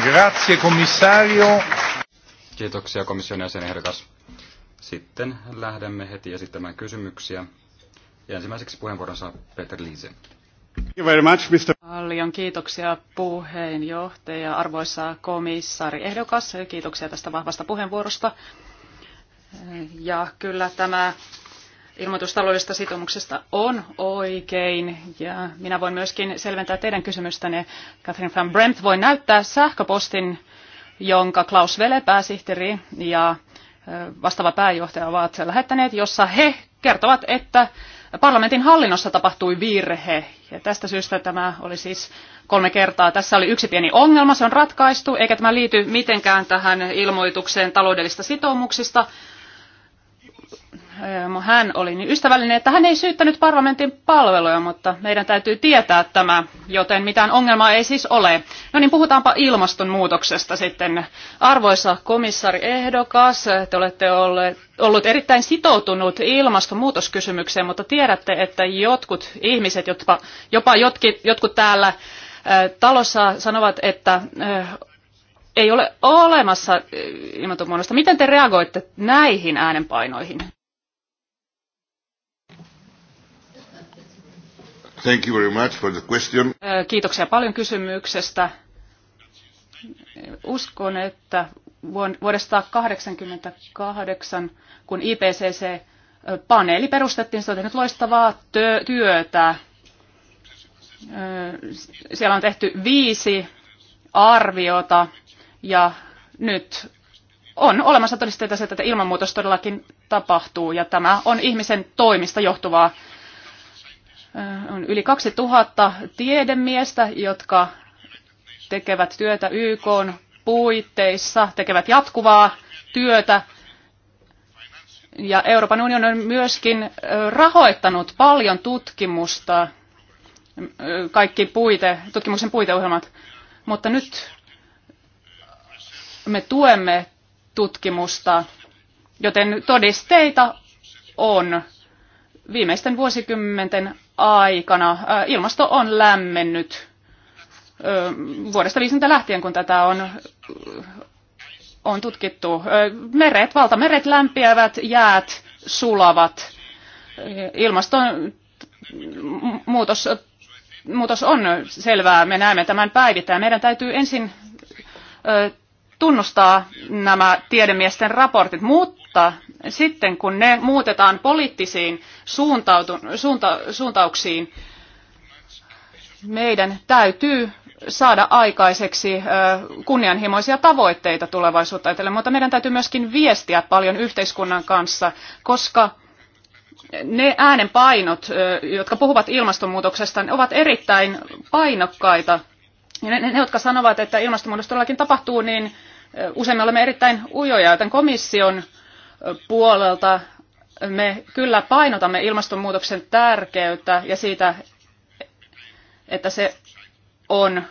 Grazie, Kiitoksia komission jäsenehdokas. Sitten lähdemme heti esittämään kysymyksiä. Ja ensimmäiseksi puheenvuoron saa Peter Liise. Paljon kiitoksia puheenjohtaja, arvoisa komissaari ehdokas. Kiitoksia tästä vahvasta puheenvuorosta. Ja kyllä tämä ilmoitus taloudellisesta sitoumuksesta on oikein. Ja minä voin myöskin selventää teidän kysymystänne. Catherine van Brent voi näyttää sähköpostin, jonka Klaus Vele, pääsihteeri ja vastaava pääjohtaja ovat lähettäneet, jossa he kertovat, että parlamentin hallinnossa tapahtui virhe. Ja tästä syystä tämä oli siis kolme kertaa. Tässä oli yksi pieni ongelma, se on ratkaistu, eikä tämä liity mitenkään tähän ilmoitukseen taloudellista sitoumuksista, hän oli niin ystävällinen, että hän ei syyttänyt parlamentin palveluja, mutta meidän täytyy tietää tämä, joten mitään ongelmaa ei siis ole. No niin, puhutaanpa ilmastonmuutoksesta sitten. Arvoisa komissari ehdokas, te olette olleet, ollut erittäin sitoutunut ilmastonmuutoskysymykseen, mutta tiedätte, että jotkut ihmiset, jopa, jopa jotkin, jotkut täällä äh, talossa sanovat, että äh, ei ole olemassa ilmastonmuutosta. Miten te reagoitte näihin äänenpainoihin? Thank you very much for the question. Kiitoksia paljon kysymyksestä. Uskon, että vuodesta 1988, kun IPCC-paneeli perustettiin, se on tehnyt loistavaa työtä. Siellä on tehty viisi arviota ja nyt on olemassa todisteita siitä, että ilmanmuutos todellakin tapahtuu ja tämä on ihmisen toimista johtuvaa Äh, on yli 2000 tiedemiestä, jotka tekevät työtä YK puitteissa, tekevät jatkuvaa työtä. Ja Euroopan unioni on myöskin äh, rahoittanut paljon tutkimusta, äh, kaikki puite, tutkimuksen puiteohjelmat. Mutta nyt me tuemme tutkimusta, joten todisteita on viimeisten vuosikymmenten aikana ilmasto on lämmennyt vuodesta 50 lähtien, kun tätä on, on tutkittu. Meret, valtameret lämpiävät, jäät sulavat. Ilmaston muutos, muutos on selvää, me näemme tämän päivittäin. Meidän täytyy ensin tunnustaa nämä tiedemiesten raportit, mutta mutta sitten kun ne muutetaan poliittisiin suuntautu- suunta- suuntauksiin, meidän täytyy saada aikaiseksi kunnianhimoisia tavoitteita tulevaisuutta ajatellen, mutta meidän täytyy myöskin viestiä paljon yhteiskunnan kanssa, koska ne äänenpainot, jotka puhuvat ilmastonmuutoksesta, ovat erittäin painokkaita. Ja ne, ne, jotka sanovat, että ilmastonmuutos todellakin tapahtuu, niin usein me olemme erittäin ujoja, joten komission puolelta me kyllä painotamme ilmastonmuutoksen tärkeyttä ja siitä, että se on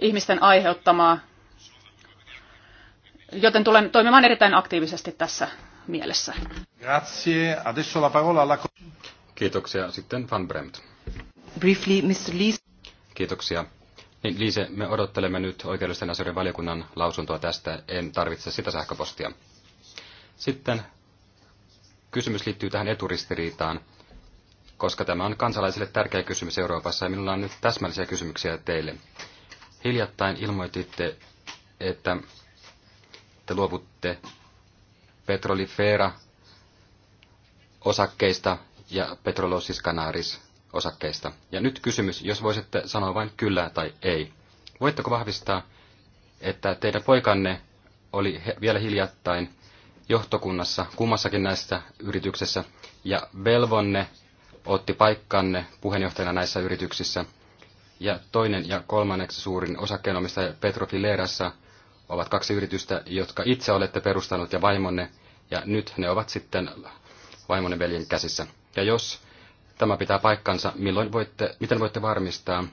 ihmisten aiheuttamaa, joten tulen toimimaan erittäin aktiivisesti tässä mielessä. Grazie. Adesso la parola alla... Kiitoksia. Sitten Van Bremt. Briefly, Mr. Lees. Kiitoksia. Niin, Liise, me odottelemme nyt oikeudellisten asioiden valiokunnan lausuntoa tästä. En tarvitse sitä sähköpostia. Sitten kysymys liittyy tähän eturistiriitaan, koska tämä on kansalaisille tärkeä kysymys Euroopassa ja minulla on nyt täsmällisiä kysymyksiä teille. Hiljattain ilmoititte, että te luovutte Petrolifera osakkeista ja Petrolosis Canaris osakkeista. Ja nyt kysymys, jos voisitte sanoa vain kyllä tai ei. Voitteko vahvistaa, että teidän poikanne oli vielä hiljattain johtokunnassa kummassakin näistä yrityksessä, ja Belvonne otti paikkanne puheenjohtajana näissä yrityksissä, ja toinen ja kolmanneksi suurin osakkeenomistaja Petro Filerassa ovat kaksi yritystä, jotka itse olette perustanut ja vaimonne, ja nyt ne ovat sitten vaimonne veljen käsissä. Ja jos tämä pitää paikkansa, milloin voitte, miten voitte varmistaa,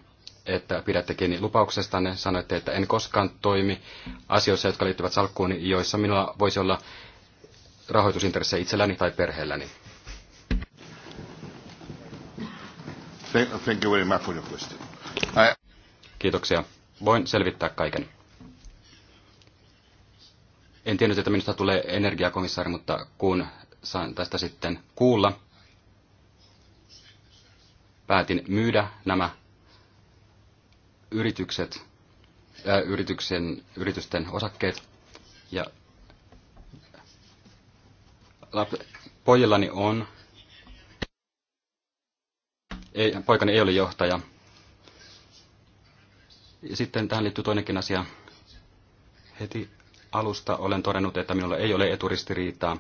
että pidätte kiinni lupauksestanne. Sanoitte, että en koskaan toimi asioissa, jotka liittyvät salkkuun, joissa minulla voisi olla rahoitusintressejä itselläni tai perheelläni. Thank you very much for your question. I... Kiitoksia. Voin selvittää kaiken. En tiennyt, että minusta tulee energiakomissaari, mutta kun saan tästä sitten kuulla, päätin myydä nämä yritykset, äh, yrityksen, yritysten osakkeet ja pojillani on, ei, poikani ei ole johtaja. Ja sitten tähän liittyy toinenkin asia. Heti alusta olen todennut, että minulla ei ole eturistiriitaa.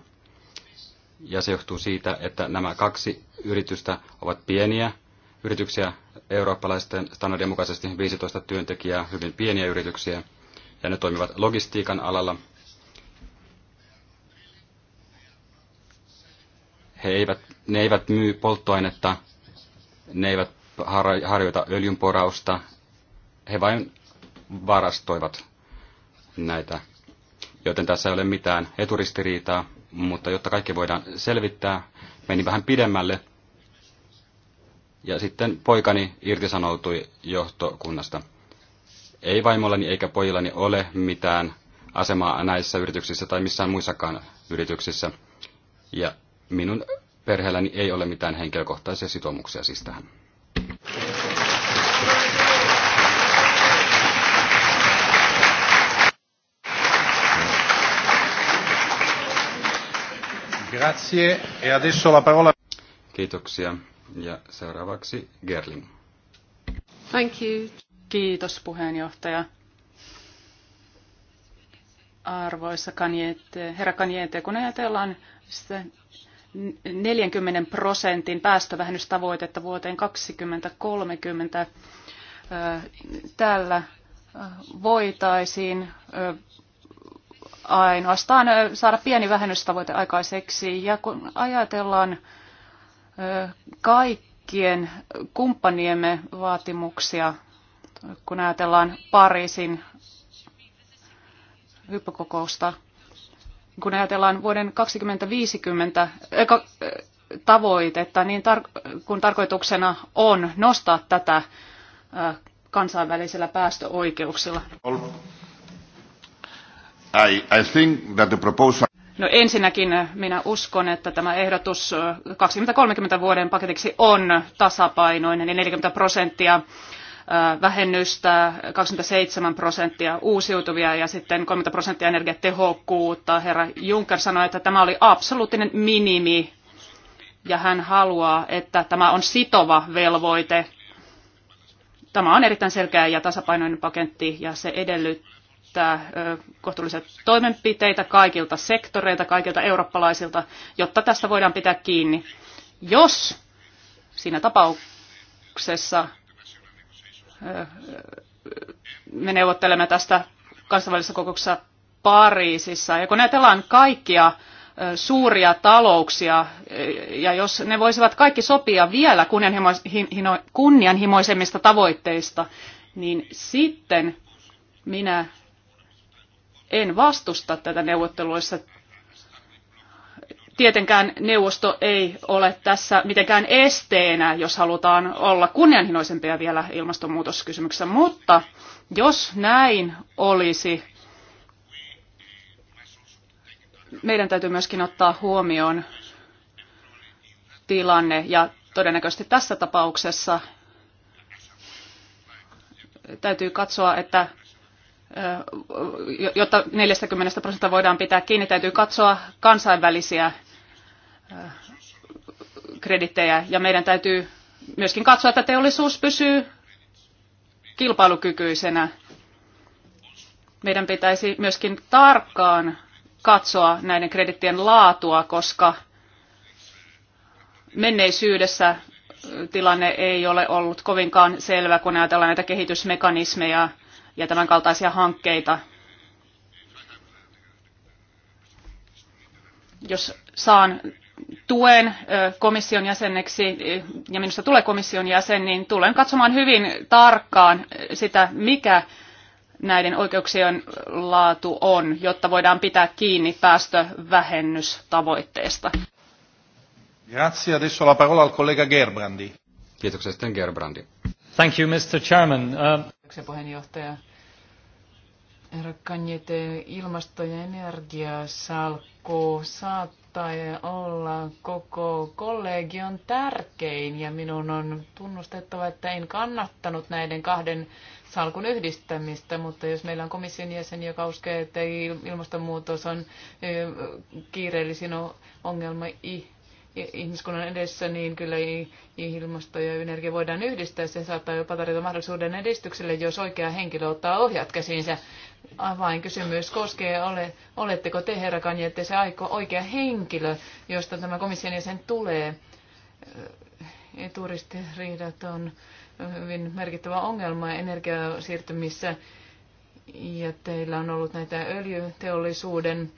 Ja se johtuu siitä, että nämä kaksi yritystä ovat pieniä yrityksiä eurooppalaisten standardien mukaisesti 15 työntekijää, hyvin pieniä yrityksiä. Ja ne toimivat logistiikan alalla, He eivät, ne eivät myy polttoainetta, ne eivät harjoita öljynporausta, he vain varastoivat näitä. Joten tässä ei ole mitään eturistiriitaa, mutta jotta kaikki voidaan selvittää, meni vähän pidemmälle. Ja sitten poikani irtisanoutui johtokunnasta. Ei vaimollani eikä pojillani ole mitään asemaa näissä yrityksissä tai missään muissakaan yrityksissä. Ja minun perheelläni ei ole mitään henkilökohtaisia sitoumuksia siis tähän. Grazie. E adesso la parola... Kiitoksia. Ja seuraavaksi Gerling. Thank you. Kiitos puheenjohtaja. Arvoisa Kanjete, herra Kanjete, kun ajatellaan sitä 40 prosentin päästövähennystavoitetta vuoteen 2030. Tällä voitaisiin ainoastaan saada pieni vähennystavoite aikaiseksi. Ja kun ajatellaan kaikkien kumppaniemme vaatimuksia, kun ajatellaan Pariisin hyppykokousta, kun ajatellaan vuoden 2050 eh, eh, tavoitetta, niin tar- kun tarkoituksena on nostaa tätä eh, kansainvälisillä päästöoikeuksilla. I, I think that the proposal... No ensinnäkin minä uskon, että tämä ehdotus 2030 vuoden paketiksi on tasapainoinen, eli 40 prosenttia vähennystä, 27 prosenttia uusiutuvia ja sitten 30 prosenttia energiatehokkuutta. Herra Juncker sanoi, että tämä oli absoluuttinen minimi ja hän haluaa, että tämä on sitova velvoite. Tämä on erittäin selkeä ja tasapainoinen paketti ja se edellyttää kohtuullisia toimenpiteitä kaikilta sektoreilta, kaikilta eurooppalaisilta, jotta tästä voidaan pitää kiinni. Jos siinä tapauksessa me neuvottelemme tästä kansainvälisessä kokouksessa Pariisissa. Ja kun ajatellaan kaikkia suuria talouksia, ja jos ne voisivat kaikki sopia vielä kunnianhimoisemmista tavoitteista, niin sitten minä en vastusta tätä neuvotteluissa Tietenkään neuvosto ei ole tässä mitenkään esteenä, jos halutaan olla kunnianhimoisempia vielä ilmastonmuutoskysymyksessä, mutta jos näin olisi, meidän täytyy myöskin ottaa huomioon tilanne ja todennäköisesti tässä tapauksessa täytyy katsoa, että jotta 40 prosenttia voidaan pitää kiinni, täytyy katsoa kansainvälisiä kredittejä ja meidän täytyy myöskin katsoa, että teollisuus pysyy kilpailukykyisenä. Meidän pitäisi myöskin tarkkaan katsoa näiden kredittien laatua, koska menneisyydessä tilanne ei ole ollut kovinkaan selvä, kun ajatellaan näitä kehitysmekanismeja – ja tämän kaltaisia hankkeita. Jos saan tuen komission jäseneksi ja minusta tulee komission jäsen, niin tulen katsomaan hyvin tarkkaan sitä, mikä näiden oikeuksien laatu on, jotta voidaan pitää kiinni päästövähennystavoitteesta. Grazie, adesso la parola al collega Gerbrandi. Kiitoksia sitten Gerbrandi. Thank you, Mr. Chairman. Uh... Kiitoksia puheenjohtaja. Rakkanjete ilmasto- ja energiasalkku saattaa olla koko kollegion tärkein ja minun on tunnustettava, että en kannattanut näiden kahden salkun yhdistämistä, mutta jos meillä on komission jäsen, joka uskee, että ilmastonmuutos on kiireellisin ongelma ihmiskunnan edessä, niin kyllä ilmasto ja energia voidaan yhdistää. Se saattaa jopa tarjota mahdollisuuden edistykselle, jos oikea henkilö ottaa ohjat käsiinsä. kysymys koskee, ole, oletteko te herra että se aiko oikea henkilö, josta tämä komission jäsen tulee. Eturistiriidat on hyvin merkittävä ongelma energiasiirtymissä ja teillä on ollut näitä öljyteollisuuden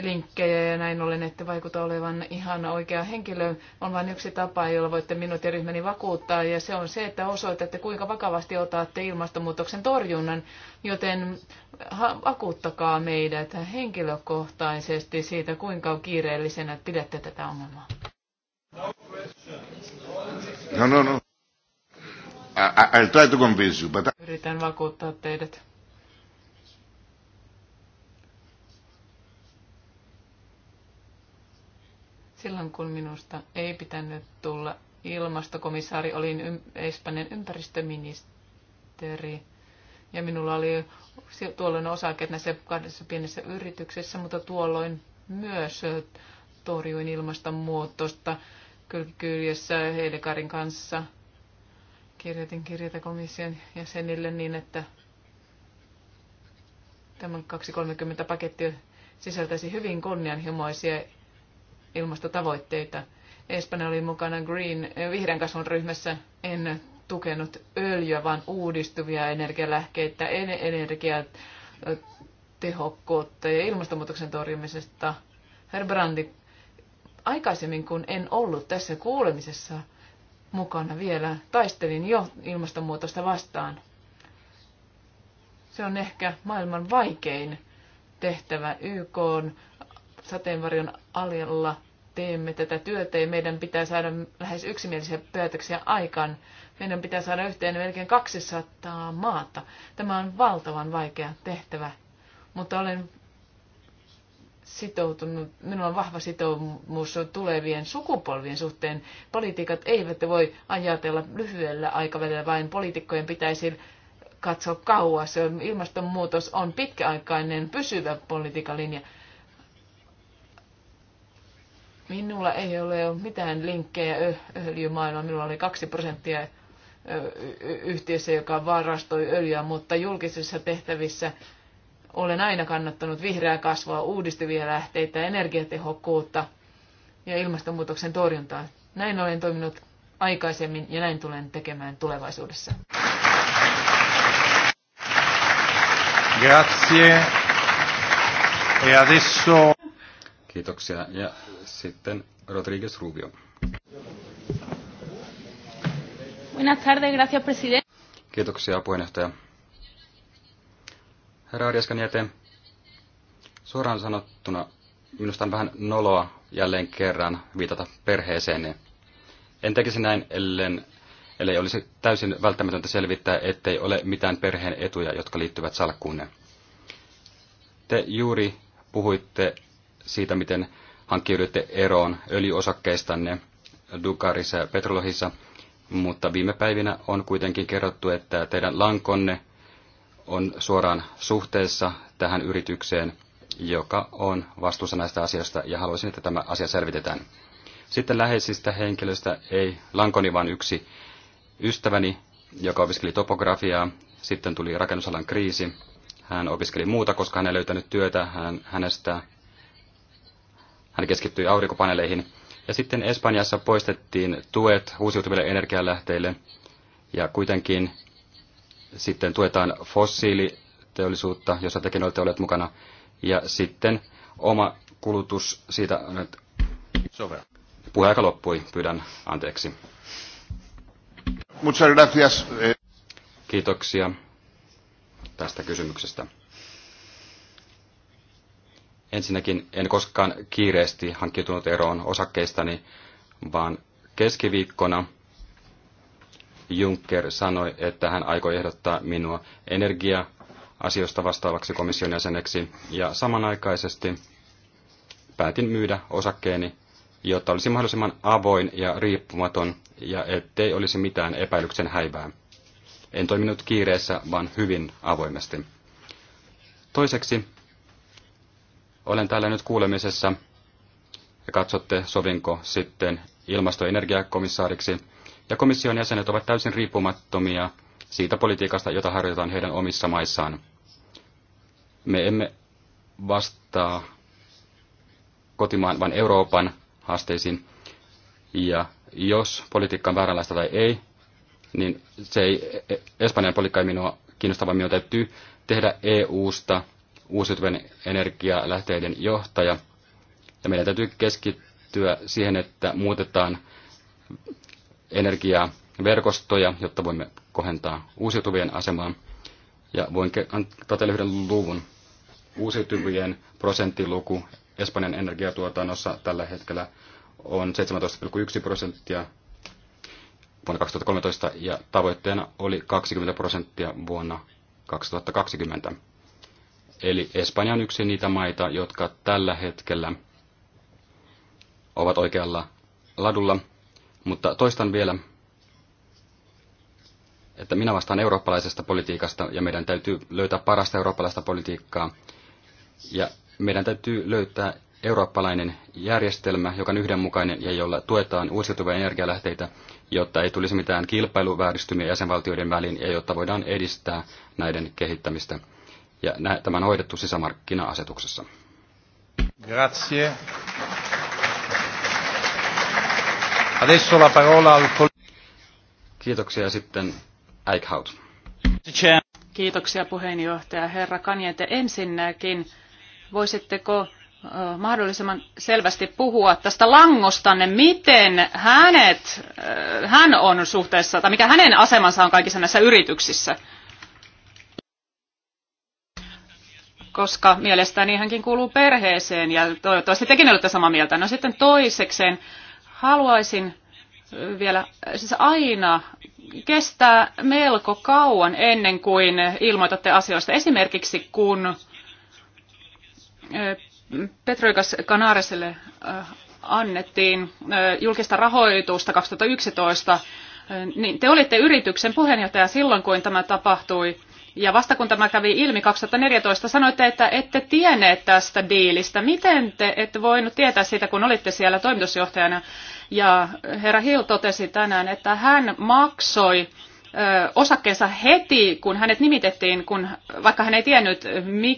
linkkejä ja näin ollen, että vaikuta olevan ihan oikea henkilö. On vain yksi tapa, jolla voitte minut ja ryhmäni vakuuttaa ja se on se, että osoitatte kuinka vakavasti otatte ilmastonmuutoksen torjunnan, joten vakuuttakaa meidät henkilökohtaisesti siitä, kuinka kiireellisenä pidätte tätä ongelmaa. No, no, no. I, I'll try to convince you, but... Yritän vakuuttaa teidät. Silloin kun minusta ei pitänyt tulla ilmastokomissaari, olin ym- Espanjan ympäristöministeri. Ja minulla oli tuolloin osakeet näissä kahdessa pienessä yrityksessä, mutta tuolloin myös torjuin ilmastonmuutosta kylkikyljessä Heidekarin kanssa. Kirjoitin kirjata komission jäsenille niin, että tämän 230 paketti sisältäisi hyvin kunnianhimoisia ilmastotavoitteita. Espanja oli mukana Green, eh, vihreän kasvun ryhmässä. En tukenut öljyä, vaan uudistuvia energialähkeitä, energiatehokkuutta ja ilmastonmuutoksen torjumisesta. Herr Brandi, aikaisemmin kun en ollut tässä kuulemisessa mukana vielä, taistelin jo ilmastonmuutosta vastaan. Se on ehkä maailman vaikein tehtävä YK on sateenvarjon aljalla teemme tätä työtä ja meidän pitää saada lähes yksimielisiä päätöksiä aikaan. Meidän pitää saada yhteen melkein 200 maata. Tämä on valtavan vaikea tehtävä, mutta olen sitoutunut, minulla on vahva sitoumus tulevien sukupolvien suhteen. Politiikat eivät voi ajatella lyhyellä aikavälillä, vain poliitikkojen pitäisi katsoa kauas. Ilmastonmuutos on pitkäaikainen, pysyvä politiikan linja Minulla ei ole mitään linkkejä öljymaailmaan. Minulla oli kaksi prosenttia yhtiössä, joka varastoi öljyä, mutta julkisissa tehtävissä olen aina kannattanut vihreää kasvua, uudistuvia lähteitä, energiatehokkuutta ja ilmastonmuutoksen torjuntaa. Näin olen toiminut aikaisemmin ja näin tulen tekemään tulevaisuudessa. Grazie. E adesso... Kiitoksia. Ja sitten Rodríguez Rubio. Buenas tardes, gracias presidente. Kiitoksia puheenjohtaja. Herra Arjaskan jäteen, suoraan sanottuna minusta on vähän noloa jälleen kerran viitata perheeseen. En tekisi näin, ellen, ellei olisi täysin välttämätöntä selvittää, ettei ole mitään perheen etuja, jotka liittyvät salkkuunne. Te juuri puhuitte siitä, miten hankkiudutte eroon öljyosakkeistanne Dukarissa ja Petrolohissa, mutta viime päivinä on kuitenkin kerrottu, että teidän lankonne on suoraan suhteessa tähän yritykseen, joka on vastuussa näistä asioista, ja haluaisin, että tämä asia selvitetään. Sitten läheisistä henkilöistä ei lankoni, vaan yksi ystäväni, joka opiskeli topografiaa. Sitten tuli rakennusalan kriisi. Hän opiskeli muuta, koska hän ei löytänyt työtä. Hän, hänestä hän keskittyi aurinkopaneeleihin. Ja sitten Espanjassa poistettiin tuet uusiutuville energialähteille ja kuitenkin sitten tuetaan fossiiliteollisuutta, jossa tekin olette olleet mukana. Ja sitten oma kulutus siitä on nyt... Puheaika loppui, pyydän anteeksi. Muchas gracias. Kiitoksia tästä kysymyksestä. Ensinnäkin en koskaan kiireesti hankkiutunut eroon osakkeistani, vaan keskiviikkona Juncker sanoi, että hän aikoi ehdottaa minua energia-asioista vastaavaksi komission jäseneksi, ja samanaikaisesti päätin myydä osakkeeni, jotta olisi mahdollisimman avoin ja riippumaton, ja ettei olisi mitään epäilyksen häivää. En toiminut kiireessä, vaan hyvin avoimesti. Toiseksi olen täällä nyt kuulemisessa ja katsotte, sovinko sitten ilmasto- ja energiakomissaariksi. Ja komission jäsenet ovat täysin riippumattomia siitä politiikasta, jota harjoitetaan heidän omissa maissaan. Me emme vastaa kotimaan, vaan Euroopan haasteisiin. Ja jos politiikka on vääränlaista tai ei, niin se ei, Espanjan politiikka ei minua kiinnostava, minun täytyy tehdä EU-sta uusiutuvien energialähteiden johtaja. Ja meidän täytyy keskittyä siihen, että muutetaan energiaverkostoja, jotta voimme kohentaa uusiutuvien asemaa. Ja voin antaa teille yhden luvun. Uusiutuvien prosenttiluku Espanjan energiatuotannossa tällä hetkellä on 17,1 prosenttia vuonna 2013 ja tavoitteena oli 20 prosenttia vuonna 2020. Eli Espanja on yksi niitä maita, jotka tällä hetkellä ovat oikealla ladulla. Mutta toistan vielä, että minä vastaan eurooppalaisesta politiikasta ja meidän täytyy löytää parasta eurooppalaista politiikkaa. Ja meidän täytyy löytää eurooppalainen järjestelmä, joka on yhdenmukainen ja jolla tuetaan uusiutuvia energialähteitä, jotta ei tulisi mitään kilpailuvääristymiä jäsenvaltioiden väliin ja jotta voidaan edistää näiden kehittämistä. Ja tämä on hoidettu sisämarkkina-asetuksessa. Grazie. Adesso la parola al... Kiitoksia sitten Eichhout. Kiitoksia puheenjohtaja herra Kanjente. Ensinnäkin voisitteko mahdollisimman selvästi puhua tästä langostanne, miten hänet, hän on suhteessa, tai mikä hänen asemansa on kaikissa näissä yrityksissä. koska mielestäni hänkin kuuluu perheeseen ja toivottavasti tekin olette samaa mieltä. No sitten toisekseen haluaisin vielä, siis aina kestää melko kauan ennen kuin ilmoitatte asioista. Esimerkiksi kun Petroikas Kanareselle annettiin julkista rahoitusta 2011, niin te olitte yrityksen puheenjohtaja silloin, kun tämä tapahtui. Ja vasta kun tämä kävi ilmi 2014, sanoitte, että ette tienneet tästä diilistä. Miten te ette voinut tietää sitä, kun olitte siellä toimitusjohtajana? Ja herra Hill totesi tänään, että hän maksoi osakkeensa heti, kun hänet nimitettiin, kun, vaikka hän ei tiennyt,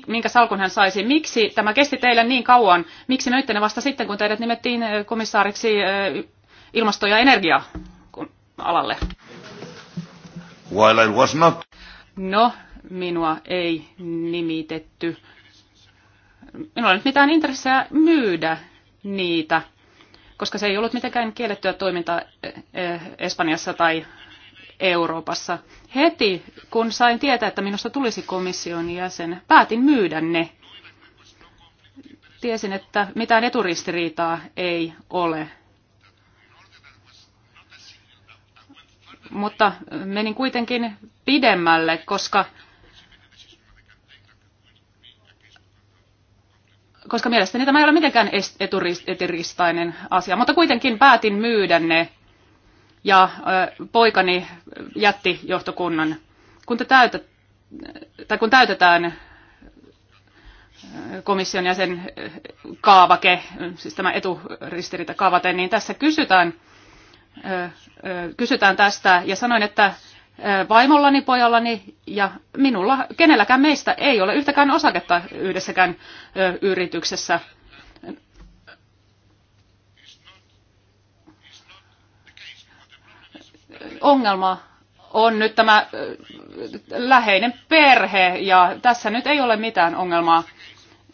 minkä salkun hän saisi. Miksi tämä kesti teille niin kauan? Miksi möitte ne vasta sitten, kun teidät nimettiin komissaariksi ilmasto- ja energia-alalle? While I was not No, minua ei nimitetty. Minulla ei ollut mitään intressejä myydä niitä, koska se ei ollut mitenkään kiellettyä toimintaa eh, eh, Espanjassa tai Euroopassa. Heti kun sain tietää, että minusta tulisi komission jäsen, päätin myydä ne. Tiesin, että mitään eturistiriitaa ei ole mutta menin kuitenkin pidemmälle, koska, koska mielestäni tämä ei ole mitenkään eturistainen asia, mutta kuitenkin päätin myydä ne ja poikani jätti johtokunnan. Kun, te täytät, tai kun täytetään komission jäsen kaavake, siis tämä eturistiriita kaavate, niin tässä kysytään – kysytään tästä ja sanoin, että vaimollani, pojallani ja minulla, kenelläkään meistä ei ole yhtäkään osaketta yhdessäkään yrityksessä. Ongelma on nyt tämä läheinen perhe ja tässä nyt ei ole mitään ongelmaa.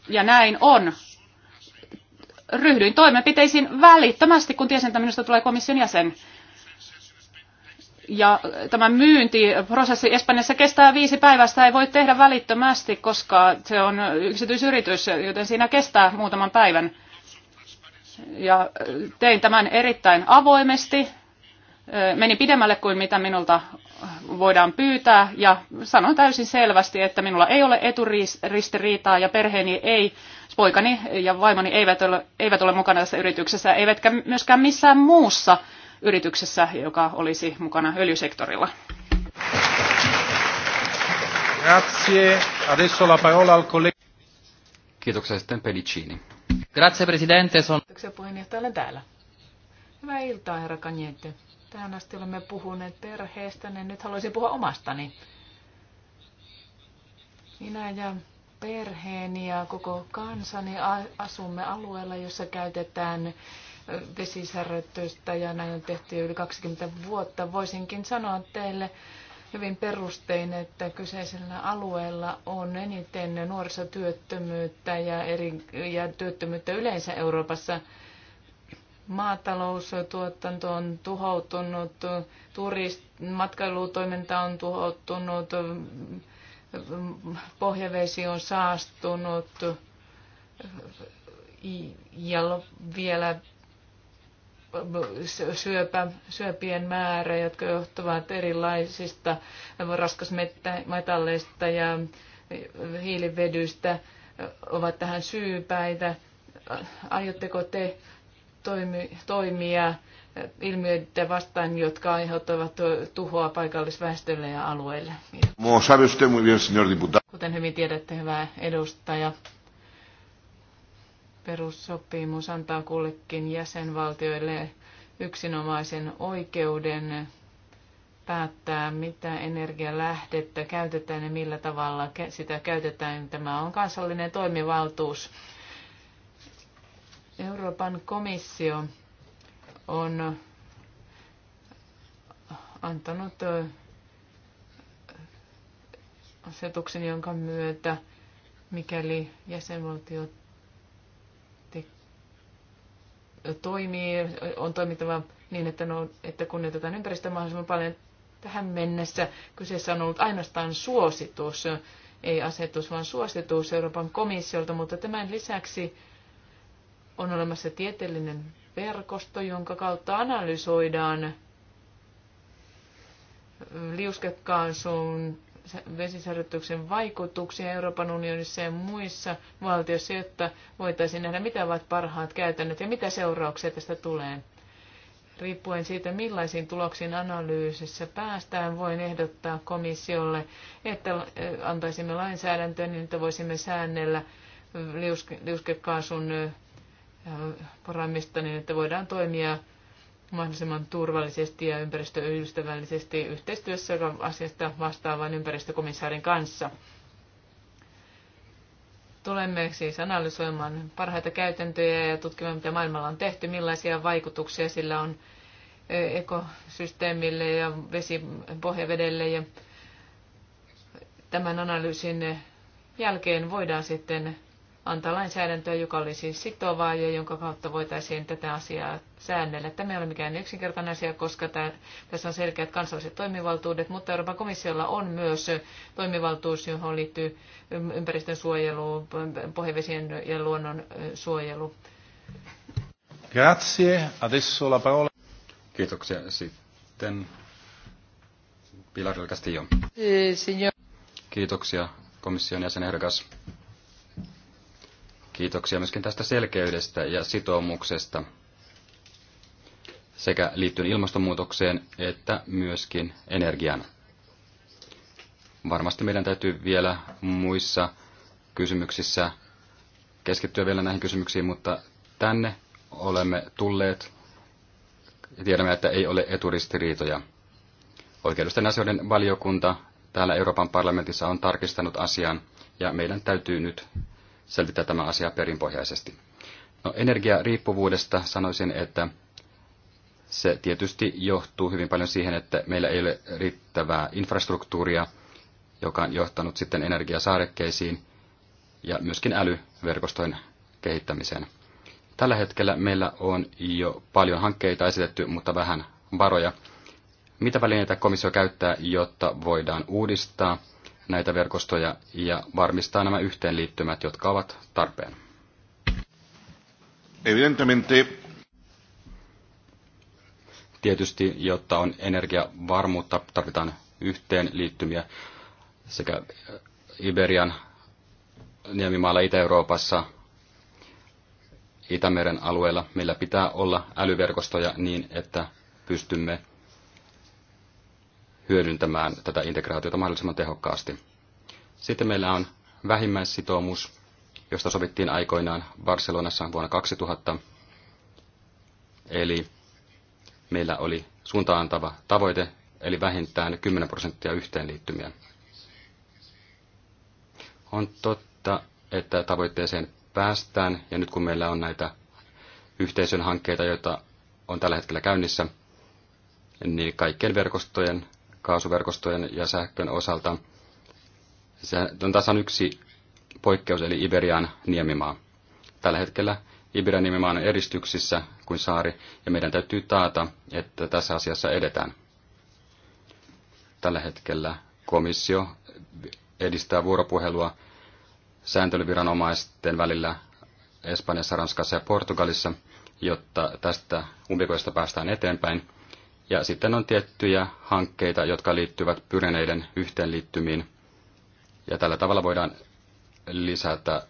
Ja näin on ryhdyin toimenpiteisiin välittömästi, kun tiesin, että minusta tulee komission jäsen. Ja tämä myyntiprosessi Espanjassa kestää viisi päivää, sitä ei voi tehdä välittömästi, koska se on yksityisyritys, joten siinä kestää muutaman päivän. Ja tein tämän erittäin avoimesti, meni pidemmälle kuin mitä minulta voidaan pyytää ja sanoin täysin selvästi, että minulla ei ole eturistiriitaa ja perheeni ei poikani ja vaimoni eivät ole, eivät ole mukana tässä yrityksessä, eivätkä myöskään missään muussa yrityksessä, joka olisi mukana öljysektorilla. Grazie. Adesso la parola al collega. Kiitoksia sitten Pelicini. Grazie presidente. Son... Kiitoksia puheenjohtaja, olen täällä. Hyvää iltaa, herra Kanjente. Tähän asti olemme puhuneet perheestä, niin nyt haluaisin puhua omastani. Minä ja perheeni ja koko kansani asumme alueella, jossa käytetään vesisäröttöstä ja näin on tehty yli 20 vuotta. Voisinkin sanoa teille hyvin perustein, että kyseisellä alueella on eniten nuorisotyöttömyyttä ja, eri, ja työttömyyttä yleensä Euroopassa. Maataloustuotanto on tuhoutunut, turist, matkailutoiminta on tuhoutunut, pohjavesi on saastunut ja vielä syöpä, syöpien määrä, jotka johtuvat erilaisista raskasmetalleista ja hiilivedystä, ovat tähän syypäitä. Aiotteko te toimi, toimia ilmiöitä vastaan, jotka aiheuttavat tuhoa paikallisväestölle ja alueelle. Kuten hyvin tiedätte, hyvä edustaja, perussopimus antaa kullekin jäsenvaltioille yksinomaisen oikeuden päättää, mitä energialähdettä käytetään ja millä tavalla sitä käytetään. Tämä on kansallinen toimivaltuus. Euroopan komissio on antanut asetuksen, jonka myötä mikäli jäsenvaltio toimii, on toimittava niin, että, no, että kunnioitetaan ympäristöä mahdollisimman paljon. Tähän mennessä kyseessä on ollut ainoastaan suositus, ei asetus, vaan suositus Euroopan komissiolta, mutta tämän lisäksi on olemassa tieteellinen verkosto, jonka kautta analysoidaan liuskekaasun vesisärrytyksen vaikutuksia Euroopan unionissa ja muissa valtioissa, jotta voitaisiin nähdä, mitä ovat parhaat käytännöt ja mitä seurauksia tästä tulee. Riippuen siitä, millaisiin tuloksiin analyysissä päästään, voin ehdottaa komissiolle, että eh, antaisimme lainsäädäntöä niin, että voisimme säännellä liuskekaasun eh, paremmista, niin, että voidaan toimia mahdollisimman turvallisesti ja ympäristöystävällisesti yhteistyössä asiasta vastaavan ympäristökomissaarin kanssa. Tulemme siis analysoimaan parhaita käytäntöjä ja tutkimaan, mitä maailmalla on tehty, millaisia vaikutuksia sillä on ekosysteemille ja vesipohjavedelle. Ja tämän analyysin jälkeen voidaan sitten antaa lainsäädäntöä, joka olisi siis sitovaa ja jonka kautta voitaisiin tätä asiaa säännellä. Tämä ei ole mikään yksinkertainen asia, koska tämä, tässä on selkeät kansalliset toimivaltuudet, mutta Euroopan komissiolla on myös toimivaltuus, johon liittyy ympäristön suojelu, pohjavesien ja luonnon suojelu. Grazie. Adesso la parola. Kiitoksia. Sitten Pilar del Castillo. Eh, Kiitoksia komission jäsen Kiitoksia myöskin tästä selkeydestä ja sitoumuksesta sekä liittyen ilmastonmuutokseen että myöskin energian. Varmasti meidän täytyy vielä muissa kysymyksissä keskittyä vielä näihin kysymyksiin, mutta tänne olemme tulleet ja tiedämme, että ei ole eturistiriitoja. Oikeudellisten asioiden valiokunta täällä Euroopan parlamentissa on tarkistanut asian ja meidän täytyy nyt selvittää tämä asia perinpohjaisesti. No, energiariippuvuudesta sanoisin, että se tietysti johtuu hyvin paljon siihen, että meillä ei ole riittävää infrastruktuuria, joka on johtanut sitten energiasaarekkeisiin ja myöskin älyverkostojen kehittämiseen. Tällä hetkellä meillä on jo paljon hankkeita esitetty, mutta vähän varoja. Mitä välineitä komissio käyttää, jotta voidaan uudistaa – näitä verkostoja ja varmistaa nämä yhteenliittymät, jotka ovat tarpeen. Evidentemente. Tietysti, jotta on energiavarmuutta, tarvitaan yhteenliittymiä sekä eh, Iberian niemimaalla Itä-Euroopassa, Itämeren alueella. Meillä pitää olla älyverkostoja niin, että pystymme hyödyntämään tätä integraatiota mahdollisimman tehokkaasti. Sitten meillä on vähimmäissitoumus, josta sovittiin aikoinaan Barcelonassa vuonna 2000. Eli meillä oli suuntaantava tavoite, eli vähintään 10 prosenttia yhteenliittymiä. On totta, että tavoitteeseen päästään, ja nyt kun meillä on näitä yhteisön hankkeita, joita on tällä hetkellä käynnissä, niin kaikkien verkostojen kaasuverkostojen ja sähkön osalta. Se, on, tässä on yksi poikkeus, eli Iberian niemimaa. Tällä hetkellä Iberian niemimaa on eristyksissä kuin saari, ja meidän täytyy taata, että tässä asiassa edetään. Tällä hetkellä komissio edistää vuoropuhelua sääntelyviranomaisten välillä Espanjassa, Ranskassa ja Portugalissa, jotta tästä umpikoista päästään eteenpäin. Ja sitten on tiettyjä hankkeita, jotka liittyvät Pyreneiden yhteenliittymiin. Ja tällä tavalla voidaan lisätä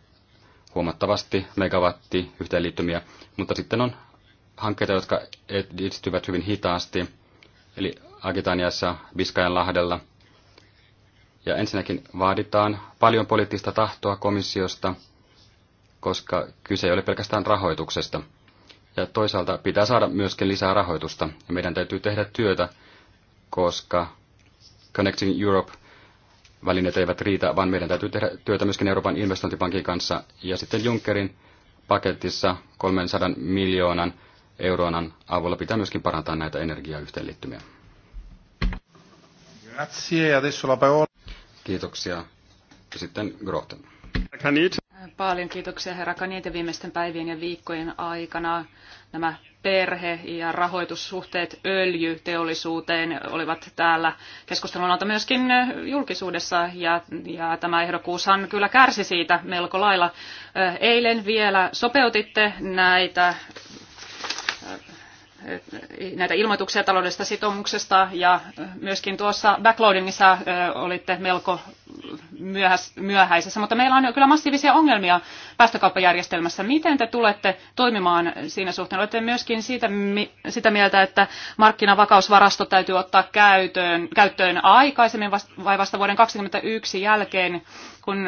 huomattavasti megawatti yhteenliittymiä, mutta sitten on hankkeita, jotka edistyvät hyvin hitaasti, eli Agitaniassa, Biskajanlahdella. Ja ensinnäkin vaaditaan paljon poliittista tahtoa komissiosta, koska kyse ei ole pelkästään rahoituksesta – ja toisaalta pitää saada myöskin lisää rahoitusta. Ja meidän täytyy tehdä työtä, koska Connecting Europe välineet eivät riitä, vaan meidän täytyy tehdä työtä myöskin Euroopan investointipankin kanssa. Ja sitten Junckerin paketissa 300 miljoonan euron avulla pitää myöskin parantaa näitä energiayhteenliittymiä. Grazie, adesso la parola. Kiitoksia. Sitten Groten. Kanit. Paljon kiitoksia herra Kaniete viimeisten päivien ja viikkojen aikana. Nämä perhe- ja rahoitussuhteet öljyteollisuuteen olivat täällä keskustelun alta myöskin julkisuudessa ja, ja tämä ehdokkuushan kyllä kärsi siitä melko lailla. Eilen vielä sopeutitte näitä näitä ilmoituksia taloudellisesta sitoumuksesta ja myöskin tuossa backloadingissa olitte melko myöhäisessä, mutta meillä on jo kyllä massiivisia ongelmia päästökauppajärjestelmässä. Miten te tulette toimimaan siinä suhteen? Olette myöskin siitä, sitä mieltä, että markkinavakausvarasto täytyy ottaa käyttöön, käyttöön aikaisemmin vai vasta vuoden 2021 jälkeen, kun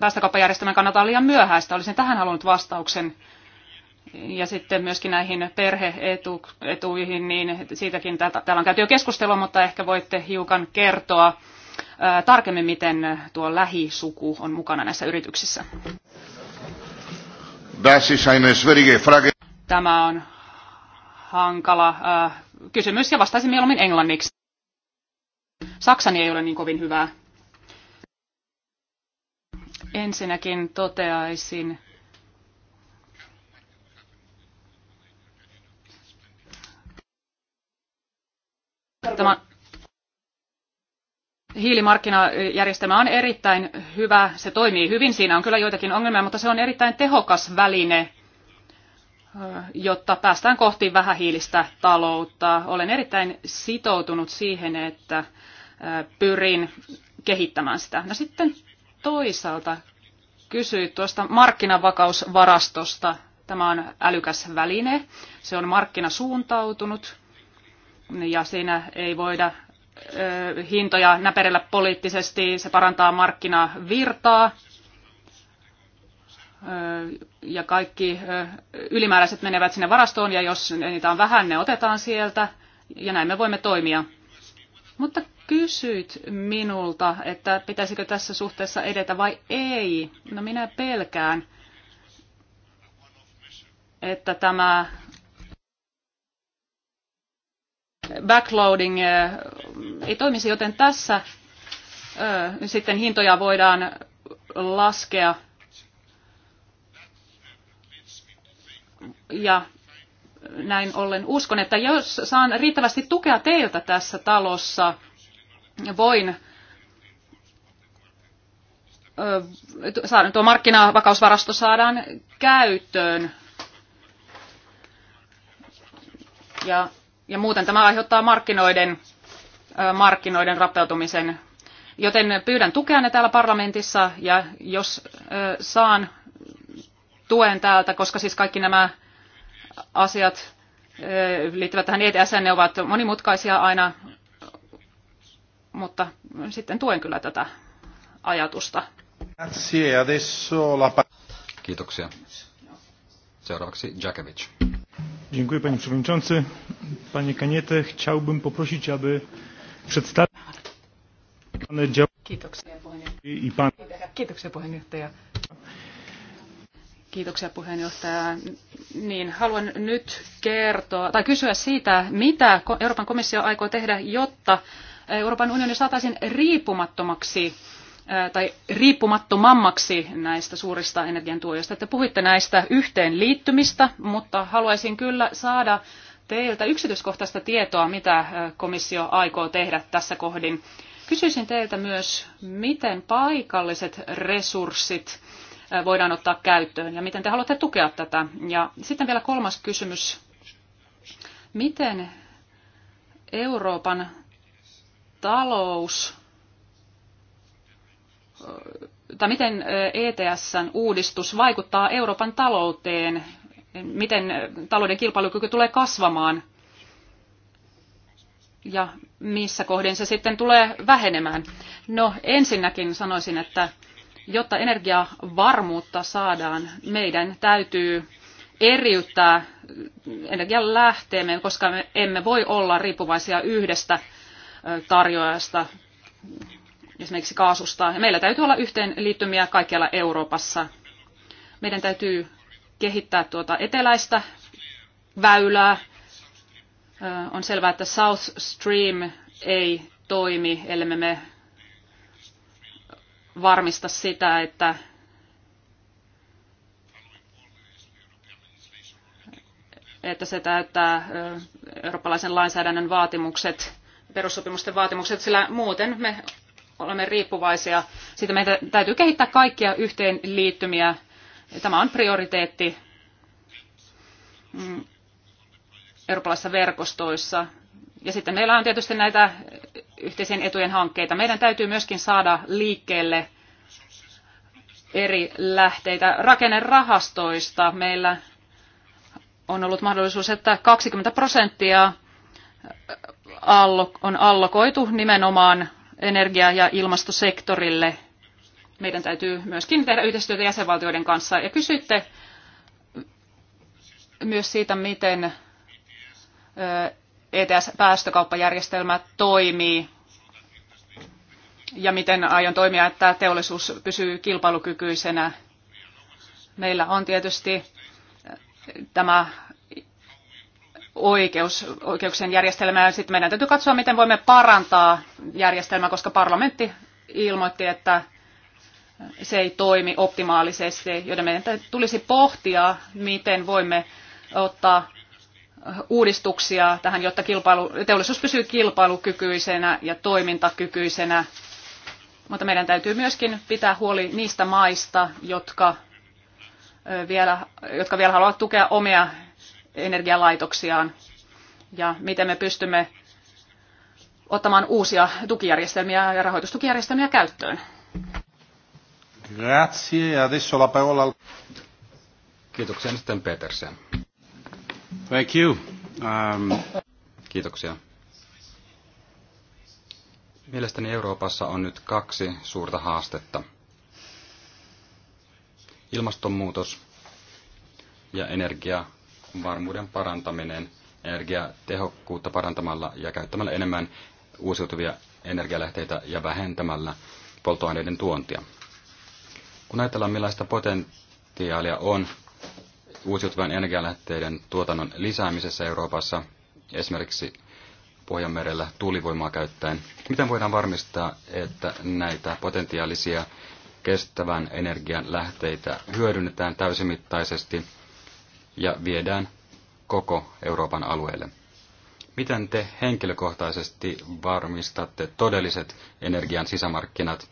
päästökauppajärjestelmän kannalta on liian myöhäistä. Olisin tähän halunnut vastauksen ja sitten myöskin näihin perheetuihin, niin siitäkin täällä on käyty jo keskustelua, mutta ehkä voitte hiukan kertoa tarkemmin, miten tuo lähisuku on mukana näissä yrityksissä. Tämä on hankala kysymys ja vastaisin mieluummin englanniksi. Saksani ei ole niin kovin hyvää. Ensinnäkin toteaisin, Tämä hiilimarkkinajärjestelmä on erittäin hyvä, se toimii hyvin, siinä on kyllä joitakin ongelmia, mutta se on erittäin tehokas väline, jotta päästään kohti vähähiilistä taloutta. Olen erittäin sitoutunut siihen, että pyrin kehittämään sitä. No sitten toisaalta kysyit tuosta markkinavakausvarastosta. Tämä on älykäs väline, se on markkinasuuntautunut ja siinä ei voida hintoja näperellä poliittisesti, se parantaa markkinavirtaa ja kaikki ylimääräiset menevät sinne varastoon ja jos niitä on vähän, ne otetaan sieltä ja näin me voimme toimia. Mutta kysyit minulta, että pitäisikö tässä suhteessa edetä vai ei. No minä pelkään, että tämä backloading eh, ei toimisi, joten tässä eh, sitten hintoja voidaan laskea. Ja näin ollen uskon, että jos saan riittävästi tukea teiltä tässä talossa, voin eh, tuo markkinavakausvarasto saadaan käyttöön. Ja ja muuten tämä aiheuttaa markkinoiden, markkinoiden rappeutumisen. Joten pyydän tukea täällä parlamentissa ja jos saan tuen täältä, koska siis kaikki nämä asiat liittyvät tähän ETSN, ne ovat monimutkaisia aina, mutta sitten tuen kyllä tätä ajatusta. Kiitoksia. Seuraavaksi Jakovic panie przewodniczący. Panie caete chciałbym poprosić, aby przedstawił pan Kiitoksia puheenjohtaja. Kiitoksia Kiitoksia puheenjohtaja. Niin, haluan nyt kertoa tai kysyä siitä, mitä Euroopan komissio aikoo tehdä, jotta Euroopan unioni saataisiin riippumattomaksi tai riippumattomammaksi näistä suurista energiantuojista. Te puhuitte näistä yhteenliittymistä, mutta haluaisin kyllä saada teiltä yksityiskohtaista tietoa, mitä komissio aikoo tehdä tässä kohdin. Kysyisin teiltä myös, miten paikalliset resurssit voidaan ottaa käyttöön ja miten te haluatte tukea tätä. Ja sitten vielä kolmas kysymys. Miten Euroopan talous tai miten ETSn uudistus vaikuttaa Euroopan talouteen, miten talouden kilpailukyky tulee kasvamaan ja missä kohdin se sitten tulee vähenemään. No ensinnäkin sanoisin, että jotta energiavarmuutta saadaan, meidän täytyy eriyttää energian lähteemme, koska me emme voi olla riippuvaisia yhdestä tarjoajasta esimerkiksi kaasusta. Ja meillä täytyy olla yhteenliittymiä kaikkialla Euroopassa. Meidän täytyy kehittää tuota eteläistä väylää. On selvää, että South Stream ei toimi, ellei me varmista sitä, että että se täyttää eurooppalaisen lainsäädännön vaatimukset, perussopimusten vaatimukset, sillä muuten me olemme riippuvaisia. Siitä meidän täytyy kehittää kaikkia yhteenliittymiä. Tämä on prioriteetti mm, eurooppalaisissa verkostoissa. Ja sitten meillä on tietysti näitä yhteisen etujen hankkeita. Meidän täytyy myöskin saada liikkeelle eri lähteitä. Rakennerahastoista meillä on ollut mahdollisuus, että 20 prosenttia on allokoitu nimenomaan energia- ja ilmastosektorille. Meidän täytyy myöskin tehdä yhteistyötä jäsenvaltioiden kanssa. Ja kysyitte myös siitä, miten ETS-päästökauppajärjestelmä toimii ja miten aion toimia, että teollisuus pysyy kilpailukykyisenä. Meillä on tietysti tämä oikeus, oikeuksien järjestelmää. Sitten meidän täytyy katsoa, miten voimme parantaa järjestelmää, koska parlamentti ilmoitti, että se ei toimi optimaalisesti, joten meidän tulisi pohtia, miten voimme ottaa uudistuksia tähän, jotta kilpailu, teollisuus pysyy kilpailukykyisenä ja toimintakykyisenä. Mutta meidän täytyy myöskin pitää huoli niistä maista, jotka vielä, jotka vielä haluavat tukea omia energialaitoksiaan ja miten me pystymme ottamaan uusia tukijärjestelmiä ja rahoitustukijärjestelmiä käyttöön. Grazie. adesso la parola... Kiitoksia sitten Petersen. Thank you. Um... Kiitoksia. Mielestäni Euroopassa on nyt kaksi suurta haastetta. Ilmastonmuutos ja energia varmuuden parantaminen energiatehokkuutta parantamalla ja käyttämällä enemmän uusiutuvia energialähteitä ja vähentämällä polttoaineiden tuontia. Kun ajatellaan millaista potentiaalia on uusiutuvan energialähteiden tuotannon lisäämisessä Euroopassa, esimerkiksi Pohjanmerellä tuulivoimaa käyttäen, miten voidaan varmistaa, että näitä potentiaalisia kestävän energian lähteitä hyödynnetään täysimittaisesti – ja viedään koko Euroopan alueelle. Miten te henkilökohtaisesti varmistatte todelliset energian sisämarkkinat,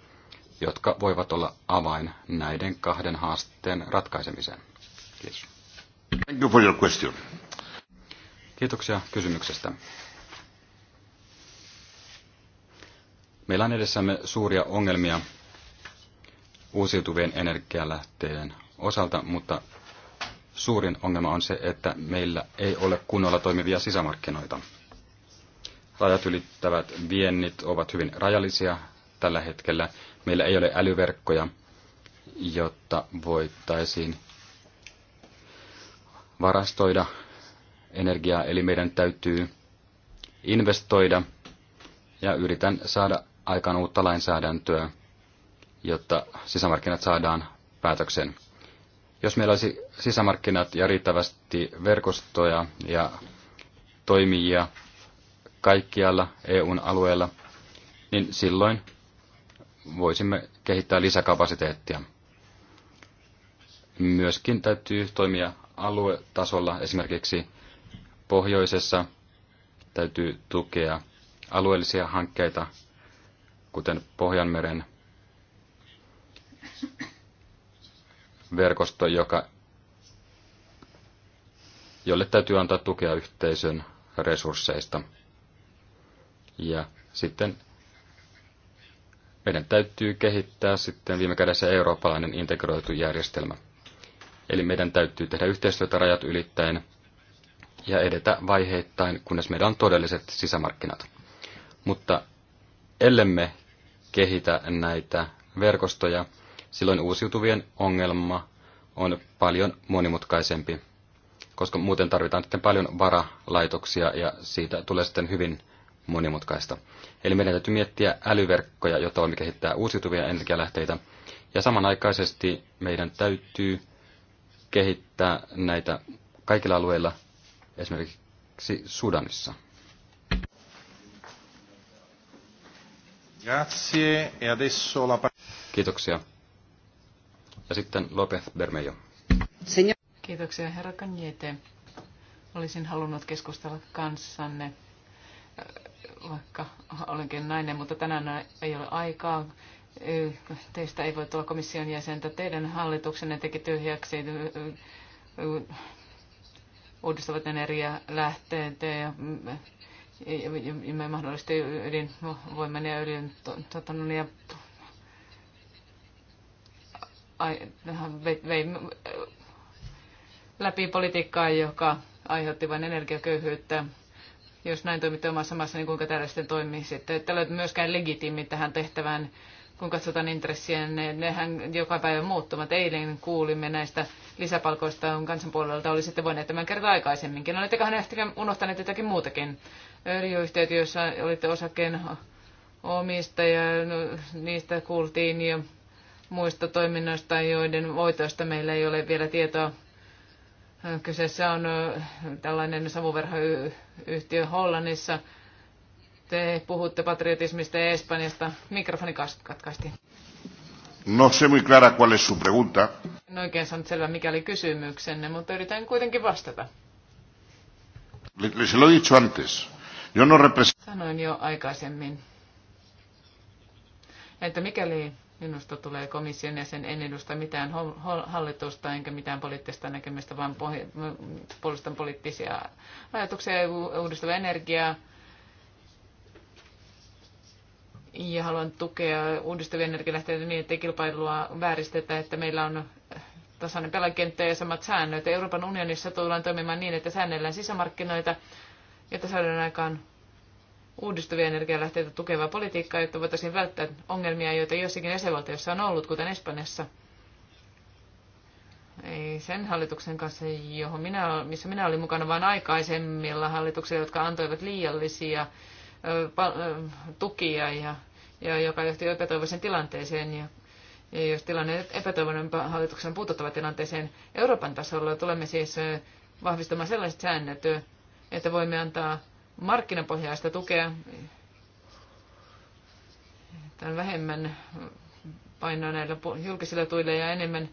jotka voivat olla avain näiden kahden haasteen ratkaisemiseen? Kiitos. Thank you for your question. Kiitoksia kysymyksestä. Meillä on edessämme suuria ongelmia uusiutuvien energialähteiden osalta, mutta suurin ongelma on se, että meillä ei ole kunnolla toimivia sisämarkkinoita. Rajat ylittävät viennit ovat hyvin rajallisia tällä hetkellä. Meillä ei ole älyverkkoja, jotta voitaisiin varastoida energiaa, eli meidän täytyy investoida ja yritän saada aikaan uutta lainsäädäntöä, jotta sisämarkkinat saadaan päätökseen. Jos meillä olisi sisämarkkinat ja riittävästi verkostoja ja toimijia kaikkialla EUn alueella, niin silloin voisimme kehittää lisäkapasiteettia. Myöskin täytyy toimia aluetasolla, esimerkiksi pohjoisessa täytyy tukea alueellisia hankkeita, kuten Pohjanmeren verkosto, joka, jolle täytyy antaa tukea yhteisön resursseista. Ja sitten meidän täytyy kehittää sitten viime kädessä eurooppalainen integroitu järjestelmä. Eli meidän täytyy tehdä yhteistyötä rajat ylittäen ja edetä vaiheittain, kunnes meillä on todelliset sisämarkkinat. Mutta ellemme kehitä näitä verkostoja, silloin uusiutuvien ongelma on paljon monimutkaisempi, koska muuten tarvitaan sitten paljon varalaitoksia ja siitä tulee sitten hyvin monimutkaista. Eli meidän täytyy miettiä älyverkkoja, jotta voimme kehittää uusiutuvia energialähteitä. Ja samanaikaisesti meidän täytyy kehittää näitä kaikilla alueilla, esimerkiksi Sudanissa. Grazie, e adesso la... Kiitoksia. Ja sitten Lopez Bermejo. Kiitoksia, herra Kanjete. Olisin halunnut keskustella kanssanne, äh, vaikka olenkin nainen, mutta tänään ei ole aikaa. Äh, teistä ei voi tulla komission jäsentä. Teidän hallituksenne teki tyhjäksi äh, uudistavat energialähteet ja ja, ja, ja mahdollisesti ydinvoiman ja öljyn tuotannon ja vei läpi politiikkaa, joka aiheutti vain energiaköyhyyttä. Jos näin toimitte omassa maassa, niin kuinka täällä sitten toimii sitten? Että olet myöskään legitiimi tähän tehtävään, kun katsotaan intressiä, ne, nehän joka päivä muuttuvat. Eilen kuulimme näistä lisäpalkoista kansanpuolelta, sitten voineet tämän kertaa aikaisemminkin. olettekohan ehkä unohtaneet jotakin muutakin? Öljyyhtiöt, joissa olitte osakkeen omistaja, no, niistä kuultiin jo muista toiminnoista, joiden voitoista meillä ei ole vielä tietoa. Kyseessä on tällainen savuverhoyhtiö Hollannissa. Te puhutte patriotismista ja Espanjasta. Mikrofoni katkaistiin. No sé muy clara cuál es su pregunta. En oikein saanut selvä, mikä oli kysymyksenne, mutta yritän kuitenkin vastata. Se lo he dicho antes. Yo no represento... Sanoin jo aikaisemmin, että mikäli Minusta tulee komission jäsen, en edusta mitään hallitusta enkä mitään poliittista näkemystä, vaan puolustan poliittisia ajatuksia ja uudistuvaa energiaa. Ja haluan tukea uudistuvia energialähteitä niin, ettei kilpailua vääristetä, että meillä on tasainen pelakenttä ja samat säännöt. Euroopan unionissa tullaan toimimaan niin, että säännellään sisämarkkinoita, jotta saadaan aikaan uudistuvia energialähteitä tukevaa politiikkaa, jotta voitaisiin välttää ongelmia, joita jossakin jäsenvaltiossa on ollut, kuten Espanjassa. Ei sen hallituksen kanssa, johon minä, missä minä olin mukana, vaan aikaisemmilla hallituksilla, jotka antoivat liiallisia tukia ja, ja joka johti epätoivoisen tilanteeseen. Ja, ja jos tilanne epätoivoinen hallituksen puututtava tilanteeseen Euroopan tasolla, tulemme siis vahvistamaan sellaiset säännöt, että voimme antaa markkinapohjaista tukea. tämän vähemmän painoa näillä julkisilla tuilla ja enemmän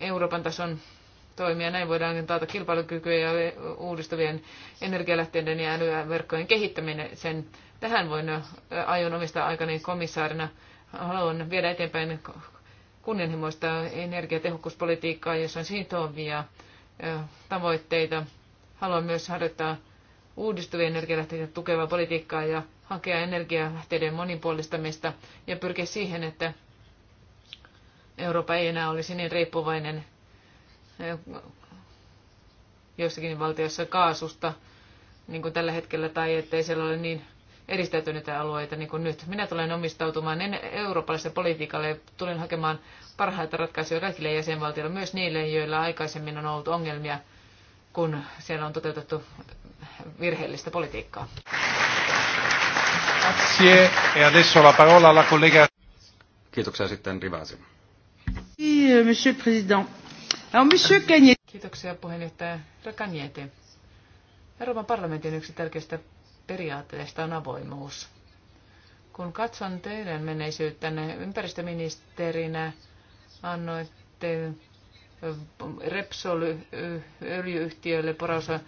Euroopan tason toimia. Näin voidaan taata kilpailukykyä ja e- uudistuvien energialähteiden ja älyverkkojen kehittäminen. Sen, tähän voin aion omistaa aikani komissaarina. Haluan viedä eteenpäin kunnianhimoista energiatehokkuuspolitiikkaa, jossa on sitovia tavoitteita. Haluan myös harjoittaa uudistuvia energialähteitä tukevaa politiikkaa ja hakea energialähteiden monipuolistamista ja pyrkiä siihen, että Eurooppa ei enää olisi niin riippuvainen eh, joissakin valtiossa kaasusta, niin kuin tällä hetkellä, tai ettei siellä ole niin eristäytyneitä alueita niin kuin nyt. Minä tulen omistautumaan eurooppalaiselle politiikalle ja tulen hakemaan parhaita ratkaisuja kaikille jäsenvaltioille, myös niille, joilla aikaisemmin on ollut ongelmia, kun siellä on toteutettu virheellistä politiikkaa. E parola alla Kiitoksia sitten Rivasi. Euh, monsieur Président. Monsieur Kiitoksia puheenjohtaja Rakanjete. Euroopan parlamentin yksi tärkeistä periaatteista on avoimuus. Kun katson teidän menneisyyttänne ympäristöministerinä, annoitte Repsol-öljyyhtiölle Porosa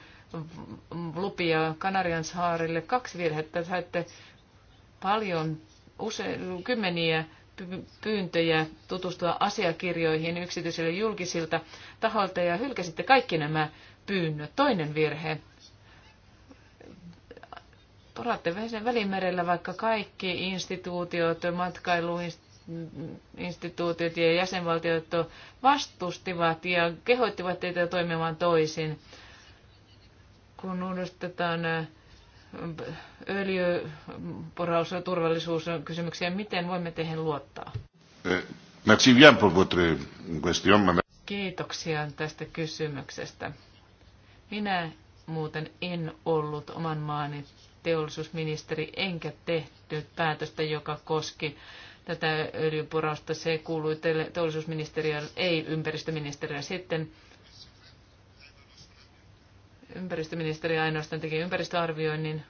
lupia Kanarian saarille. Kaksi virhettä saitte paljon, usein, kymmeniä pyyntöjä tutustua asiakirjoihin yksityisille julkisilta taholta ja hylkäsitte kaikki nämä pyynnöt. Toinen virhe. Poraatte välimerellä vaikka kaikki instituutiot, matkailuinstituutiot ja jäsenvaltiot vastustivat ja kehoittivat teitä toimimaan toisin kun uudistetaan äh, öljyporaus- ja turvallisuuskysymyksiä, miten voimme teihin luottaa? Eh, Kiitoksia tästä kysymyksestä. Minä muuten en ollut oman maani teollisuusministeri, enkä tehnyt päätöstä, joka koski tätä öljyporausta. Se kuului teollisuusministeriölle, ei ympäristöministeriölle. Sitten Ympäristöministeri ainoastaan teki ympäristöarvioinnin.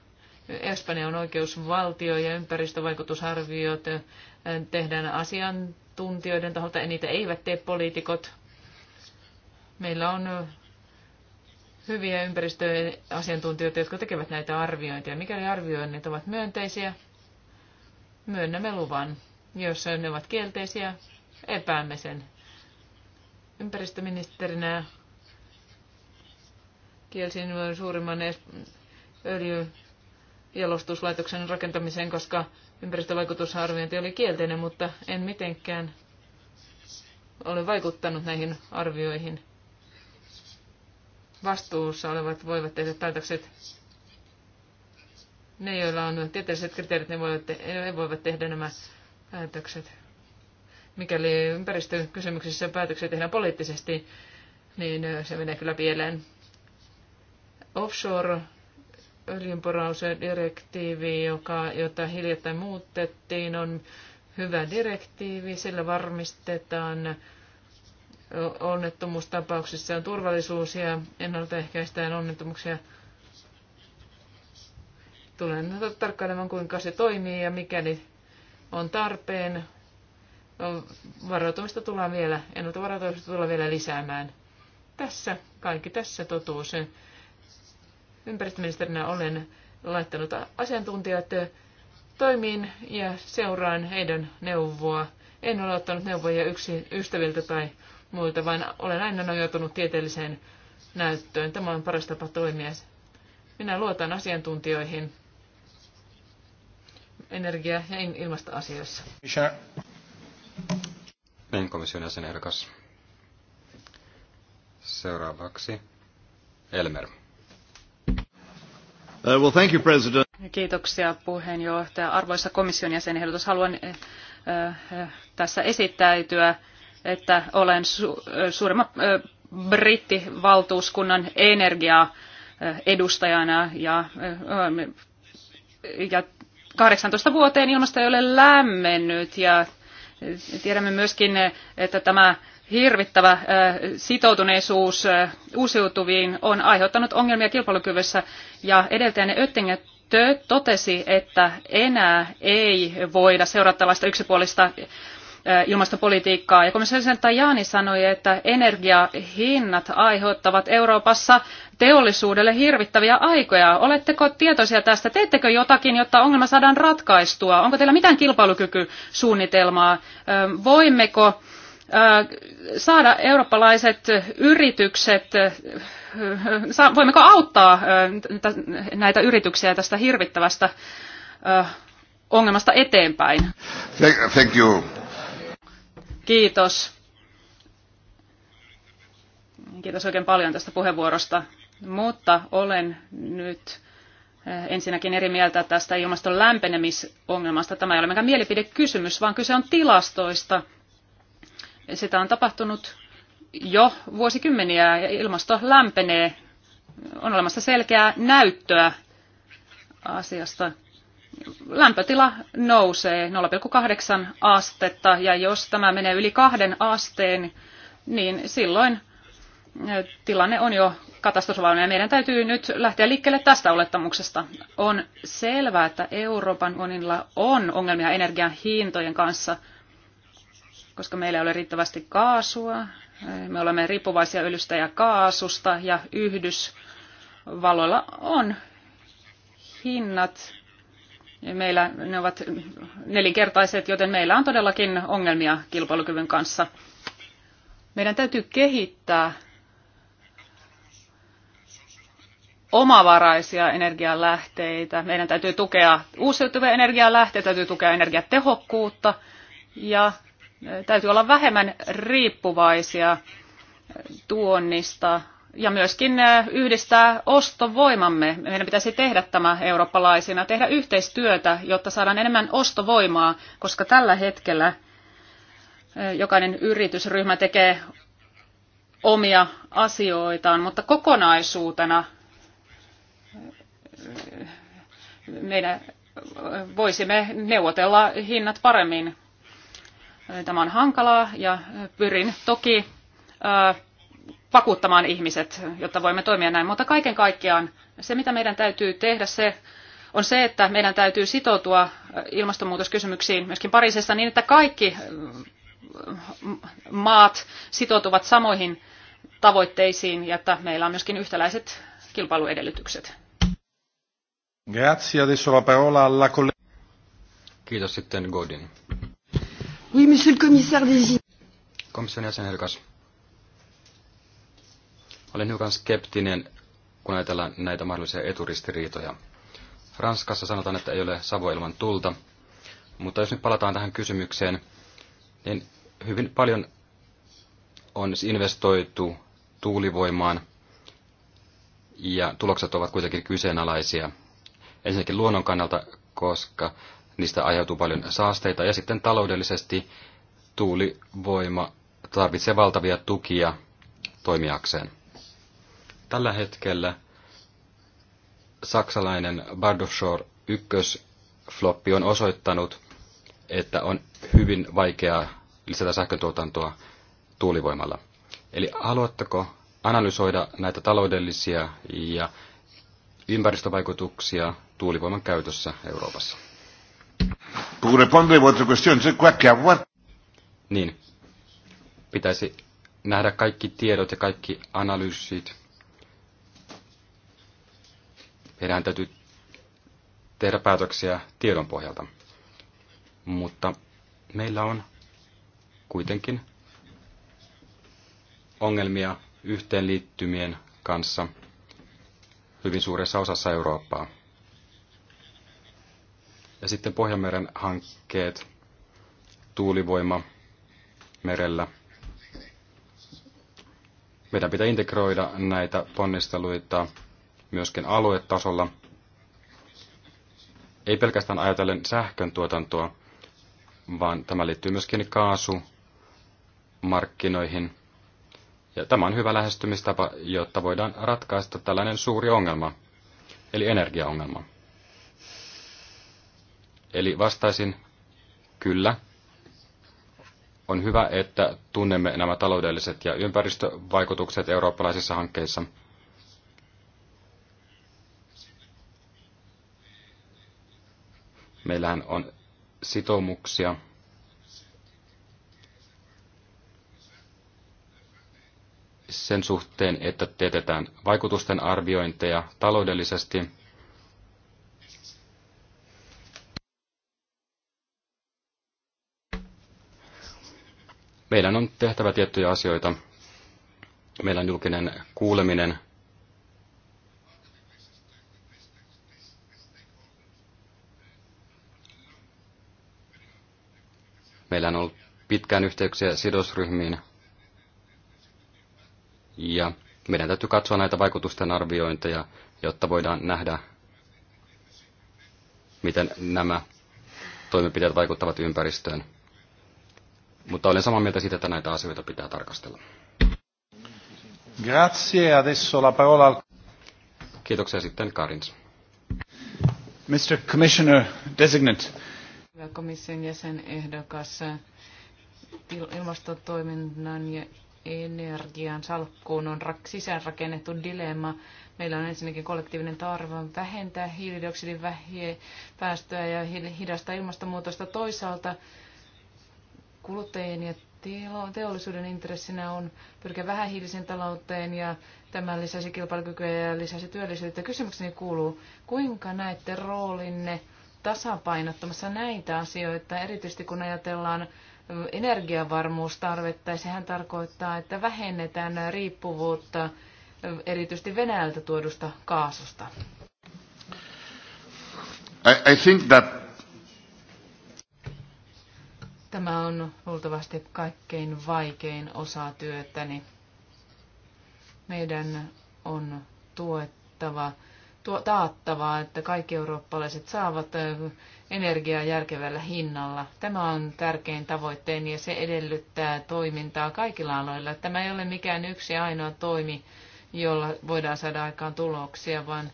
Espanja on oikeusvaltio ja ympäristövaikutusarviot eh, tehdään asiantuntijoiden taholta ja niitä eivät tee poliitikot. Meillä on eh, hyviä ympäristöasiantuntijoita, jotka tekevät näitä arviointeja. Mikäli arvioinnit ovat myönteisiä, myönnämme luvan. Jos ne ovat kielteisiä, epäämme sen. Ympäristöministerinä kielsin suurimman öljyjalostuslaitoksen rakentamiseen, koska ympäristövaikutusarviointi oli kielteinen, mutta en mitenkään ole vaikuttanut näihin arvioihin. Vastuussa olevat voivat tehdä päätökset. Ne, joilla on tieteelliset kriteerit, ne voivat, te- ne voivat tehdä nämä päätökset. Mikäli ympäristökysymyksissä päätöksiä tehdään poliittisesti, niin se menee kyllä pieleen. Offshore direktiivi, joka, jota hiljattain muutettiin, on hyvä direktiivi. Sillä varmistetaan onnettomuustapauksissa on turvallisuus ja ennaltaehkäistään onnettomuuksia. Tulen tarkkailemaan, kuinka se toimii ja mikäli on tarpeen, varautumista tullaan vielä, varautumista tullaan vielä lisäämään. Tässä kaikki, tässä totuus ympäristöministerinä olen laittanut asiantuntijat toimiin ja seuraan heidän neuvoa. En ole ottanut neuvoja yksi ystäviltä tai muilta, vaan olen aina nojautunut tieteelliseen näyttöön. Tämä on paras tapa toimia. Minä luotan asiantuntijoihin energia- ja ilmastoasioissa. Meidän komission jäsen Seuraavaksi Elmer. Uh, Kiitoksia puheenjohtaja. Arvoisa komission jäsenehdotus, haluan eh, eh, tässä esittäytyä, että olen eh, suurimman brittivaltuuskunnan energiaedustajana edustajana ja, ja 18 vuoteen ilmasto ei ole lämmennyt ja tiedämme myöskin, että tämä hirvittävä sitoutuneisuus uusiutuviin on aiheuttanut ongelmia kilpailukyvyssä ja edeltäjänne Öttinger totesi, että enää ei voida seurata tällaista yksipuolista ilmastopolitiikkaa. Ja komissaari Tajani sanoi, että energiahinnat aiheuttavat Euroopassa teollisuudelle hirvittäviä aikoja. Oletteko tietoisia tästä? Teettekö jotakin, jotta ongelma saadaan ratkaistua? Onko teillä mitään kilpailukykysuunnitelmaa? Voimmeko saada eurooppalaiset yritykset, voimmeko auttaa näitä yrityksiä tästä hirvittävästä ongelmasta eteenpäin? Thank you. Kiitos. Kiitos oikein paljon tästä puheenvuorosta, mutta olen nyt ensinnäkin eri mieltä tästä ilmaston lämpenemisongelmasta. Tämä ei ole mikään mielipidekysymys, vaan kyse on tilastoista – sitä on tapahtunut jo vuosikymmeniä ja ilmasto lämpenee. On olemassa selkeää näyttöä asiasta. Lämpötila nousee 0,8 astetta ja jos tämä menee yli kahden asteen, niin silloin eh, tilanne on jo katastrofaalinen. Meidän täytyy nyt lähteä liikkeelle tästä olettamuksesta. On selvää, että Euroopan unionilla on ongelmia energian hintojen kanssa – koska meillä ei ole riittävästi kaasua. Eh, me olemme riippuvaisia öljystä ja kaasusta ja Yhdysvalloilla on hinnat. Meillä ne ovat nelinkertaiset, joten meillä on todellakin ongelmia kilpailukyvyn kanssa. Meidän täytyy kehittää omavaraisia energialähteitä. Meidän täytyy tukea uusiutuvia energialähteitä, täytyy tukea energiatehokkuutta ja täytyy olla vähemmän riippuvaisia tuonnista ja myöskin yhdistää ostovoimamme. Meidän pitäisi tehdä tämä eurooppalaisina, tehdä yhteistyötä, jotta saadaan enemmän ostovoimaa, koska tällä hetkellä jokainen yritysryhmä tekee omia asioitaan, mutta kokonaisuutena meidän voisimme neuvotella hinnat paremmin Tämä on hankalaa ja pyrin toki vakuuttamaan ihmiset, jotta voimme toimia näin. Mutta kaiken kaikkiaan se, mitä meidän täytyy tehdä, se on se, että meidän täytyy sitoutua ilmastonmuutoskysymyksiin myöskin Pariisissa niin, että kaikki maat sitoutuvat samoihin tavoitteisiin ja että meillä on myöskin yhtäläiset kilpailuedellytykset. Grazie, adesso la parola alla Kiitos sitten Godin. Oui, monsieur le commissaire Komission Olen hiukan skeptinen, kun ajatellaan näitä mahdollisia eturistiriitoja. Ranskassa sanotaan, että ei ole savo ilman tulta. Mutta jos nyt palataan tähän kysymykseen, niin hyvin paljon on investoitu tuulivoimaan ja tulokset ovat kuitenkin kyseenalaisia. Ensinnäkin luonnon kannalta, koska niistä aiheutuu paljon saasteita ja sitten taloudellisesti tuulivoima tarvitsee valtavia tukia toimijakseen. Tällä hetkellä saksalainen Bardoshore 1 floppi on osoittanut, että on hyvin vaikeaa lisätä sähköntuotantoa tuulivoimalla. Eli haluatteko analysoida näitä taloudellisia ja ympäristövaikutuksia tuulivoiman käytössä Euroopassa? Pour répondre à votre question, je crois qu'avoir... Niin. Pitäisi nähdä kaikki tiedot ja kaikki analyysit. Meidän täytyy tehdä päätöksiä tiedon pohjalta. Mutta meillä on kuitenkin ongelmia yhteenliittymien kanssa hyvin suuressa osassa Eurooppaa. Ja sitten Pohjanmeren hankkeet, tuulivoima merellä. Meidän pitää integroida näitä ponnisteluita myöskin aluetasolla. Ei pelkästään ajatellen sähkön tuotantoa, vaan tämä liittyy myöskin kaasumarkkinoihin. Ja tämä on hyvä lähestymistapa, jotta voidaan ratkaista tällainen suuri ongelma, eli energiaongelma. Eli vastaisin, kyllä, on hyvä, että tunnemme nämä taloudelliset ja ympäristövaikutukset eurooppalaisissa hankkeissa. Meillähän on sitoumuksia sen suhteen, että teetetään vaikutusten arviointeja taloudellisesti – Meidän on tehtävä tiettyjä asioita. Meillä on julkinen kuuleminen. Meillä on ollut pitkään yhteyksiä sidosryhmiin. Ja meidän täytyy katsoa näitä vaikutusten arviointeja, jotta voidaan nähdä, miten nämä toimenpiteet vaikuttavat ympäristöön. Mutta olen samaa mieltä siitä, että näitä asioita pitää tarkastella. Grazie, adesso la parola... Kiitoksia sitten Karins. Mr. Commissioner Designate. Hyvä komission jäsenehdokas ilmastotoiminnan ja energian salkkuun on sisäänrakennettu dilemma. Meillä on ensinnäkin kollektiivinen tarve vähentää hiilidioksidin päästöä ja hidastaa ilmastonmuutosta toisaalta kuluttajien ja teollisuuden intressinä on pyrkiä vähähiilisen talouteen ja tämä lisäsi kilpailukykyä ja lisäsi työllisyyttä. Kysymykseni kuuluu, kuinka näette roolinne tasapainottamassa näitä asioita, erityisesti kun ajatellaan energiavarmuustarvetta ja sehän tarkoittaa, että vähennetään riippuvuutta erityisesti Venäjältä tuodusta kaasusta. I, I think that Tämä on luultavasti kaikkein vaikein osa työtäni. Meidän on tuettava, tuo, taattava, että kaikki eurooppalaiset saavat energiaa järkevällä hinnalla. Tämä on tärkein tavoitteeni ja se edellyttää toimintaa kaikilla aloilla. Tämä ei ole mikään yksi ainoa toimi, jolla voidaan saada aikaan tuloksia, vaan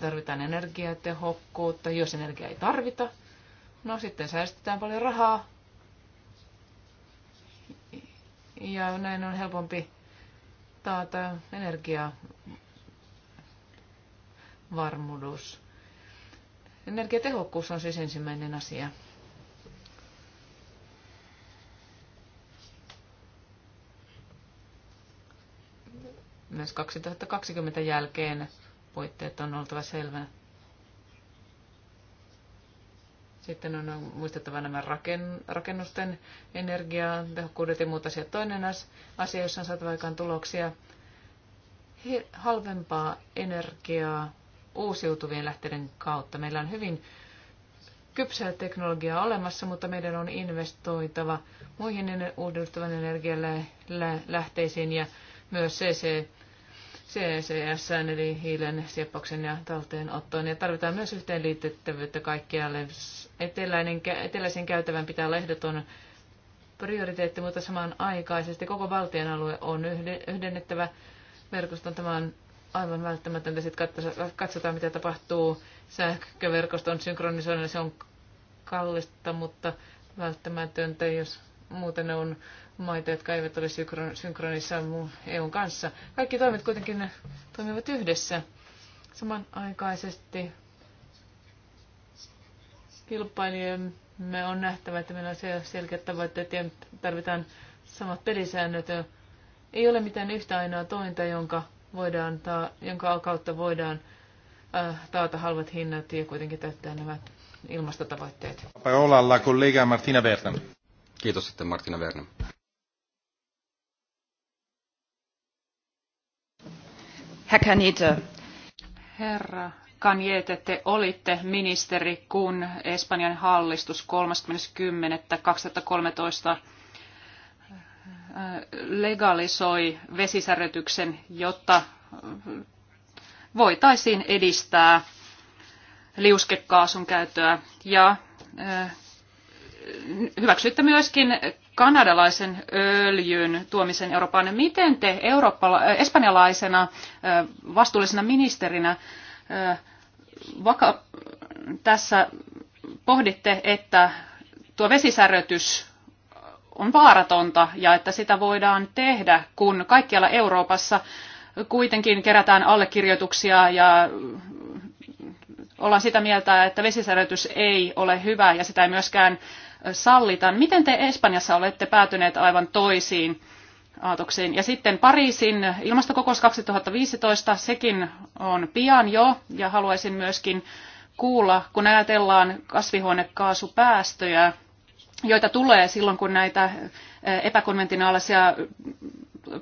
tarvitaan energiatehokkuutta. Jos energiaa ei tarvita, no sitten säästetään paljon rahaa ja näin on helpompi taata energiavarmuus. Energiatehokkuus on siis ensimmäinen asia. Myös 2020 jälkeen puitteet on oltava selvä. Sitten on muistettava nämä rakennusten energiaa, tehokkuudet ja muut asiat. Toinen asia, jossa on saatu aikaan tuloksia, halvempaa energiaa uusiutuvien lähteiden kautta. Meillä on hyvin kypsää teknologiaa olemassa, mutta meidän on investoitava muihin uudistuvan energialähteisiin lähteisiin ja myös CC CCS, eli hiilen sieppauksen ja talteenottoon. Ja tarvitaan myös yhteenliitettävyyttä kaikkialle. Eteläinen, eteläisen käytävän pitää olla ehdoton prioriteetti, mutta samanaikaisesti koko valtion alue on yhdennettävä verkoston. Tämä on aivan välttämätöntä. Sitten katsotaan, mitä tapahtuu sähköverkoston synkronisoinnilla. Se on kallista, mutta välttämätöntä, jos muuten on maita, jotka eivät ole synkronissa EUn kanssa. Kaikki toimet kuitenkin toimivat yhdessä samanaikaisesti. Kilpailijamme on nähtävä, että meillä on selkeät tavoitteet ja tarvitaan samat pelisäännöt. Ei ole mitään yhtä ainoa tointa, jonka, voidaan ta- jonka kautta voidaan äh, taata halvat hinnat ja kuitenkin täyttää nämä ilmastotavoitteet. Paolalla kollega Martina Bertan. Kiitos sitten Martina Werner. Herra Kanjete, te olitte ministeri, kun Espanjan hallistus 30.10.2013 äh, legalisoi vesisärötyksen, jotta voitaisiin edistää liuskekaasun käyttöä. Ja äh, hyväksyitte myöskin kanadalaisen öljyn tuomisen Eurooppaan. Miten te eurooppala- espanjalaisena vastuullisena ministerinä vaka- tässä pohditte, että tuo vesisärötys on vaaratonta ja että sitä voidaan tehdä, kun kaikkialla Euroopassa kuitenkin kerätään allekirjoituksia ja ollaan sitä mieltä, että vesisärötys ei ole hyvä ja sitä ei myöskään sallitaan. Miten te Espanjassa olette päätyneet aivan toisiin aatoksiin? Ja sitten Pariisin ilmastokokous 2015, sekin on pian jo, ja haluaisin myöskin kuulla, kun ajatellaan kasvihuonekaasupäästöjä, joita tulee silloin, kun näitä epäkonventinaalisia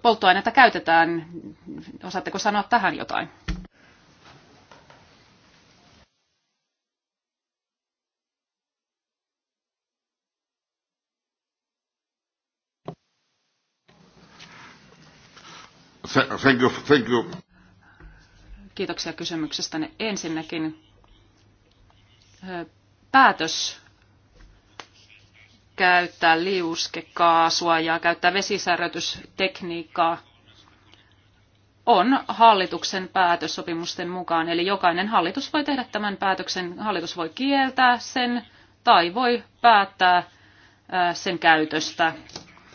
polttoaineita käytetään. Osaatteko sanoa tähän jotain? Thank you, thank you. Kiitoksia kysymyksestäne. Ensinnäkin päätös käyttää liuskekaasua ja käyttää vesisärötystekniikkaa on hallituksen päätös sopimusten mukaan. Eli jokainen hallitus voi tehdä tämän päätöksen, hallitus voi kieltää sen tai voi päättää sen käytöstä.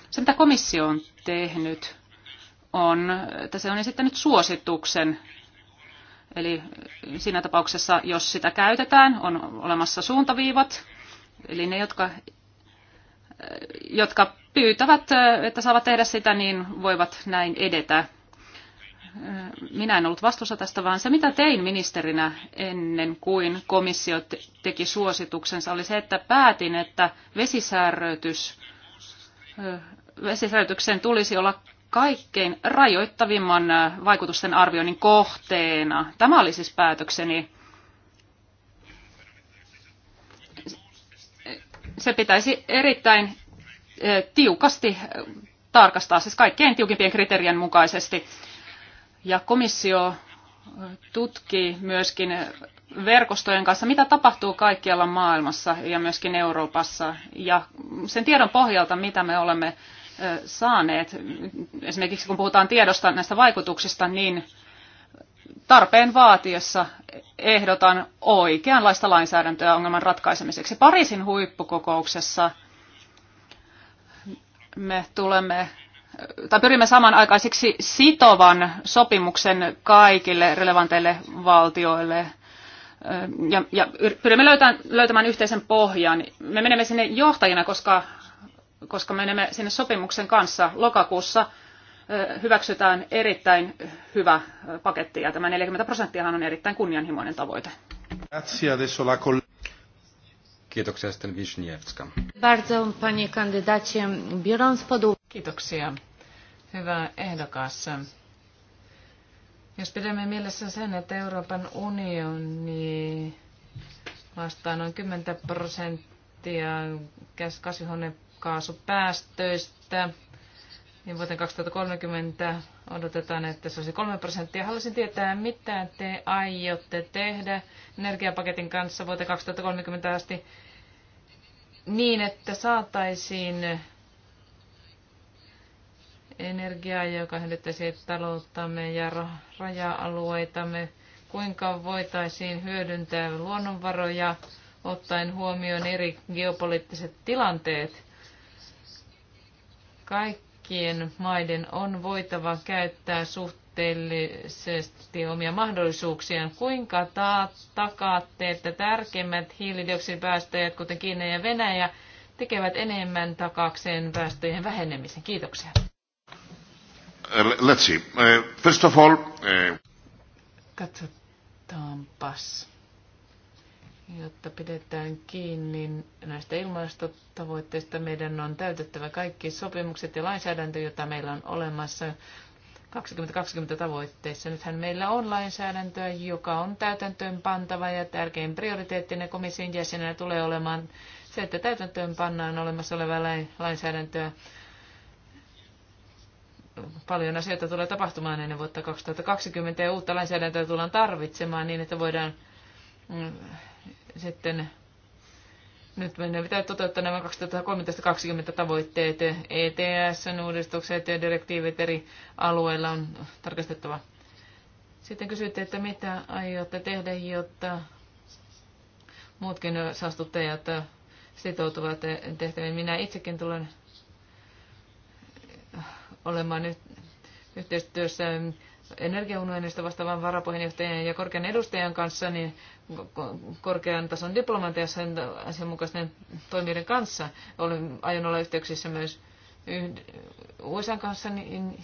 Se, mitä komissio on tehnyt, on, että se on esittänyt suosituksen. Eli siinä tapauksessa, jos sitä käytetään, on olemassa suuntaviivat, eli ne, jotka, jotka pyytävät, että saavat tehdä sitä, niin voivat näin edetä. Minä en ollut vastuussa tästä, vaan se mitä tein ministerinä ennen kuin komissio teki suosituksensa oli se, että päätin, että vesisäärötys, vesisääröityksen tulisi olla kaikkein rajoittavimman äh, vaikutusten arvioinnin kohteena. Tämä oli siis päätökseni. Se pitäisi erittäin äh, tiukasti äh, tarkastaa, siis kaikkein tiukimpien kriteerien mukaisesti. Ja komissio tutki myöskin verkostojen kanssa, mitä tapahtuu kaikkialla maailmassa ja myöskin Euroopassa. Ja sen tiedon pohjalta, mitä me olemme saaneet. Esimerkiksi kun puhutaan tiedosta näistä vaikutuksista, niin tarpeen vaatiessa ehdotan oikeanlaista lainsäädäntöä ongelman ratkaisemiseksi. Pariisin huippukokouksessa me tulemme tai pyrimme samanaikaisiksi sitovan sopimuksen kaikille relevanteille valtioille ja, ja pyrimme löytämään, löytämään yhteisen pohjan. Me menemme sinne johtajina, koska koska menemme sinne sopimuksen kanssa lokakuussa hyväksytään erittäin hyvä paketti ja tämä 40 prosenttia on erittäin kunnianhimoinen tavoite. Kiitoksia sitten Wisniewska. Bardzo panie kandydacie, biorąc pod Kiitoksia. Hyvä ehdokas. Jos pidämme mielessä sen, että Euroopan unioni vastaa noin 10 prosenttia kasvihuoneen kasvihuonekaasupäästöistä. Niin vuoteen 2030 odotetaan, että se olisi 3 prosenttia. Haluaisin tietää, mitä te aiotte tehdä energiapaketin kanssa vuoteen 2030 asti niin, että saataisiin energiaa, joka hyödyttäisi talouttamme ja raja-alueitamme, kuinka voitaisiin hyödyntää luonnonvaroja ottaen huomioon eri geopoliittiset tilanteet. Kaikkien maiden on voitava käyttää suhteellisesti omia mahdollisuuksiaan. Kuinka ta- takaatte, että tärkeimmät hiilidioksidipäästäjät, kuten Kiina ja Venäjä, tekevät enemmän takakseen päästöjen vähenemisen? Kiitoksia. Uh, let's see. Uh, first of all... Uh, Katsotaanpas jotta pidetään kiinni näistä ilmastotavoitteista, meidän on täytettävä kaikki sopimukset ja lainsäädäntö, jota meillä on olemassa 2020 tavoitteissa. Nythän meillä on lainsäädäntöä, joka on täytäntöön pantava ja tärkein prioriteettinen komission jäsenenä tulee olemaan se, että täytäntöön pannaan olemassa olevaa lainsäädäntöä. Paljon asioita tulee tapahtumaan ennen vuotta 2020 ja uutta lainsäädäntöä tullaan tarvitsemaan niin, että voidaan mm, sitten nyt meidän pitää toteuttaa nämä 2013-2020 tavoitteet, ETS-uudistukset ja direktiivit eri alueilla on tarkastettava. Sitten kysytte, että mitä aiotte tehdä, jotta muutkin saastuttajat sitoutuvat tehtäviin. Minä itsekin tulen olemaan nyt yhteistyössä energiaunionista vastaavan varapuheenjohtajan ja korkean edustajan kanssa, niin korkean tason diplomatia sen asianmukaisten toimijoiden kanssa. Olin aion olla yhteyksissä myös USA kanssa, niin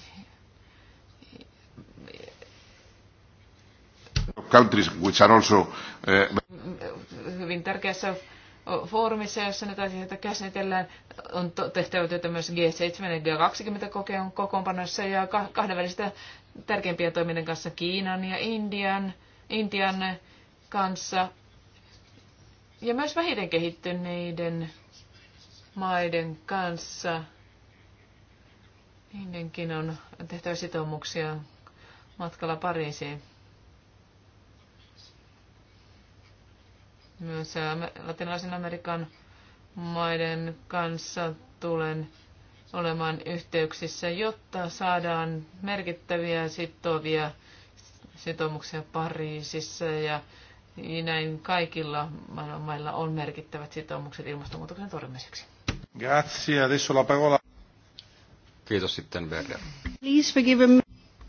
countries which are also, eh, hyvin tärkeässä foorumissa, jossa näitä asioita käsitellään, on tehtävä työtä myös G7 ja G20 kokoonpanoissa ja kahdenvälistä tärkeimpien toiminnan kanssa Kiinan ja Indian, Intian kanssa ja myös vähiten kehittyneiden maiden kanssa. Niidenkin on tehtävä sitoumuksia matkalla Pariisiin. myös latinalaisen Amerikan maiden kanssa tulen olemaan yhteyksissä, jotta saadaan merkittäviä sitovia sitoumuksia Pariisissa ja näin kaikilla mailla on merkittävät sitoumukset ilmastonmuutoksen torjumiseksi. Kiitos sitten Berger.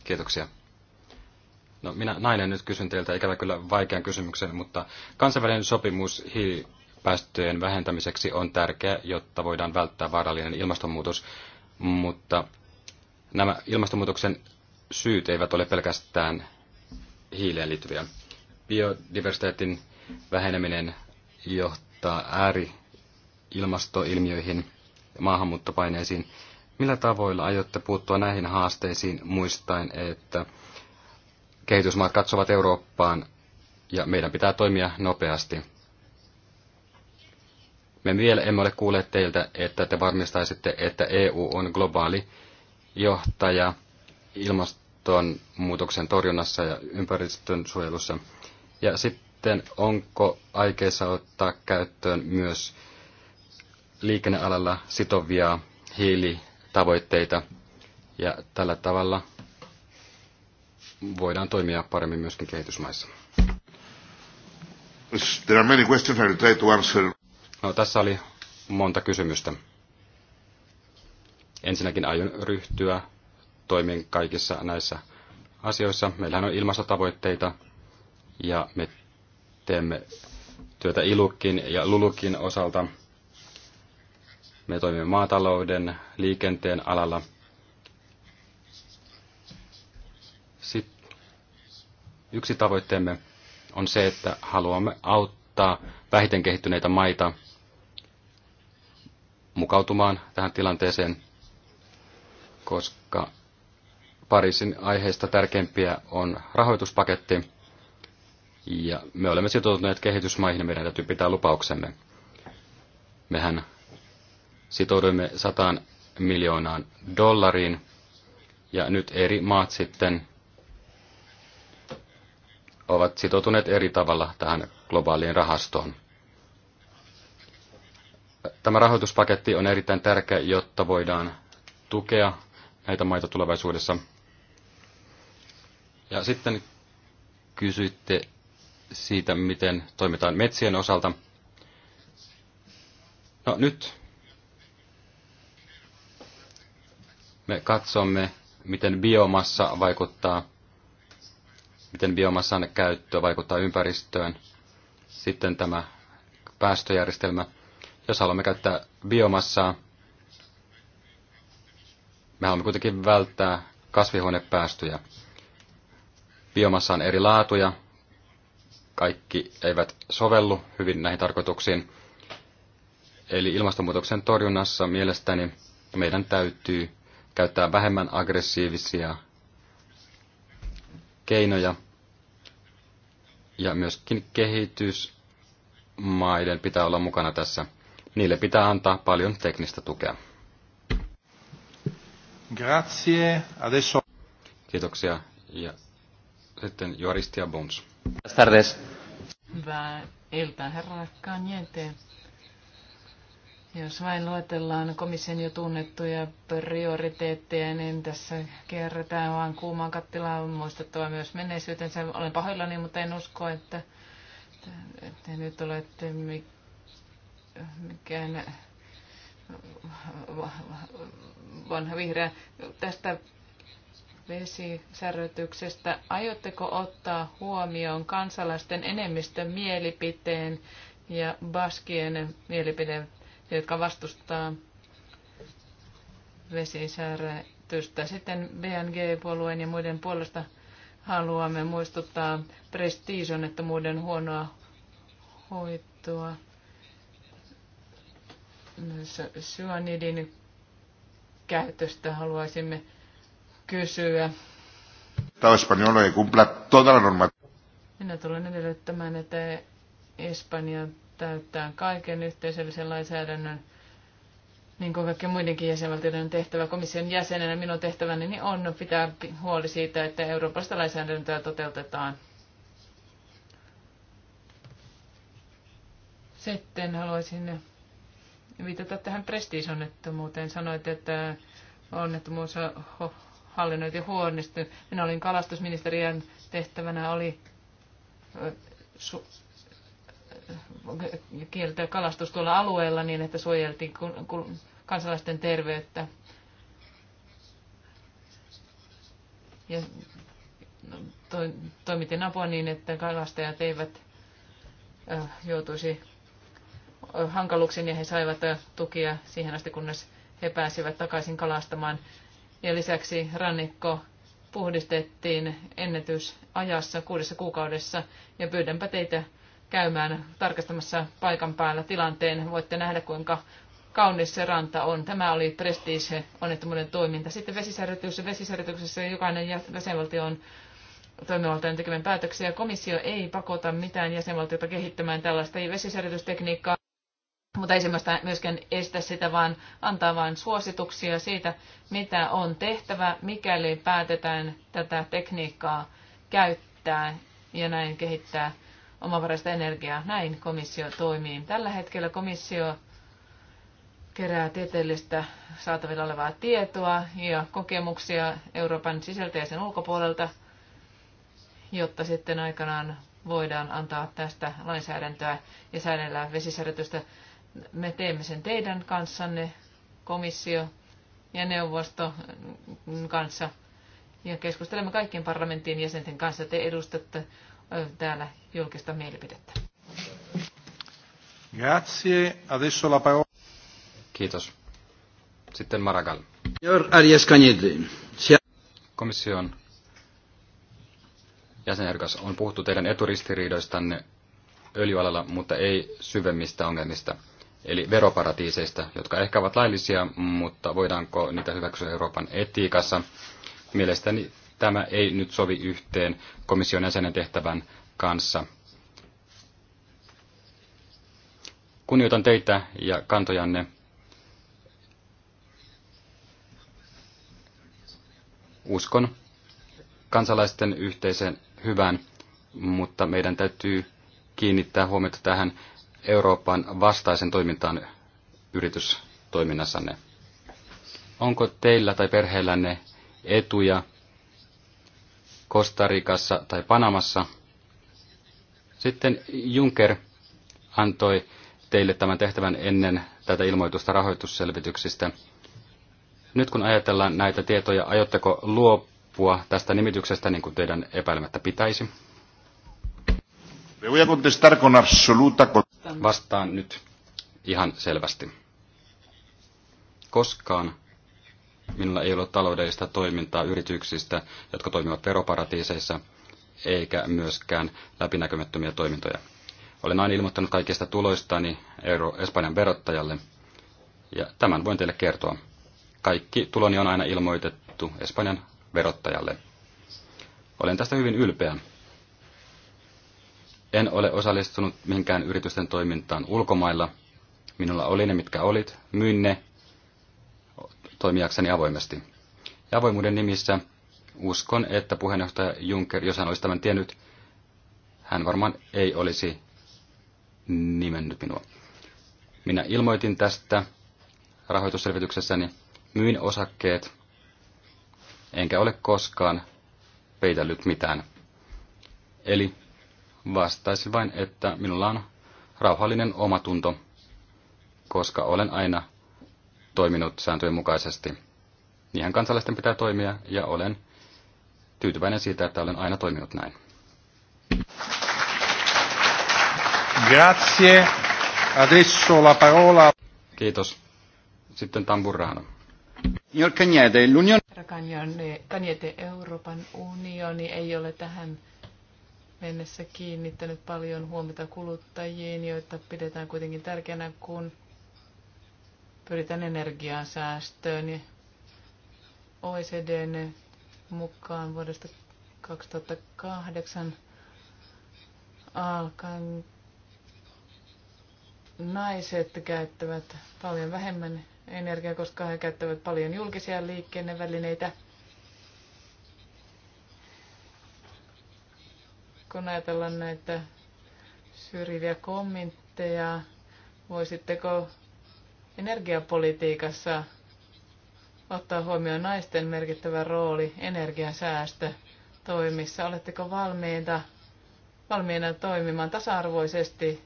Kiitoksia. No minä nainen nyt kysyn teiltä ikävä kyllä vaikean kysymyksen, mutta kansainvälinen sopimus hiilipäästöjen vähentämiseksi on tärkeä, jotta voidaan välttää vaarallinen ilmastonmuutos, mutta nämä ilmastonmuutoksen syyt eivät ole pelkästään hiileen liittyviä. Biodiversiteetin väheneminen johtaa ääri ilmastoilmiöihin ja maahanmuuttopaineisiin. Millä tavoilla aiotte puuttua näihin haasteisiin muistaen, että kehitysmaat katsovat Eurooppaan ja meidän pitää toimia nopeasti. Me vielä emme ole kuulleet teiltä, että te varmistaisitte, että EU on globaali johtaja ilmastonmuutoksen torjunnassa ja ympäristön suojelussa. Ja sitten onko aikeissa ottaa käyttöön myös liikennealalla sitovia hiilitavoitteita ja tällä tavalla voidaan toimia paremmin myöskin kehitysmaissa. There are many questions I try to answer. No, tässä oli monta kysymystä. Ensinnäkin aion ryhtyä toimiin kaikissa näissä asioissa. Meillähän on ilmastotavoitteita ja me teemme työtä ilukin ja lulukin osalta. Me toimimme maatalouden, liikenteen alalla. sit yksi tavoitteemme on se, että haluamme auttaa vähiten kehittyneitä maita mukautumaan tähän tilanteeseen, koska Pariisin aiheista tärkeimpiä on rahoituspaketti, ja me olemme sitoutuneet kehitysmaihin ja meidän täytyy pitää lupauksemme. Mehän sitouduimme sataan miljoonaan dollariin, ja nyt eri maat sitten ovat sitoutuneet eri tavalla tähän globaaliin rahastoon. Tämä rahoituspaketti on erittäin tärkeä, jotta voidaan tukea näitä maita tulevaisuudessa. Ja sitten kysyitte siitä, miten toimitaan metsien osalta. No nyt me katsomme, miten biomassa vaikuttaa miten biomassan käyttö vaikuttaa ympäristöön. Sitten tämä päästöjärjestelmä. Jos haluamme käyttää biomassaa, me haluamme kuitenkin välttää kasvihuonepäästöjä. Biomassa on eri laatuja, kaikki eivät sovellu hyvin näihin tarkoituksiin. Eli ilmastonmuutoksen torjunnassa mielestäni meidän täytyy käyttää vähemmän aggressiivisia keinoja. Ja myöskin kehitysmaiden pitää olla mukana tässä. Niille pitää antaa paljon teknistä tukea. Grazie. Adesso... Kiitoksia. Ja sitten Juaristia Bones. Hyvää iltaa, herra Kanjente. Jos vain luetellaan komission jo tunnettuja prioriteetteja, niin tässä kerrätään vain kuumaan kattilaan. On muistettava myös menneisyytensä. Olen pahoillani, mutta en usko, että te nyt olette mikään vanha vihreä. Tästä vesisärötyksestä, aiotteko ottaa huomioon kansalaisten enemmistön mielipiteen ja baskien mielipiteen jotka vastustaa vesisäärätystä. Sitten BNG-puolueen ja muiden puolesta haluamme muistuttaa että muiden huonoa hoitoa. Myös syanidin käytöstä haluaisimme kysyä. Minä tulen edellyttämään, että Espanja täyttää kaiken yhteisöllisen lainsäädännön, niin kuin kaikkien muidenkin jäsenvaltioiden tehtävä komission jäsenenä, minun tehtäväni niin on pitää huoli siitä, että Euroopasta lainsäädäntöä toteutetaan. Sitten haluaisin viitata tähän prestiisonnettomuuteen. Sanoit, että onnettomuus on ja huonosti. Minä olin kalastusministeriön tehtävänä oli kieltää kalastus tuolla alueella niin, että suojeltiin kansalaisten terveyttä. Ja no, toimitin apua niin, että kalastajat eivät joutuisi hankaluksiin ja he saivat tukia siihen asti, kunnes he pääsivät takaisin kalastamaan. Ja lisäksi rannikko puhdistettiin ennätysajassa kuudessa kuukaudessa ja pyydänpä teitä käymään tarkastamassa paikan päällä tilanteen. Voitte nähdä, kuinka kaunis se ranta on. Tämä oli prestiise, onnettomuuden toiminta. Sitten vesisärjytys. Vesisärjytyksessä jokainen jäsenvaltio on toimivaltainen tekemään päätöksiä. Komissio ei pakota mitään jäsenvaltiota kehittämään tällaista vesisärjytystekniikkaa, mutta ei semmoista myöskään estä sitä, vaan antaa vain suosituksia siitä, mitä on tehtävä, mikäli päätetään tätä tekniikkaa käyttää ja näin kehittää omavaraista energiaa. Näin komissio toimii. Tällä hetkellä komissio kerää tieteellistä saatavilla olevaa tietoa ja kokemuksia Euroopan sisältä ja sen ulkopuolelta, jotta sitten aikanaan voidaan antaa tästä lainsäädäntöä ja säädellä vesisärjätystä. Me teemme sen teidän kanssanne, komissio ja neuvosto kanssa. Ja keskustelemme kaikkien parlamentin jäsenten kanssa. Te edustatte täällä julkista mielipidettä. Grazie. Adesso la parola. Kiitos. Sitten Maragall. Señor Arias Cañete. Komission jäsenerkas on puhuttu teidän eturistiriidoistanne öljyalalla, mutta ei syvemmistä ongelmista, eli veroparatiiseista, jotka ehkä ovat laillisia, mutta voidaanko niitä hyväksyä Euroopan etiikassa? Mielestäni tämä ei nyt sovi yhteen komission jäsenen tehtävän kanssa. Kunnioitan teitä ja kantojanne. Uskon kansalaisten yhteiseen hyvään, mutta meidän täytyy kiinnittää huomiota tähän Euroopan vastaisen toimintaan yritystoiminnassanne. Onko teillä tai perheellänne etuja Kostarikassa tai Panamassa. Sitten Juncker antoi teille tämän tehtävän ennen tätä ilmoitusta rahoitusselvityksistä. Nyt kun ajatellaan näitä tietoja, aiotteko luopua tästä nimityksestä niin kuin teidän epäilemättä pitäisi? Vastaan nyt ihan selvästi. Koskaan minulla ei ole taloudellista toimintaa yrityksistä, jotka toimivat veroparatiiseissa, eikä myöskään läpinäkymättömiä toimintoja. Olen aina ilmoittanut kaikista tuloistani Euro Espanjan verottajalle, ja tämän voin teille kertoa. Kaikki tuloni on aina ilmoitettu Espanjan verottajalle. Olen tästä hyvin ylpeä. En ole osallistunut mihinkään yritysten toimintaan ulkomailla. Minulla oli ne, mitkä olit, myin ne toimijakseni avoimesti. Ja avoimuuden nimissä uskon, että puheenjohtaja Juncker, jos hän olisi tämän tiennyt, hän varmaan ei olisi nimennyt minua. Minä ilmoitin tästä rahoitusselvityksessäni, myin osakkeet, enkä ole koskaan peitellyt mitään. Eli vastaisin vain, että minulla on rauhallinen omatunto, koska olen aina toiminut sääntöjen mukaisesti. Niinhän kansalaisten pitää toimia ja olen tyytyväinen siitä, että olen aina toiminut näin. Grazie. Adesso la parola. Kiitos. Sitten Tamburrano. Herra Kanjete, Euroopan unioni ei ole tähän mennessä kiinnittänyt paljon huomiota kuluttajiin, joita pidetään kuitenkin tärkeänä, kun pyritään energian säästöön. OECDn mukaan vuodesta 2008 alkaen naiset käyttävät paljon vähemmän energiaa, koska he käyttävät paljon julkisia liikennevälineitä. Kun ajatellaan näitä syrjiviä kommentteja, voisitteko energiapolitiikassa ottaa huomioon naisten merkittävä rooli toimissa. Oletteko valmiita, valmiina toimimaan tasa-arvoisesti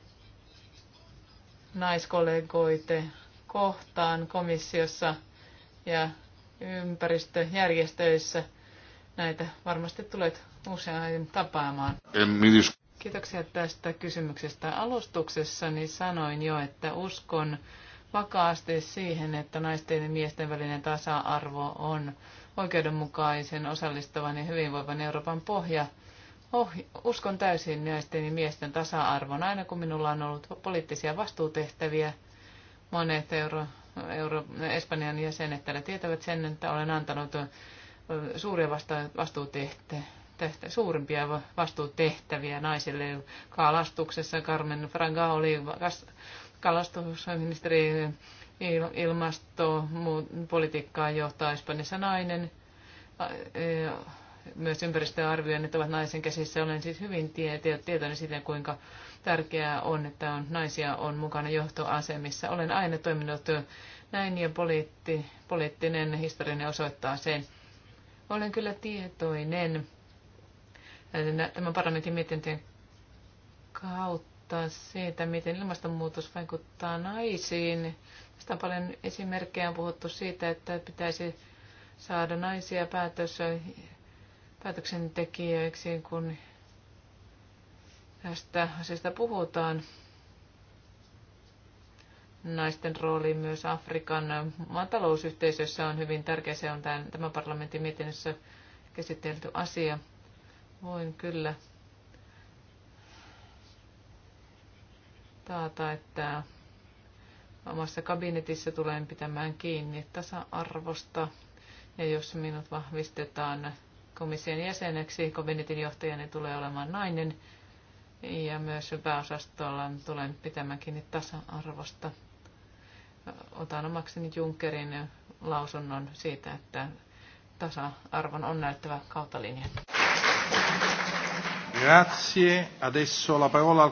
naiskollegoite kohtaan komissiossa ja ympäristöjärjestöissä? Näitä varmasti tulet usein tapaamaan. Kiitoksia tästä kysymyksestä Alustuksessani niin sanoin jo, että uskon vakaasti siihen, että naisten ja miesten välinen tasa-arvo on oikeudenmukaisen, osallistavan ja hyvinvoivan Euroopan pohja. Oh, uskon täysin naisten ja miesten tasa-arvon. Aina kun minulla on ollut poliittisia vastuutehtäviä, monet Euro, Euro, Espanjan jäsenet täällä tietävät sen, että olen antanut suuria vasta- vastuutehtäviä tehtä, suurimpia vastuutehtäviä naisille kalastuksessa. Carmen Franga oli kalastusministeri ilmastopolitiikkaa johtaa Espanjassa nainen. Myös ympäristöarvioinnit ovat naisen käsissä. Olen siis hyvin tietoinen siitä, kuinka tärkeää on, että on, naisia on mukana johtoasemissa. Olen aina toiminut näin ja poliitti, poliittinen historiallinen osoittaa sen. Olen kyllä tietoinen tämän parlamentin mietintöjen kautta tiedottaa siitä, miten ilmastonmuutos vaikuttaa naisiin. Tästä on paljon esimerkkejä on puhuttu siitä, että pitäisi saada naisia päätös, päätöksentekijöiksi, kun tästä asiasta puhutaan. Naisten rooli myös Afrikan maatalousyhteisössä on hyvin tärkeä. Se on tämän, tämän parlamentin mietinnössä käsitelty asia. Voin kyllä taata, että omassa kabinetissa tulen pitämään kiinni tasa-arvosta. Ja jos minut vahvistetaan komission jäseneksi, kabinetin johtajani tulee olemaan nainen. Ja myös pääosastolla tulen pitämään kiinni tasa-arvosta. Otan omakseni Junckerin lausunnon siitä, että tasa-arvon on näyttävä kautta linjan. Grazie. Adesso la parola al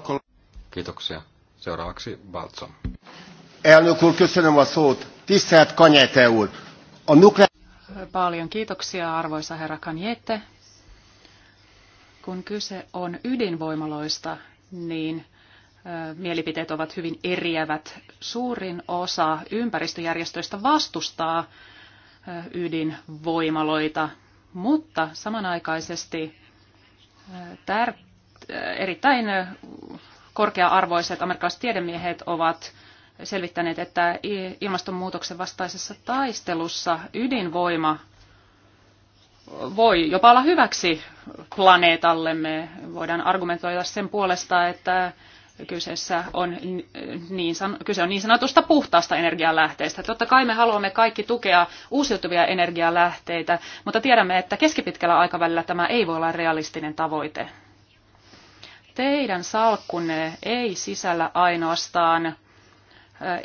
Kiitoksia. Seuraavaksi Baltso. Elnök úr, köszönöm a szót. Tisztelt Kanyete úr, a nukle- Paljon kiitoksia, arvoisa herra Kanyete. Kun kyse on ydinvoimaloista, niin mielipiteet ovat hyvin eriävät. Suurin osa ympäristöjärjestöistä vastustaa ydinvoimaloita, mutta samanaikaisesti tär- erittäin korkea-arvoiset amerikkalaiset tiedemiehet ovat selvittäneet, että ilmastonmuutoksen vastaisessa taistelussa ydinvoima voi jopa olla hyväksi planeetallemme. Voidaan argumentoida sen puolesta, että kyseessä on niin, kyse on niin sanotusta puhtaasta energialähteestä. Totta kai me haluamme kaikki tukea uusiutuvia energialähteitä, mutta tiedämme, että keskipitkällä aikavälillä tämä ei voi olla realistinen tavoite. Teidän salkkunne ei sisällä ainoastaan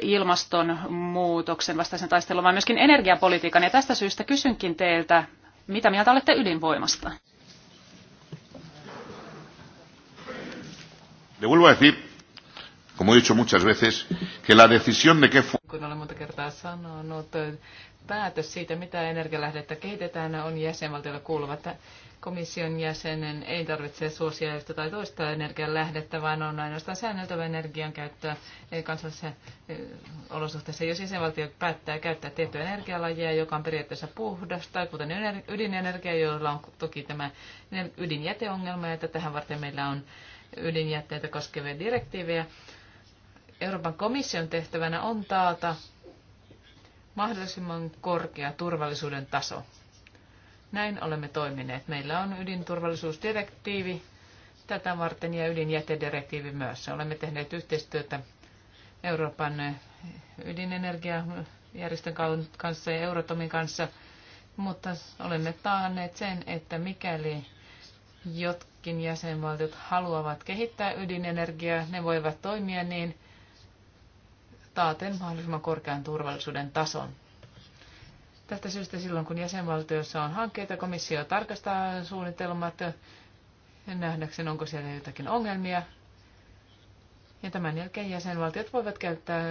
ilmastonmuutoksen vastaisen taistelun, vaan myöskin energiapolitiikan. Ja tästä syystä kysynkin teiltä, mitä mieltä olette ydinvoimasta? Le vuelvo a decir, como he dicho muchas veces, que la decisión de qué Kun olen monta kertaa sanonut, päätös siitä, mitä energialähdettä kehitetään, on jäsenvaltiolle kuuluva komission jäsenen ei tarvitse suosia yhtä tai toista energian lähdettä, vaan on ainoastaan säänneltävä energian käyttöä e, kansallisessa e, olosuhteessa. Jos jäsenvaltio päättää käyttää tiettyä energialajia, joka on periaatteessa puhdasta, kuten ydinenergia, jolla on toki tämä ydinjäteongelma, että tähän varten meillä on ydinjätteitä koskevia direktiivejä. Euroopan komission tehtävänä on taata mahdollisimman korkea turvallisuuden taso. Näin olemme toimineet. Meillä on ydinturvallisuusdirektiivi tätä varten ja ydinjätedirektiivi myös. Olemme tehneet yhteistyötä Euroopan ydinenergiajärjestön kanssa ja Euratomin kanssa, mutta olemme taanneet sen, että mikäli jotkin jäsenvaltiot haluavat kehittää ydinenergiaa, ne voivat toimia niin taaten mahdollisimman korkean turvallisuuden tason. Tästä syystä silloin, kun jäsenvaltiossa on hankkeita, komissio tarkastaa suunnitelmat nähdäkseen, onko siellä jotakin ongelmia. Ja tämän jälkeen jäsenvaltiot voivat käyttää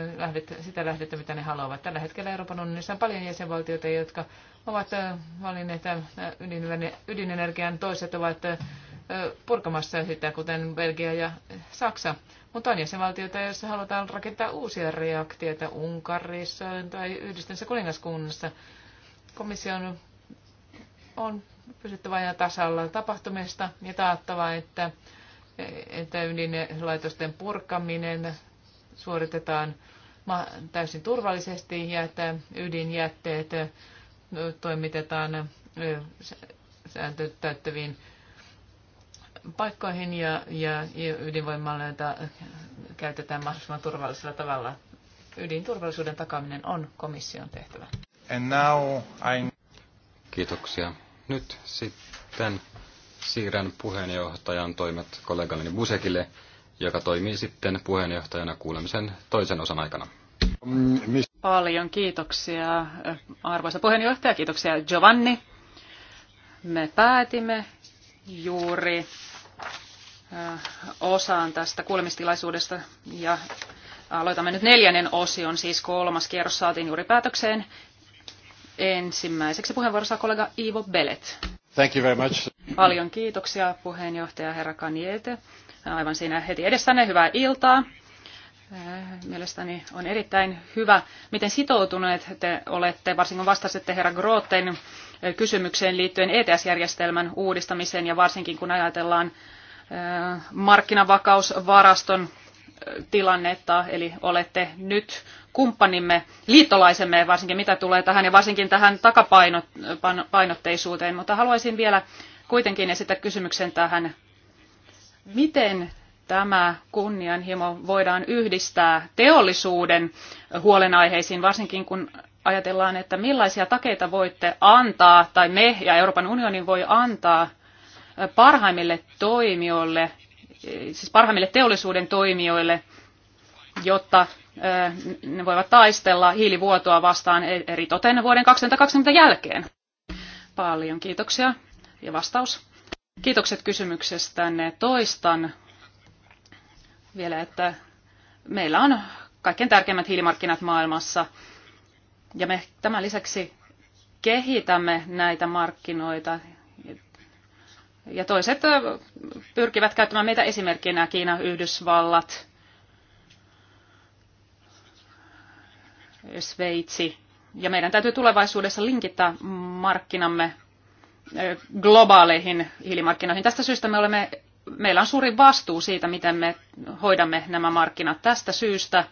sitä lähdettä, mitä ne haluavat. Tällä hetkellä Euroopan unionissa on paljon jäsenvaltioita, jotka ovat valinneet ydinenergian. Toiset ovat purkamassa sitä, kuten Belgia ja Saksa. Mutta on jäsenvaltioita, joissa halutaan rakentaa uusia reaktioita Unkarissa tai yhdistyneessä kuningaskunnassa. Komission on pysyttävä ajan tasalla tapahtumista ja taattava, että, että ydinlaitosten purkaminen suoritetaan täysin turvallisesti ja että ydinjätteet toimitetaan sääntöt täyttäviin paikkoihin ja, ja, ja ydinvoimaloita käytetään mahdollisimman turvallisella tavalla. Ydinturvallisuuden takaminen on komission tehtävä. And now I... Kiitoksia. Nyt sitten siirrän puheenjohtajan toimet kollegalleni Busekille, joka toimii sitten puheenjohtajana kuulemisen toisen osan aikana. Paljon kiitoksia, arvoisa puheenjohtaja. Kiitoksia, Giovanni. Me päätimme juuri äh, osaan tästä kuulemistilaisuudesta ja aloitamme nyt neljännen osion, siis kolmas kierros saatiin juuri päätökseen Ensimmäiseksi puheenvuorossa kollega Ivo Belet. Thank you very much. Paljon kiitoksia puheenjohtaja herra Kaniete. Aivan siinä heti edessänne hyvää iltaa. Mielestäni on erittäin hyvä, miten sitoutuneet te olette, varsinkin kun vastasitte herra Grooten kysymykseen liittyen ETS-järjestelmän uudistamiseen ja varsinkin kun ajatellaan eh, markkinavakausvaraston eh, tilannetta, eli olette nyt kumppanimme, liittolaisemme varsinkin, mitä tulee tähän ja varsinkin tähän takapainotteisuuteen. Mutta haluaisin vielä kuitenkin esittää kysymyksen tähän, miten tämä kunnianhimo voidaan yhdistää teollisuuden huolenaiheisiin, varsinkin kun ajatellaan, että millaisia takeita voitte antaa, tai me ja Euroopan unioni voi antaa parhaimmille toimijoille, siis parhaimmille teollisuuden toimijoille, jotta ne voivat taistella hiilivuotoa vastaan e- eri toten vuoden 2020 jälkeen? Paljon kiitoksia ja vastaus. Kiitokset kysymyksestänne. Toistan vielä, että meillä on kaikkein tärkeimmät hiilimarkkinat maailmassa. Ja me tämän lisäksi kehitämme näitä markkinoita. Ja toiset pyrkivät käyttämään meitä esimerkkinä Kiina, Yhdysvallat, Sveitsi. Ja meidän täytyy tulevaisuudessa linkittää markkinamme globaaleihin hiilimarkkinoihin. Tästä syystä me olemme, meillä on suuri vastuu siitä, miten me hoidamme nämä markkinat. Tästä syystä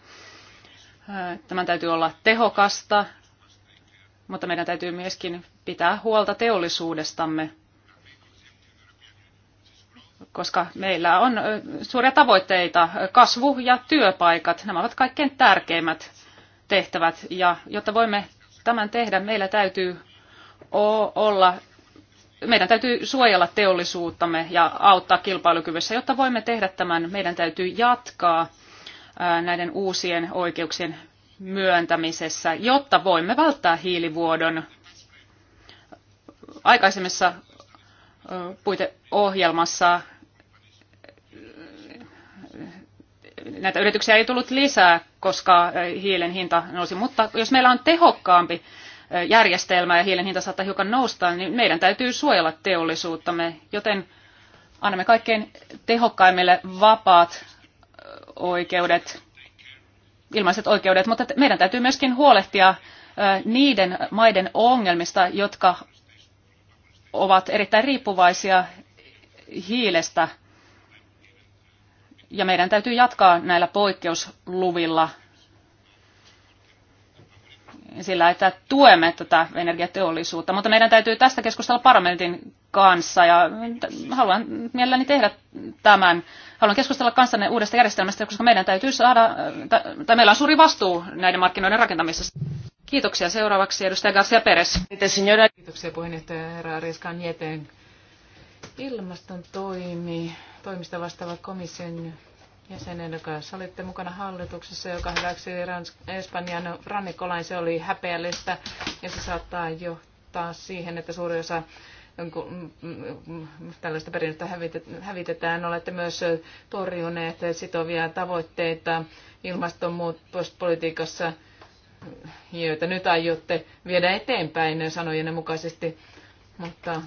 tämän täytyy olla tehokasta, mutta meidän täytyy myöskin pitää huolta teollisuudestamme, koska meillä on suuria tavoitteita, kasvu ja työpaikat, nämä ovat kaikkein tärkeimmät tehtävät. Ja jotta voimme tämän tehdä, meillä täytyy olla meidän täytyy suojella teollisuuttamme ja auttaa kilpailukyvyssä. Jotta voimme tehdä tämän, meidän täytyy jatkaa näiden uusien oikeuksien myöntämisessä, jotta voimme välttää hiilivuodon. Aikaisemmassa puiteohjelmassa näitä yrityksiä ei tullut lisää, koska hiilen hinta nousi. Mutta jos meillä on tehokkaampi järjestelmä ja hiilen hinta saattaa hiukan nousta, niin meidän täytyy suojella teollisuuttamme, joten annamme kaikkein tehokkaimmille vapaat oikeudet, ilmaiset oikeudet, mutta meidän täytyy myöskin huolehtia niiden maiden ongelmista, jotka ovat erittäin riippuvaisia hiilestä – ja meidän täytyy jatkaa näillä poikkeusluvilla sillä, että tuemme tätä energiateollisuutta. Mutta meidän täytyy tästä keskustella parlamentin kanssa ja haluan mielelläni tehdä tämän. Haluan keskustella kanssanne uudesta järjestelmästä, koska meidän täytyy saada, tai meillä on suuri vastuu näiden markkinoiden rakentamisessa. Kiitoksia. Seuraavaksi edustaja Garcia Perez. Kiitoksia puheenjohtaja herra Rieskan Ilmaston toimi toimista vastaava komission jäsenen, joka olitte mukana hallituksessa, joka hyväksyi Ransk- Espanjan rannikkolain. Se oli häpeällistä ja se saattaa johtaa siihen, että suuri osa mm, mm, tällaista perinnettä hävitetään. Olette myös torjuneet sitovia tavoitteita ilmastonmuutospolitiikassa, joita nyt aiotte viedä eteenpäin sanojenne mukaisesti. Mutta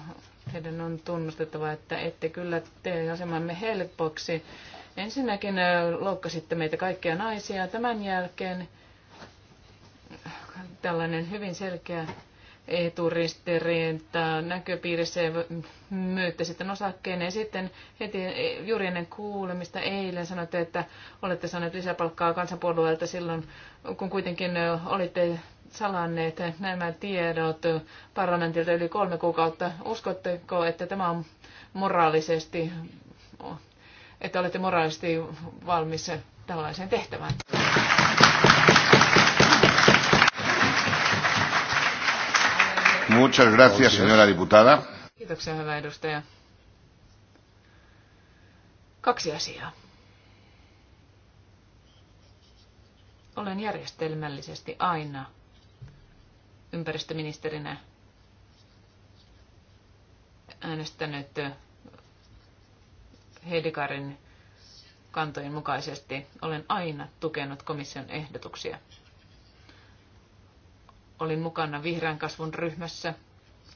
Teidän on tunnustettava, että ette kyllä tee asemamme helpoksi. Ensinnäkin loukkasitte meitä kaikkia naisia. Tämän jälkeen tällainen hyvin selkeä eturistiriintaa näköpiirissä ja myytte sitten osakkeen. Ja sitten heti e, juuri ennen kuulemista eilen sanoitte, että olette saaneet lisäpalkkaa kansanpuolueelta silloin, kun kuitenkin olitte salanneet nämä tiedot parlamentilta yli kolme kuukautta. Uskotteko, että tämä on moraalisesti, että olette moraalisesti valmis tällaiseen tehtävään? Muchas gracias, señora diputada. Kiitoksia, hyvä edustaja. Kaksi asiaa. Olen järjestelmällisesti aina ympäristöministerinä äänestänyt Hedikarin kantojen mukaisesti. Olen aina tukenut komission ehdotuksia. Olin mukana vihreän kasvun ryhmässä.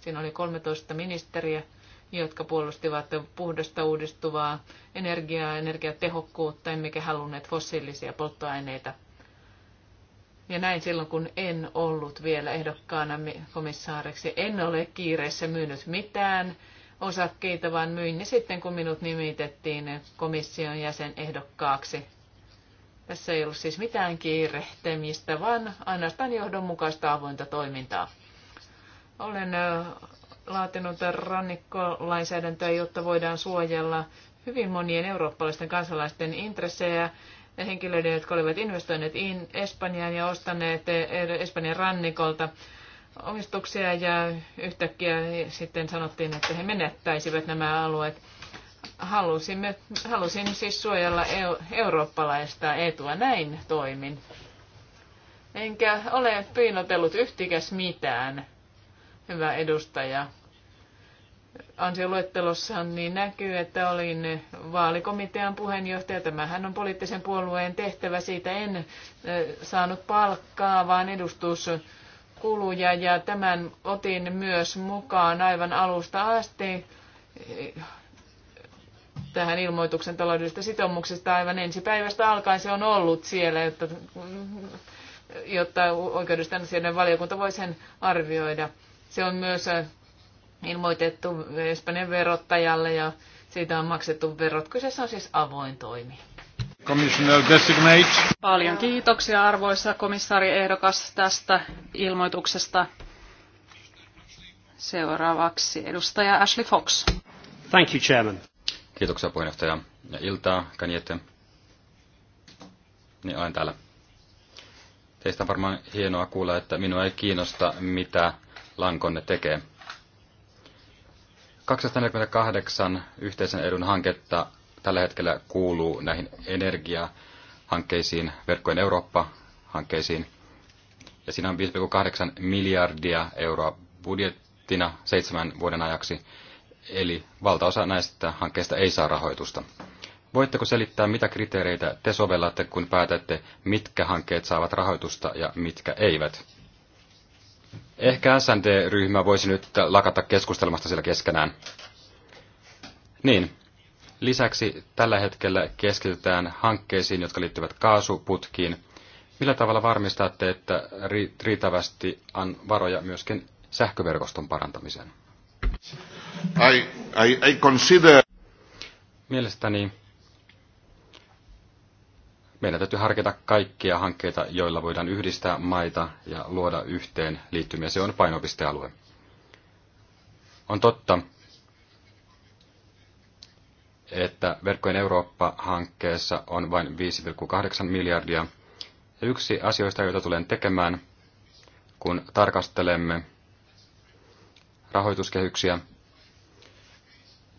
Siinä oli 13 ministeriä, jotka puolustivat puhdasta uudistuvaa energiaa, energiatehokkuutta, emmekä halunneet fossiilisia polttoaineita. Ja näin silloin, kun en ollut vielä ehdokkaana komissaariksi. En ole kiireessä myynyt mitään osakkeita, vaan myin ne sitten, kun minut nimitettiin komission jäsenehdokkaaksi. Tässä ei ollut siis mitään kiirehtemistä, vaan ainoastaan johdonmukaista avointa toimintaa. Olen laatinut rannikkolainsäädäntöä, jotta voidaan suojella hyvin monien eurooppalaisten kansalaisten intressejä ja henkilöiden, jotka olivat investoineet Espanjaan ja ostaneet er-, Espanjan rannikolta omistuksia ja yhtäkkiä sitten sanottiin, että he menettäisivät nämä alueet halusimme, halusin siis suojella eurooppalaista etua. Näin toimin. Enkä ole piinotellut yhtikäs mitään, hyvä edustaja. Ansioluettelossa niin näkyy, että olin vaalikomitean puheenjohtaja. Tämähän on poliittisen puolueen tehtävä. Siitä en saanut palkkaa, vaan kuluja Ja tämän otin myös mukaan aivan alusta asti tähän ilmoituksen taloudellisesta sitoumuksesta aivan ensi päivästä alkaen se on ollut siellä, jotta, jotta oikeudellisten asioiden valiokunta voi sen arvioida. Se on myös äh, ilmoitettu Espanjan verottajalle ja siitä on maksettu verot. Kyseessä on siis avoin toimi. Paljon kiitoksia arvoisa komissaari ehdokas tästä ilmoituksesta. Seuraavaksi edustaja Ashley Fox. Thank you, Chairman. Kiitoksia puheenjohtaja. Ja iltaa, Kanjette. Niin olen täällä. Teistä on varmaan hienoa kuulla, että minua ei kiinnosta, mitä lankonne tekee. 248 yhteisen edun hanketta tällä hetkellä kuuluu näihin energiahankkeisiin, verkkojen Eurooppa-hankkeisiin. Ja siinä on 5,8 miljardia euroa budjettina seitsemän vuoden ajaksi. Eli valtaosa näistä hankkeista ei saa rahoitusta. Voitteko selittää, mitä kriteereitä te sovellatte, kun päätätte, mitkä hankkeet saavat rahoitusta ja mitkä eivät? Ehkä SND-ryhmä voisi nyt lakata keskustelmasta siellä keskenään. Niin. Lisäksi tällä hetkellä keskitytään hankkeisiin, jotka liittyvät kaasuputkiin. Millä tavalla varmistatte, että riittävästi on varoja myöskin sähköverkoston parantamiseen? I, I, I consider... Mielestäni meidän täytyy harkita kaikkia hankkeita, joilla voidaan yhdistää maita ja luoda yhteen liittymiä. Se on painopistealue. On totta, että verkkojen Eurooppa-hankkeessa on vain 5,8 miljardia. Ja yksi asioista, joita tulen tekemään, kun tarkastelemme rahoituskehyksiä,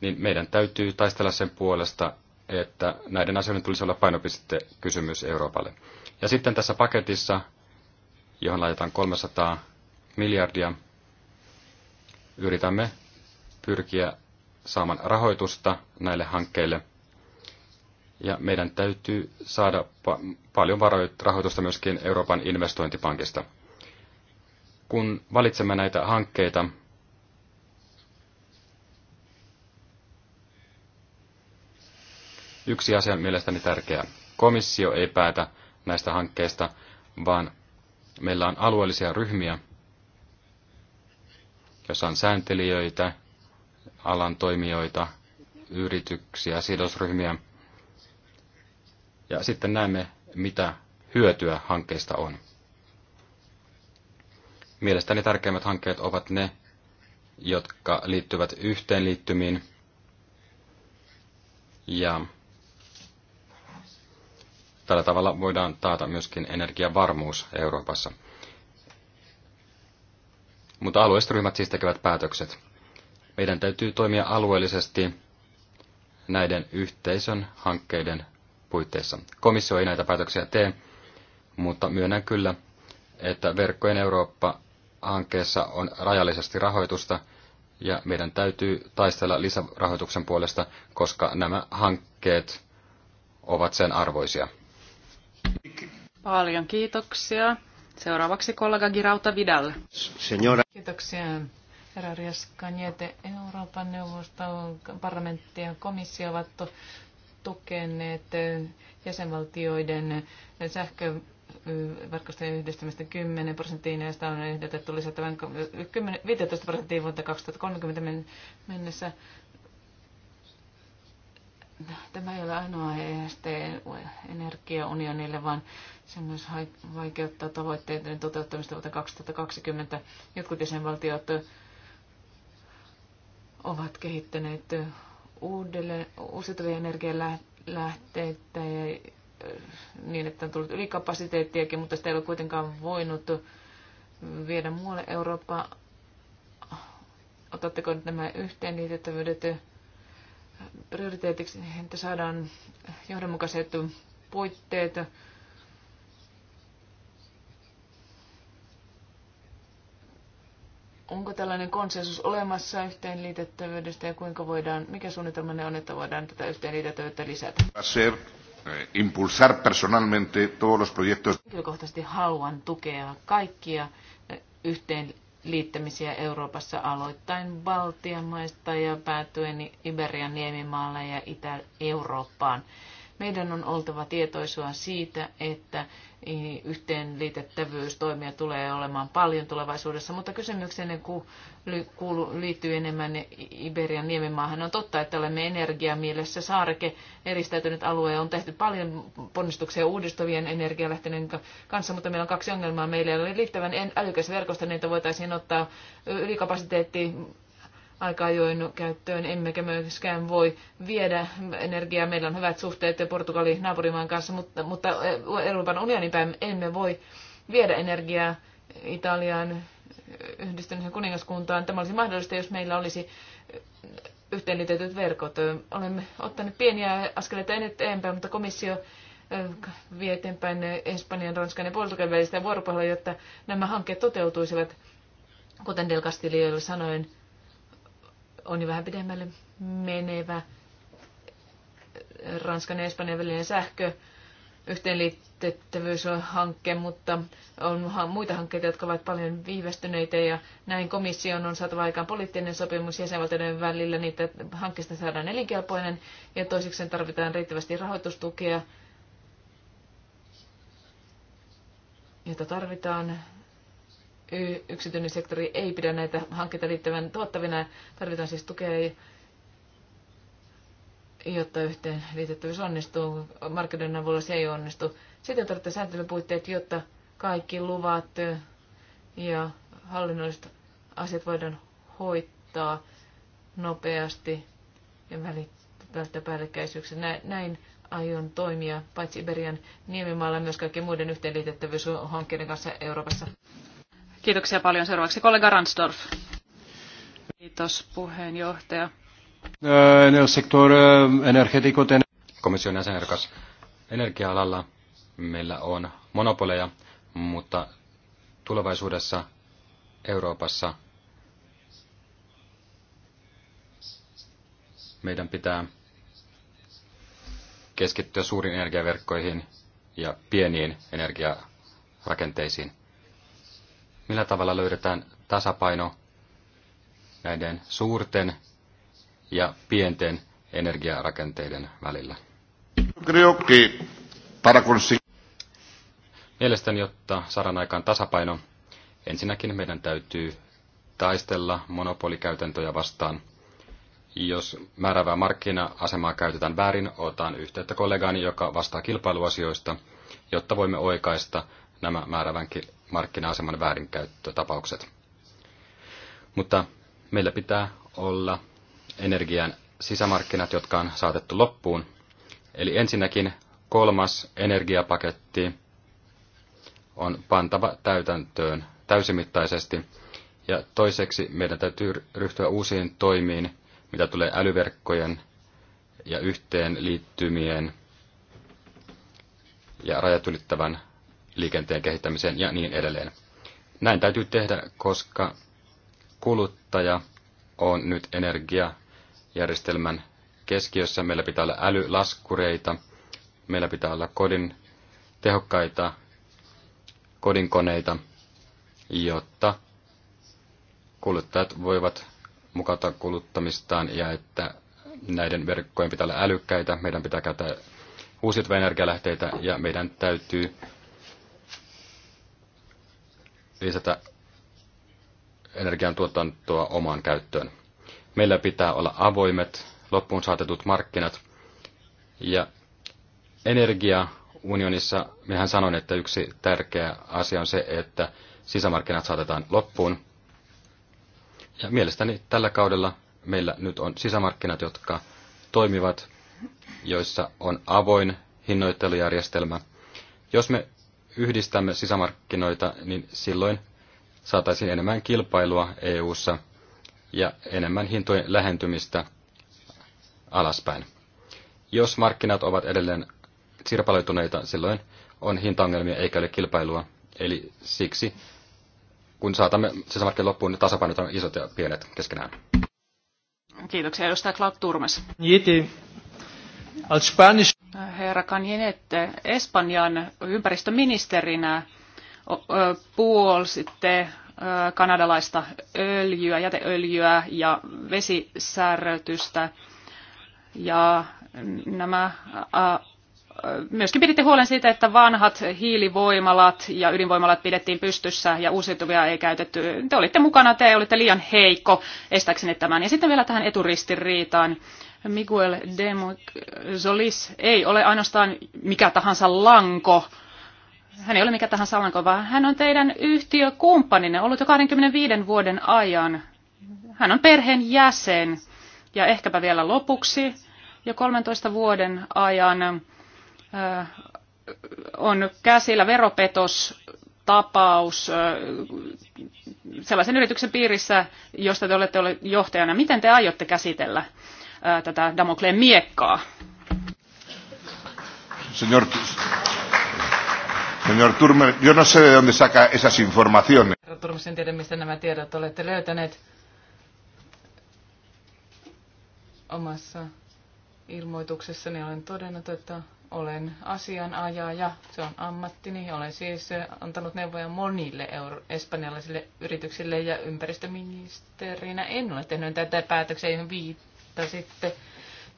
niin meidän täytyy taistella sen puolesta, että näiden asioiden tulisi olla painopiste kysymys Euroopalle. Ja sitten tässä paketissa, johon laitetaan 300 miljardia, yritämme pyrkiä saamaan rahoitusta näille hankkeille. Ja meidän täytyy saada pa- paljon varoja rahoitusta myöskin Euroopan investointipankista. Kun valitsemme näitä hankkeita, Yksi asia mielestäni tärkeä. Komissio ei päätä näistä hankkeista, vaan meillä on alueellisia ryhmiä, jossa on sääntelijöitä, alan toimijoita, yrityksiä, sidosryhmiä. Ja sitten näemme, mitä hyötyä hankkeista on. Mielestäni tärkeimmät hankkeet ovat ne, jotka liittyvät yhteenliittymiin ja Tällä tavalla voidaan taata myöskin energiavarmuus Euroopassa. Mutta alueelliset ryhmät siis tekevät päätökset. Meidän täytyy toimia alueellisesti näiden yhteisön hankkeiden puitteissa. Komissio ei näitä päätöksiä tee, mutta myönnän kyllä, että verkkojen Eurooppa-hankkeessa on rajallisesti rahoitusta ja meidän täytyy taistella lisärahoituksen puolesta, koska nämä hankkeet ovat sen arvoisia. Paljon kiitoksia. Seuraavaksi kollega Girauta Vidal. Senora. Kiitoksia. Herra Rieskanjete, Euroopan neuvosto, parlamentti ja komissio ovat tukeneet jäsenvaltioiden sähkö verkostojen yhdistämistä 10 prosenttiin ja sitä on ehdotettu lisättävän 15 prosenttia vuotta 2030 mennessä tämä ei ole ainoa EST-energiaunionille, vaan se myös vaikeuttaa tavoitteiden toteuttamista vuoteen 2020. Jotkut jäsenvaltiot ovat kehittäneet uudelle uusiutuvia energialähteitä ja niin, että on tullut ylikapasiteettiakin, mutta sitä ei ole kuitenkaan voinut viedä muualle Eurooppaan. Otatteko nämä yhteenliitettävyydet prioriteetiksi, että saadaan johdonmukaiset puitteet onko tällainen konsensus olemassa yhteenliitettävyydestä ja kuinka voidaan, mikä ne on, että voidaan tätä yhteenliitettävyyttä lisätä? Ser, eh, impulsar personalmente todos los proyectos. Henkilökohtaisesti haluan tukea kaikkia yhteen liittämisiä Euroopassa aloittain Baltian maista ja päätyen Iberian niemimaalle ja Itä-Eurooppaan. Meidän on oltava tietoisia siitä, että yhteenliitettävyystoimia tulee olemaan paljon tulevaisuudessa, mutta kysymyksenne kuulu, liittyy enemmän Iberian niemimaahan. On totta, että olemme energiamielessä saareke, eristäytynyt alue, on tehty paljon ponnistuksia uudistuvien energialähteiden kanssa, mutta meillä on kaksi ongelmaa. Meillä ei ole riittävän älykäs verkosto, niin että voitaisiin ottaa ylikapasiteetti aika ajoin käyttöön, emmekä myöskään voi viedä energiaa. Meillä on hyvät suhteet Portugalin naapurimaan kanssa, mutta, mutta eh, Euroopan unionin päin emme voi viedä energiaa Italiaan, yhdistyneeseen kuningaskuntaan. Tämä olisi mahdollista, jos meillä olisi yhteenliitetyt verkot. Olemme ottaneet pieniä askeleita eteenpäin, mutta komissio eh, vie eteenpäin Espanjan, Ranskan ja Portugalin välistä vuoropuhelua, jotta nämä hankkeet toteutuisivat. Kuten Del Castillo sanoin, on jo vähän pidemmälle menevä Ranskan ja Espanjan välinen sähkö yhteenliittettävyyshanke, mutta on muita hankkeita, jotka ovat paljon viivästyneitä ja näin komission on saatava aikaan poliittinen sopimus jäsenvaltioiden välillä, niitä hankkeista saadaan elinkelpoinen ja toiseksi tarvitaan riittävästi rahoitustukea, jota tarvitaan yksityinen sektori ei pidä näitä hankkeita liittyvän tuottavina. Tarvitaan siis tukea, jotta yhteen liitettävyys onnistuu. Markkinoiden avulla se ei onnistu. Sitten tarvitaan sääntelypuitteet, jotta kaikki luvat ja hallinnolliset asiat voidaan hoitaa nopeasti ja välttää päällekkäisyyksiä. Näin aion toimia paitsi Iberian niemimaalla myös kaikkien muiden yhteenliitettävyyshankkeiden kanssa Euroopassa. Kiitoksia paljon. Seuraavaksi kollega Ransdorf. Kiitos puheenjohtaja. Äh, Sektor äh, energetikot. Komission jäsenherkas. Energia-alalla meillä on monopoleja, mutta tulevaisuudessa Euroopassa meidän pitää keskittyä suuriin energiaverkkoihin ja pieniin energiarakenteisiin millä tavalla löydetään tasapaino näiden suurten ja pienten energiarakenteiden välillä. Mielestäni, jotta saadaan aikaan tasapaino, ensinnäkin meidän täytyy taistella monopolikäytäntöjä vastaan. Jos määrävää markkina-asemaa käytetään väärin, otan yhteyttä kollegaani, joka vastaa kilpailuasioista, jotta voimme oikaista nämä määrävänkin markkina-aseman väärinkäyttötapaukset. Mutta meillä pitää olla energian sisämarkkinat, jotka on saatettu loppuun. Eli ensinnäkin kolmas energiapaketti on pantava täytäntöön täysimittaisesti. Ja toiseksi meidän täytyy ryhtyä uusiin toimiin, mitä tulee älyverkkojen ja yhteenliittymien ja rajat ylittävän liikenteen kehittämiseen ja niin edelleen. Näin täytyy tehdä, koska kuluttaja on nyt energiajärjestelmän keskiössä. Meillä pitää olla älylaskureita, meillä pitää olla kodin tehokkaita kodinkoneita, jotta kuluttajat voivat mukata kuluttamistaan ja että näiden verkkojen pitää olla älykkäitä, meidän pitää käyttää uusiutuvia energialähteitä ja meidän täytyy lisätä energiantuotantoa omaan käyttöön. Meillä pitää olla avoimet, loppuun saatetut markkinat. Ja energiaunionissa mehän sanoin, että yksi tärkeä asia on se, että sisämarkkinat saatetaan loppuun. Ja mielestäni tällä kaudella meillä nyt on sisämarkkinat, jotka toimivat, joissa on avoin hinnoittelujärjestelmä. Jos me yhdistämme sisämarkkinoita, niin silloin saataisiin enemmän kilpailua EU:ssa ja enemmän hintojen lähentymistä alaspäin. Jos markkinat ovat edelleen sirpaloituneita, silloin on hintaongelmia eikä ole kilpailua. Eli siksi, kun saatamme sisämarkkinoiden loppuun, niin tasapainot on isot ja pienet keskenään. Kiitoksia edustaja Klaus Turmes. Als Spanish herra Kanjenette, Espanjan ympäristöministerinä puolsitte kanadalaista öljyä, jäteöljyä ja vesisärrötystä. Ja nämä, myöskin piditte huolen siitä, että vanhat hiilivoimalat ja ydinvoimalat pidettiin pystyssä ja uusiutuvia ei käytetty. Te olitte mukana, te olitte liian heikko estääkseni tämän. Ja sitten vielä tähän eturistiriitaan. Miguel de Solis ei ole ainoastaan mikä tahansa lanko. Hän ei ole mikä tahansa lanko, vaan hän on teidän yhtiökumppaninne ollut jo 25 vuoden ajan. Hän on perheen jäsen. Ja ehkäpä vielä lopuksi, jo 13 vuoden ajan äh, on käsillä veropetostapaus äh, sellaisen yrityksen piirissä, josta te olette olleet johtajana. Miten te aiotte käsitellä tätä Damokleen miekkaa. Señor, señor Turmer, yo no sé de dónde saca esas informaciones. Herra en tiedä, mistä nämä tiedot olette löytäneet omassa ilmoituksessani olen todennut, että olen asianajaja, se on ammattini. Olen siis antanut neuvoja monille euro- espanjalaisille yrityksille ja ympäristöministerinä en ole tehnyt tätä päätöksiä, joihin että sitten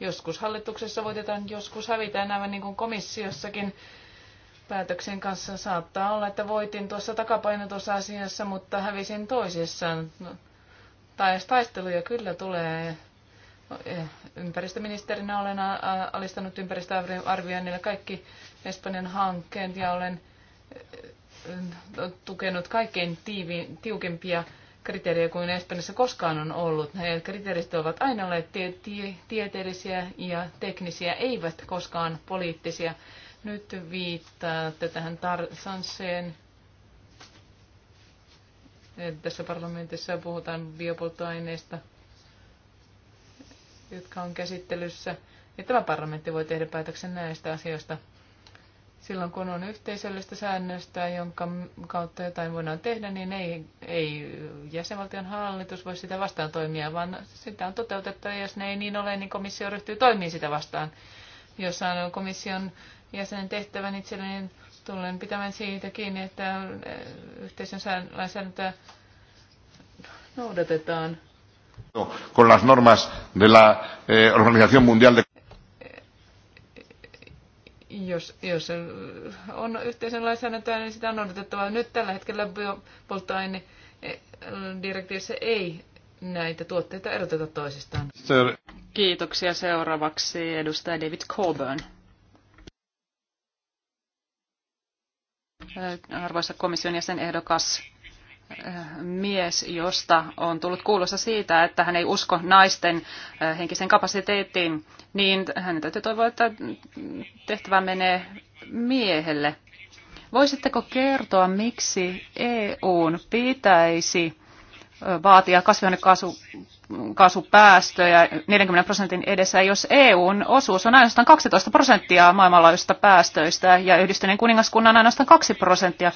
joskus hallituksessa voitetaan, joskus hävitään, aivan niin kuin komissiossakin päätöksen kanssa saattaa olla, että voitin tuossa takapainotossa asiassa, mutta hävisin toisessa. No, taisteluja kyllä tulee. Eh, ympäristöministerinä olen alistanut ympäristöarvioinnille kaikki Espanjan hankkeet ja olen eh, eh, tukenut kaikkein tiivi, tiukempia kriteerejä kuin Espanjassa koskaan on ollut. Nämä kriteerit ovat aina olleet tie- tie- tieteellisiä ja teknisiä, eivät koskaan poliittisia. Nyt viittaatte tähän Tarsanseen. Tässä parlamentissa puhutaan biopolttoaineista, jotka on käsittelyssä. Ja tämä parlamentti voi tehdä päätöksen näistä asioista silloin kun on yhteisöllistä säännöstä, jonka kautta jotain voidaan tehdä, niin ei, ei jäsenvaltion hallitus voi sitä vastaan toimia, vaan sitä on toteutettava. Jos ne ei niin ole, niin komissio ryhtyy toimimaan sitä vastaan. Jos on komission jäsenen tehtävän itselleen, niin tulen pitämään siitä kiinni, että äh, yhteisön lainsäädäntöä noudatetaan. No, con las normas de la eh, Organización Mundial de jos, jos on yhteisön lainsäädäntöä, niin sitä on noudatettava. Nyt tällä hetkellä biopolttoaine eh, direktiivissä ei näitä tuotteita eroteta toisistaan. Sir. Kiitoksia. Seuraavaksi edustaja David Coburn. Arvoisa komission jäsen ehdokas, mies, josta on tullut kuulossa siitä, että hän ei usko naisten eh, henkisen kapasiteettiin, niin hän täytyy toivoa, että tehtävä menee miehelle. Voisitteko kertoa, miksi EUn pitäisi eh, vaatia kasvihuonekaasupäästöjä 40 prosentin edessä, jos EUn osuus on ainoastaan 12 prosenttia maailmanlaajuisista päästöistä ja yhdistyneen kuningaskunnan ainoastaan 2 prosenttia.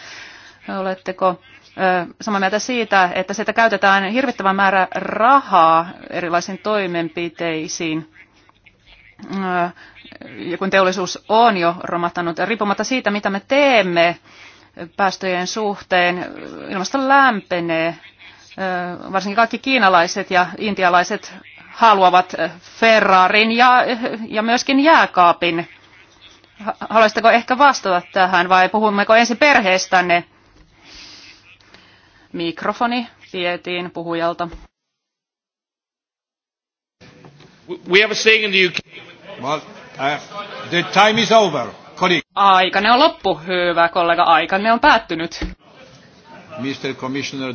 Oletteko samaa mieltä siitä, että sitä käytetään hirvittävän määrä rahaa erilaisiin toimenpiteisiin. Ja kun teollisuus on jo romahtanut, riippumatta siitä, mitä me teemme päästöjen suhteen, ilmasto lämpenee. Varsinkin kaikki kiinalaiset ja intialaiset haluavat Ferrarin ja, ja myöskin jääkaapin. Haluaisitteko ehkä vastata tähän vai puhummeko ensin perheestänne? Mikrofoni vietiin puhujalta. We have a saying in the UK. Well, uh, the time is over, colleague. Aikanne on loppu, hyvä kollega. Aikanne on päättynyt. Mr. Commissioner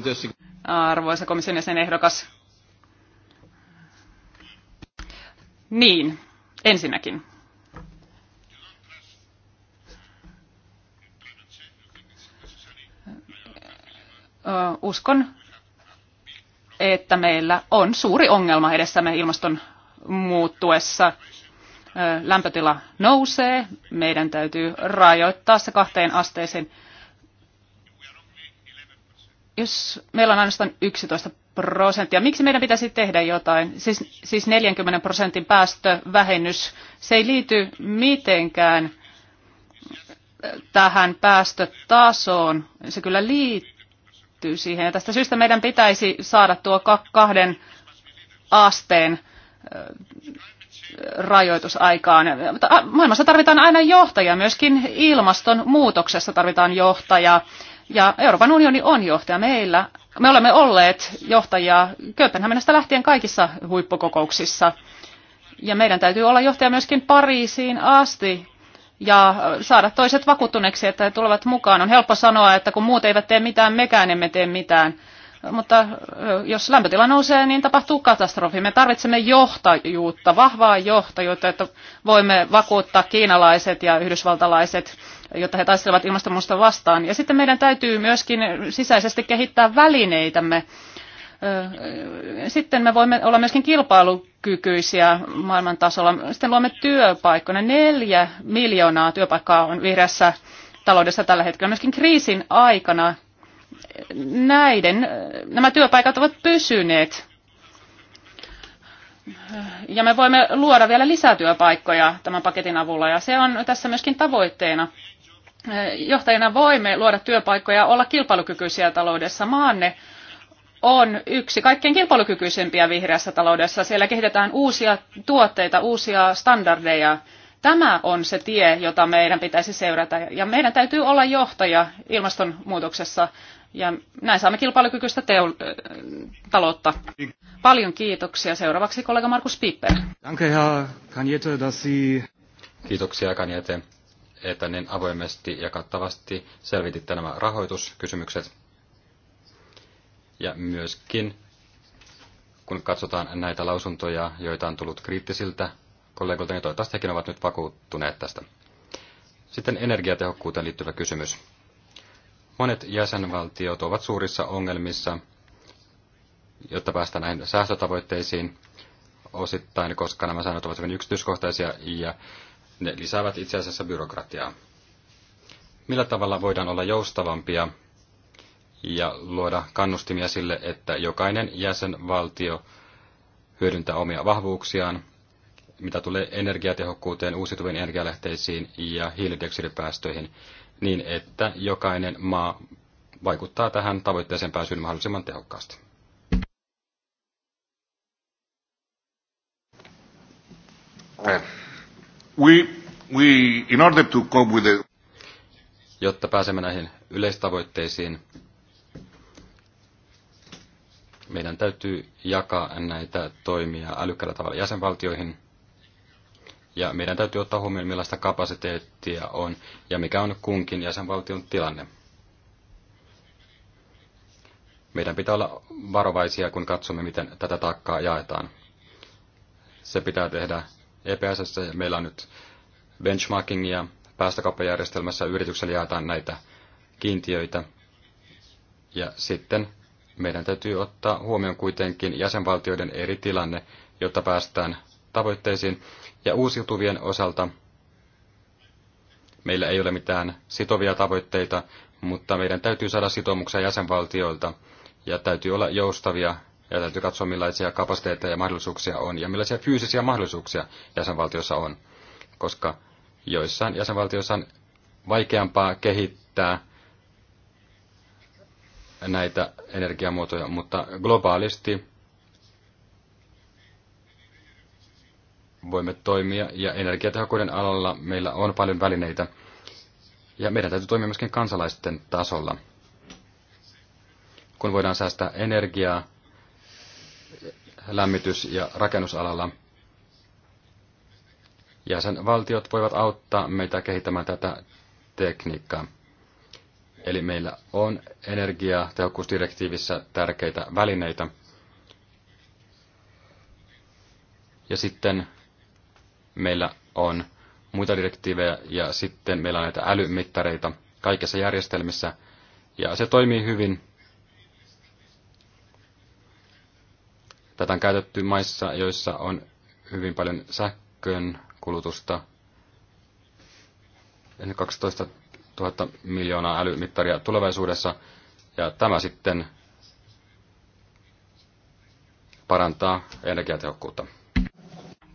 Arvoisa komission jäsen ehdokas. Niin, ensinnäkin. uskon, että meillä on suuri ongelma edessämme ilmaston muuttuessa. Lämpötila nousee, meidän täytyy rajoittaa se kahteen asteeseen. Jos meillä on ainoastaan 11 prosenttia, miksi meidän pitäisi tehdä jotain? Siis, siis 40 prosentin päästövähennys, se ei liity mitenkään tähän päästötasoon. Se kyllä liittyy liittyy siihen. Ja tästä syystä meidän pitäisi saada tuo kahden asteen rajoitusaikaan. Maailmassa tarvitaan aina johtajia, myöskin ilmastonmuutoksessa tarvitaan johtajaa. Ja Euroopan unioni on johtaja meillä. Me olemme olleet johtajia Kööpenhaminasta lähtien kaikissa huippukokouksissa. Ja meidän täytyy olla johtaja myöskin Pariisiin asti ja äh, saada toiset vakuuttuneeksi, että he tulevat mukaan. On helppo sanoa, että kun muut eivät tee mitään, mekään emme tee mitään. Mutta äh, jos lämpötila nousee, niin tapahtuu katastrofi. Me tarvitsemme johtajuutta, vahvaa johtajuutta, että voimme vakuuttaa kiinalaiset ja yhdysvaltalaiset, jotta he taistelevat ilmastonmuutosta vastaan. Ja sitten meidän täytyy myöskin sisäisesti kehittää välineitämme sitten me voimme olla myöskin kilpailukykyisiä maailman tasolla. Sitten luomme työpaikkoja. Neljä miljoonaa työpaikkaa on vihreässä taloudessa tällä hetkellä. Myöskin kriisin aikana näiden, nämä työpaikat ovat pysyneet. Ja me voimme luoda vielä lisää työpaikkoja tämän paketin avulla, ja se on tässä myöskin tavoitteena. Johtajina voimme luoda työpaikkoja, olla kilpailukykyisiä taloudessa. Maanne on yksi kaikkein kilpailukykyisempiä vihreässä taloudessa. Siellä kehitetään uusia tuotteita, uusia standardeja. Tämä on se tie, jota meidän pitäisi seurata. Ja meidän täytyy olla johtaja ilmastonmuutoksessa. Ja näin saamme kilpailukykyistä teo- äh, taloutta. Paljon kiitoksia. Seuraavaksi kollega Markus Piper. Kiitoksia, Kanjete, että niin avoimesti ja kattavasti selvititte nämä rahoituskysymykset. Ja myöskin, kun katsotaan näitä lausuntoja, joita on tullut kriittisiltä kollegoilta, niin toivottavasti hekin ovat nyt vakuuttuneet tästä. Sitten energiatehokkuuteen liittyvä kysymys. Monet jäsenvaltiot ovat suurissa ongelmissa, jotta päästään näihin säästötavoitteisiin osittain, koska nämä säännöt ovat hyvin yksityiskohtaisia ja ne lisäävät itse asiassa byrokratiaa. Millä tavalla voidaan olla joustavampia ja luoda kannustimia sille, että jokainen jäsenvaltio hyödyntää omia vahvuuksiaan, mitä tulee energiatehokkuuteen, uusiutuviin energialähteisiin ja hiilidioksidipäästöihin, niin että jokainen maa vaikuttaa tähän tavoitteeseen pääsyyn mahdollisimman tehokkaasti. Uh, we, we, in order to cope with the... Jotta pääsemme näihin yleistavoitteisiin, meidän täytyy jakaa näitä toimia älykkäällä tavalla jäsenvaltioihin. Ja meidän täytyy ottaa huomioon, millaista kapasiteettia on ja mikä on kunkin jäsenvaltion tilanne. Meidän pitää olla varovaisia, kun katsomme, miten tätä taakkaa jaetaan. Se pitää tehdä EPSS. Meillä on nyt benchmarkingia päästökauppajärjestelmässä. Yrityksellä jaetaan näitä kiintiöitä. Ja sitten meidän täytyy ottaa huomioon kuitenkin jäsenvaltioiden eri tilanne, jotta päästään tavoitteisiin. Ja uusiutuvien osalta meillä ei ole mitään sitovia tavoitteita, mutta meidän täytyy saada sitoumuksia jäsenvaltioilta ja täytyy olla joustavia ja täytyy katsoa millaisia kapasiteetteja ja mahdollisuuksia on ja millaisia fyysisiä mahdollisuuksia jäsenvaltiossa on, koska joissain jäsenvaltioissa on vaikeampaa kehittää näitä energiamuotoja, mutta globaalisti voimme toimia ja energiatehokkuuden alalla meillä on paljon välineitä ja meidän täytyy toimia myöskin kansalaisten tasolla. Kun voidaan säästää energiaa lämmitys- ja rakennusalalla, jäsenvaltiot voivat auttaa meitä kehittämään tätä tekniikkaa. Eli meillä on energiatehokkuusdirektiivissä tärkeitä välineitä. Ja sitten meillä on muita direktiivejä ja sitten meillä on näitä älymittareita kaikissa järjestelmissä. Ja se toimii hyvin. Tätä on käytetty maissa, joissa on hyvin paljon sähkön kulutusta. 12 000 miljoonaa älymittaria tulevaisuudessa, ja tämä sitten parantaa energiatehokkuutta.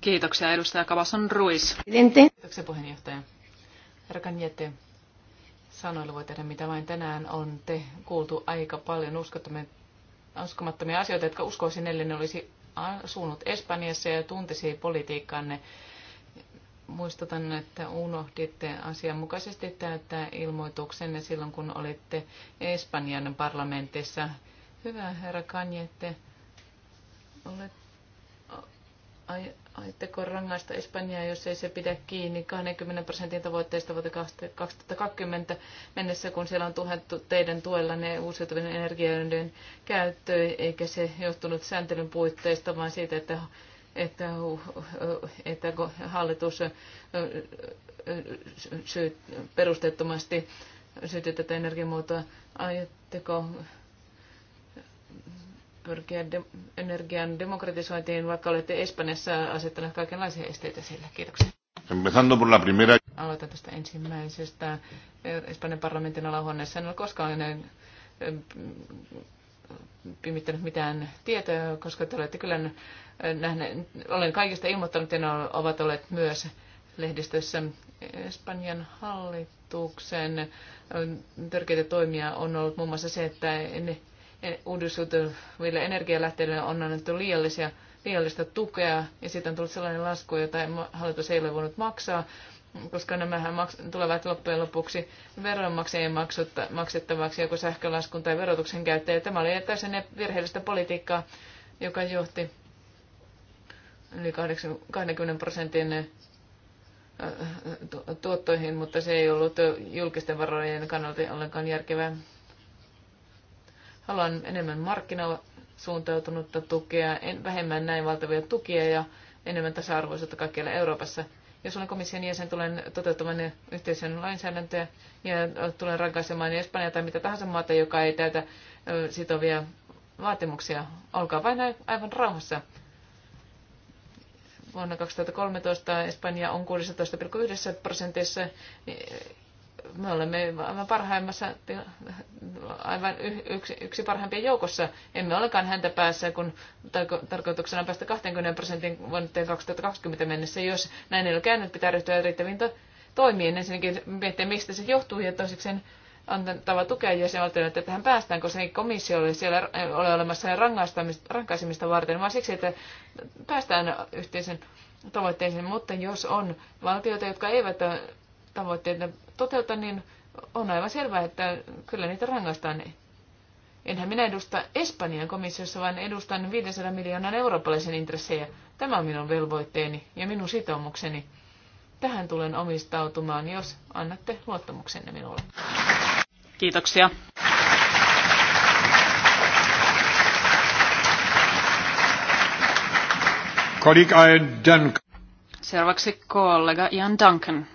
Kiitoksia edustaja Kavason Ruis. Kiitoksia puheenjohtaja. Herra Kanjete, sanoilla voi tehdä mitä vain. Tänään on te kuultu aika paljon uskomattomia asioita, jotka uskoisin, ellei ne olisi asunut Espanjassa ja tuntisi politiikkaanne muistutan, että unohditte asianmukaisesti täyttää ilmoituksenne silloin, kun olitte Espanjan parlamentissa. Hyvä herra Kanjette, olet, aitteko rangaista Espanjaa, jos ei se pidä kiinni 20 prosentin tavoitteista vuoteen 2020 mennessä, kun siellä on tuhettu teidän ne uusiutuvien energioiden käyttöön, eikä se johtunut sääntelyn puitteista, vaan siitä, että että, että hallitus syyt, perusteettomasti syytti tätä energiamuotoa. Aiotteko pyrkiä de- energian demokratisointiin, vaikka olette Espanjassa asettaneet kaikenlaisia esteitä sillä Kiitoksia. Empezando por la primera. Aloitan tästä ensimmäisestä. Espanjan parlamentin alahuoneessa en ole koskaan pimittänyt mitään tietoa, koska te olette kyllä nähneet, olen kaikista ilmoittanut ja ne ovat olleet myös lehdistössä Espanjan hallituksen törkeitä toimia on ollut muun muassa se, että uudistuville energialähteille on annettu liiallisia, liiallista tukea ja siitä on tullut sellainen lasku, jota hallitus ei ole voinut maksaa koska nämä maks- tulevat loppujen lopuksi veronmaksajien maksettavaksi joko sähkölaskun tai verotuksen käyttäjä. Tämä oli täysin virheellistä politiikkaa, joka johti yli 20 prosentin äh, tuottoihin, mutta se ei ollut julkisten varojen kannalta ollenkaan järkevää. Haluan enemmän markkinasuuntautunutta tukea, en, vähemmän näin valtavia tukia ja enemmän tasa-arvoisuutta kaikkialla Euroopassa – jos olen komission jäsen, tulen toteuttamaan yhteisön lainsäädäntöä ja tulen rankaisemaan Espanjaa tai mitä tahansa maata, joka ei täytä sitovia vaatimuksia. Olkaa vain aivan rauhassa. Vuonna 2013 Espanja on 16,1 prosentissa me olemme aivan parhaimmassa, aivan yksi, yksi parhaimpien joukossa. Emme olekaan häntä päässä, kun tarko, tarkoituksena on päästä 20 prosentin vuoteen 2020 mennessä. Jos näin ei ole käynyt, pitää ryhtyä riittäviin to, toimiin. Ensinnäkin miettiä, mistä se johtuu, ja toisekseen antava tukea jäsenvaltioille, että tähän päästään, koska ei komissio ole siellä ole olemassa rankaisemista varten, vaan siksi, että päästään yhteisen tavoitteeseen. Mutta jos on valtioita, jotka eivät tavoitteita toteuta, niin on aivan selvää, että kyllä niitä rangaistaan. Enhän minä edusta Espanjan komissiossa, vaan edustan 500 miljoonan eurooppalaisen intressejä. Tämä on minun velvoitteeni ja minun sitoumukseni. Tähän tulen omistautumaan, jos annatte luottamuksenne minulle. Kiitoksia. Seuraavaksi kollega Ian Duncan.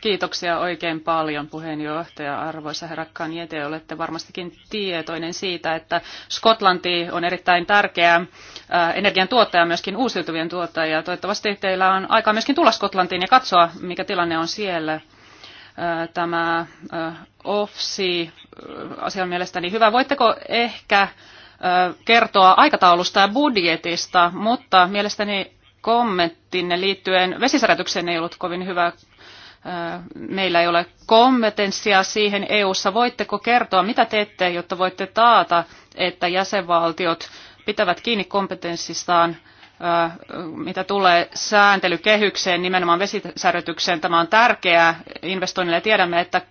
Kiitoksia oikein paljon puheenjohtaja arvoisa herra Kanjete. Olette varmastikin tietoinen siitä, että Skotlanti on erittäin tärkeä äh, energiantuottaja, myöskin uusiutuvien tuottaja. Toivottavasti teillä on aikaa myöskin tulla Skotlantiin ja katsoa, mikä tilanne on siellä. Äh, tämä äh, OFSI asia on mielestäni hyvä. Voitteko ehkä kertoa aikataulusta ja budjetista, mutta mielestäni kommenttinne liittyen vesisärätykseen ei ollut kovin hyvä meillä ei ole kompetenssia siihen EU-ssa. Voitteko kertoa, mitä teette, jotta voitte taata, että jäsenvaltiot pitävät kiinni kompetenssistaan, mitä tulee sääntelykehykseen, nimenomaan vesisärjytykseen. Tämä on tärkeää investoinnille. Tiedämme, että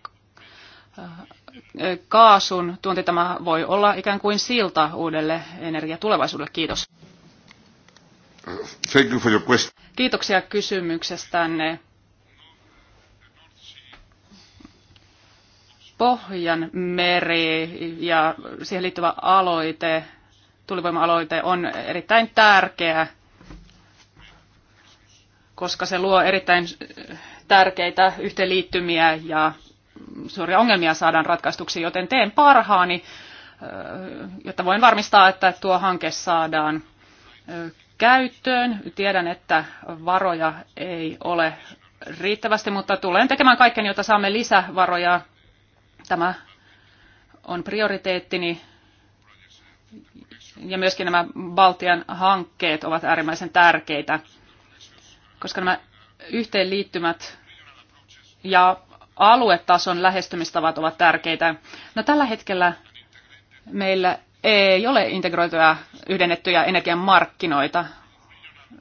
kaasun tuonti tämä voi olla ikään kuin silta uudelle energiatulevaisuudelle. Kiitos. Kiitoksia kysymyksestänne Pohjan meri ja siihen liittyvä aloite, tulivoima-aloite on erittäin tärkeä, koska se luo erittäin tärkeitä yhteenliittymiä ja suuria ongelmia saadaan ratkaistuksi, joten teen parhaani, jotta voin varmistaa, että tuo hanke saadaan käyttöön. Tiedän, että varoja ei ole riittävästi, mutta tulen tekemään kaiken, jotta saamme lisävaroja Tämä on prioriteettini ja myöskin nämä Baltian hankkeet ovat äärimmäisen tärkeitä, koska nämä yhteenliittymät ja aluetason lähestymistavat ovat tärkeitä. No, tällä hetkellä meillä ei ole integroituja yhdennettyjä energian markkinoita,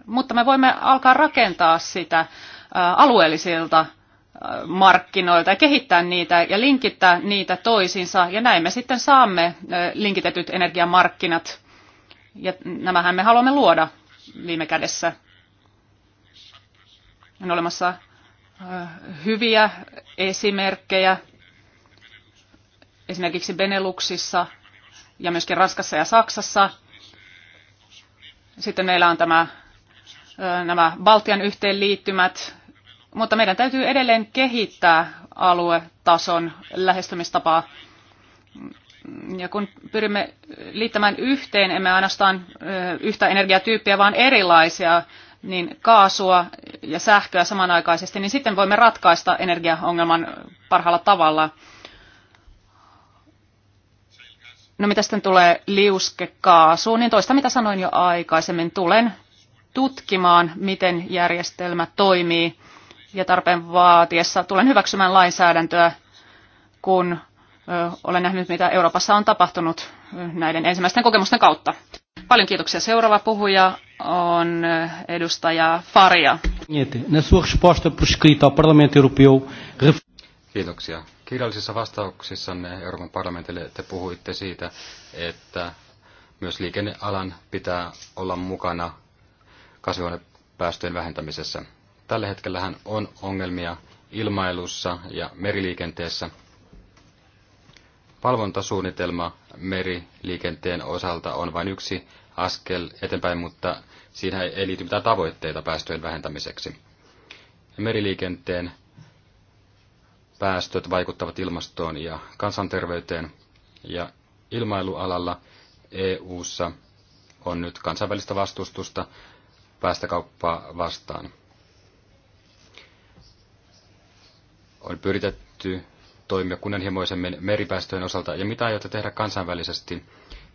mutta me voimme alkaa rakentaa sitä alueellisilta markkinoilta ja kehittää niitä ja linkittää niitä toisiinsa. Ja näin me sitten saamme linkitetyt energiamarkkinat. Ja nämähän me haluamme luoda viime kädessä. On olemassa hyviä esimerkkejä esimerkiksi Beneluxissa ja myöskin Ranskassa ja Saksassa. Sitten meillä on tämä, nämä Baltian yhteenliittymät, mutta meidän täytyy edelleen kehittää aluetason lähestymistapaa. Ja kun pyrimme liittämään yhteen, emme ainoastaan yhtä energiatyyppiä, vaan erilaisia, niin kaasua ja sähköä samanaikaisesti, niin sitten voimme ratkaista energiaongelman parhaalla tavalla. No mitä sitten tulee liuskekaasuun, niin toista mitä sanoin jo aikaisemmin, tulen tutkimaan, miten järjestelmä toimii ja tarpeen vaatiessa tulen hyväksymään lainsäädäntöä, kun olen nähnyt, mitä Euroopassa on tapahtunut näiden ensimmäisten kokemusten kautta. Paljon kiitoksia. Seuraava puhuja on edustaja Faria. Kiitoksia. Kirjallisissa vastauksissanne Euroopan parlamentille te puhuitte siitä, että myös liikennealan pitää olla mukana kasvihuonepäästöjen vähentämisessä. Tällä hetkellähän on ongelmia ilmailussa ja meriliikenteessä. Valvontasuunnitelma meriliikenteen osalta on vain yksi askel eteenpäin, mutta siinä ei liity mitään tavoitteita päästöjen vähentämiseksi. Meriliikenteen päästöt vaikuttavat ilmastoon ja kansanterveyteen, ja ilmailualalla EU:ssa on nyt kansainvälistä vastustusta päästökauppaa vastaan. on pyritetty toimia kunnianhimoisemmin meripäästöjen osalta ja mitä aiotte tehdä kansainvälisesti,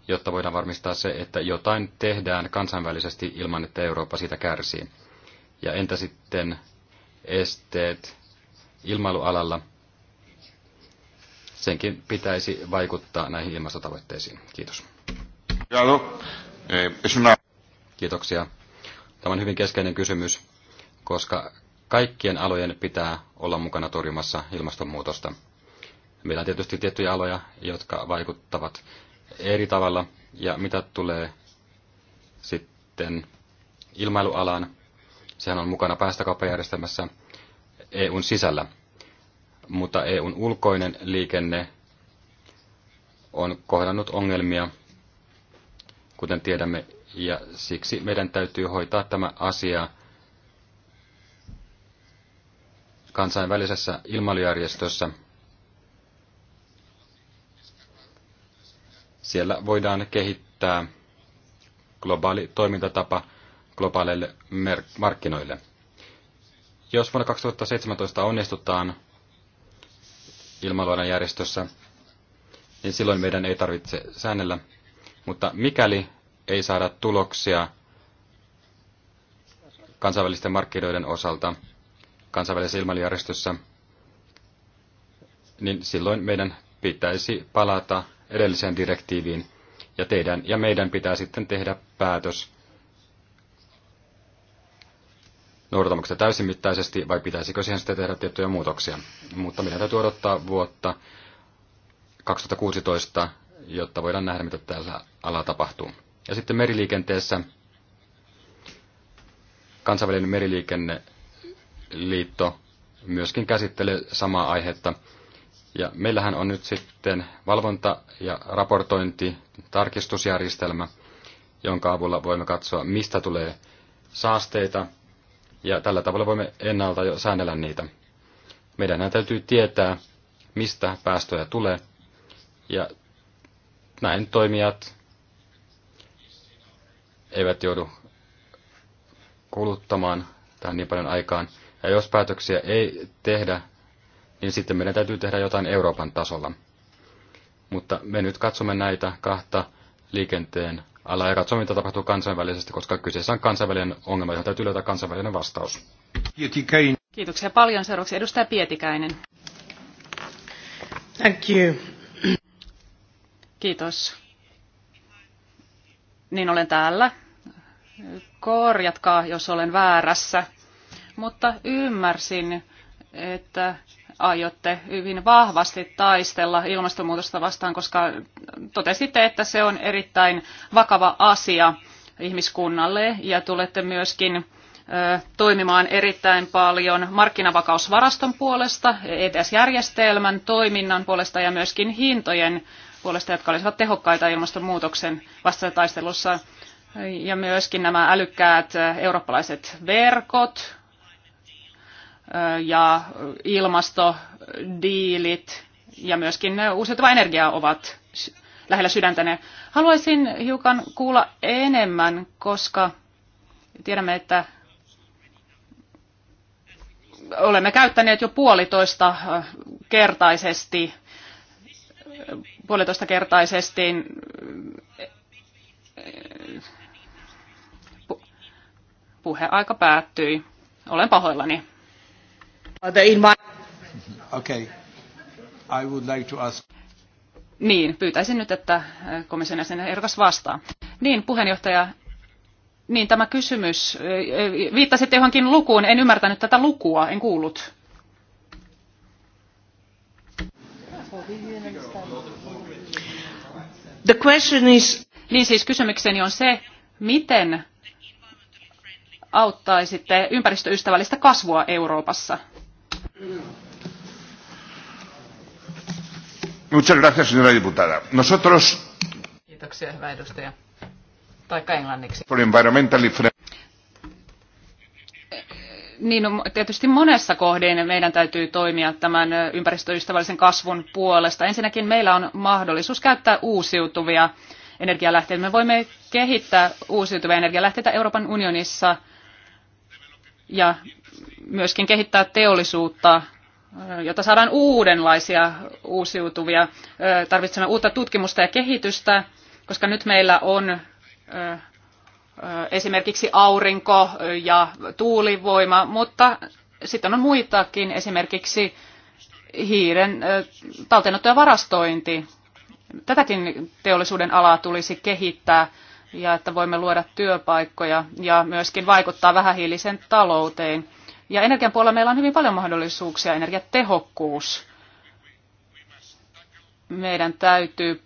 jotta voidaan varmistaa se, että jotain tehdään kansainvälisesti ilman, että Eurooppa siitä kärsii. Ja entä sitten esteet ilmailualalla? Senkin pitäisi vaikuttaa näihin ilmastotavoitteisiin. Kiitos. No, eh, Kiitoksia. Tämä on hyvin keskeinen kysymys, koska kaikkien alojen pitää olla mukana torjumassa ilmastonmuutosta. Meillä on tietysti tiettyjä aloja, jotka vaikuttavat eri tavalla. Ja mitä tulee sitten ilmailualaan, sehän on mukana päästökauppajärjestelmässä EUn sisällä. Mutta EUn ulkoinen liikenne on kohdannut ongelmia, kuten tiedämme, ja siksi meidän täytyy hoitaa tämä asia – kansainvälisessä ilmailujärjestössä. Siellä voidaan kehittää globaali toimintatapa globaaleille markkinoille. Jos vuonna 2017 onnistutaan ilmailualan järjestössä, niin silloin meidän ei tarvitse säännellä. Mutta mikäli ei saada tuloksia kansainvälisten markkinoiden osalta, kansainvälisessä ilmailijärjestössä, niin silloin meidän pitäisi palata edelliseen direktiiviin ja teidän ja meidän pitää sitten tehdä päätös, noudatammeko sitä täysimittaisesti vai pitäisikö siihen sitten tehdä tiettyjä muutoksia. Mutta meidän täytyy odottaa vuotta 2016, jotta voidaan nähdä, mitä tällä alalla tapahtuu. Ja sitten meriliikenteessä kansainvälinen meriliikenne liitto myöskin käsittelee samaa aihetta. Ja meillähän on nyt sitten valvonta- ja raportointitarkistusjärjestelmä, jonka avulla voimme katsoa, mistä tulee saasteita, ja tällä tavalla voimme ennalta jo säännellä niitä. Meidän täytyy tietää, mistä päästöjä tulee, ja näin toimijat eivät joudu kuluttamaan tähän niin paljon aikaan, ja jos päätöksiä ei tehdä, niin sitten meidän täytyy tehdä jotain Euroopan tasolla. Mutta me nyt katsomme näitä kahta liikenteen alaa ja katsomme, mitä tapahtuu kansainvälisesti, koska kyseessä on kansainvälinen ongelma, johon täytyy löytää kansainvälinen vastaus. Kiitoksia paljon. Seuraavaksi edustaja Pietikäinen. Thank you. Kiitos. Niin olen täällä. Korjatkaa, jos olen väärässä mutta ymmärsin, että aiotte hyvin vahvasti taistella ilmastonmuutosta vastaan, koska totesitte, että se on erittäin vakava asia ihmiskunnalle ja tulette myöskin toimimaan erittäin paljon markkinavakausvaraston puolesta, ETS-järjestelmän toiminnan puolesta ja myöskin hintojen puolesta, jotka olisivat tehokkaita ilmastonmuutoksen vastataistelussa. Ja myöskin nämä älykkäät eurooppalaiset verkot, ja ilmastodiilit ja myöskin uusiutuva energia ovat lähellä sydäntäne. Haluaisin hiukan kuulla enemmän, koska tiedämme, että olemme käyttäneet jo puolitoista kertaisesti, puolitoista kertaisesti puheaika päättyi. Olen pahoillani. Okay. I would like to ask... Niin, pyytäisin nyt, että äh, komission jäsen ehdokas vastaa. Niin, puheenjohtaja, niin tämä kysymys, äh, äh, viittasitte johonkin lukuun, en ymmärtänyt tätä lukua, en kuullut. The question is... Niin siis kysymykseni on se, miten auttaisitte ympäristöystävällistä kasvua Euroopassa? Muchas gracias, señora diputada. Nosotros... Kiitoksia, hyvä edustaja. Taikka englanniksi. For environmentally friendly niin no, tietysti monessa kohdin meidän täytyy toimia tämän ympäristöystävällisen kasvun puolesta. Ensinnäkin meillä on mahdollisuus käyttää uusiutuvia energialähteitä. Me voimme kehittää uusiutuvia energialähteitä Euroopan unionissa – ja myöskin kehittää teollisuutta, jotta saadaan uudenlaisia uusiutuvia. Tarvitsemme uutta tutkimusta ja kehitystä, koska nyt meillä on esimerkiksi aurinko ja tuulivoima, mutta sitten on muitakin, esimerkiksi hiiren talteenotto ja varastointi. Tätäkin teollisuuden alaa tulisi kehittää ja että voimme luoda työpaikkoja ja myöskin vaikuttaa vähähiilisen talouteen. Ja energian puolella meillä on hyvin paljon mahdollisuuksia, energiatehokkuus. Meidän täytyy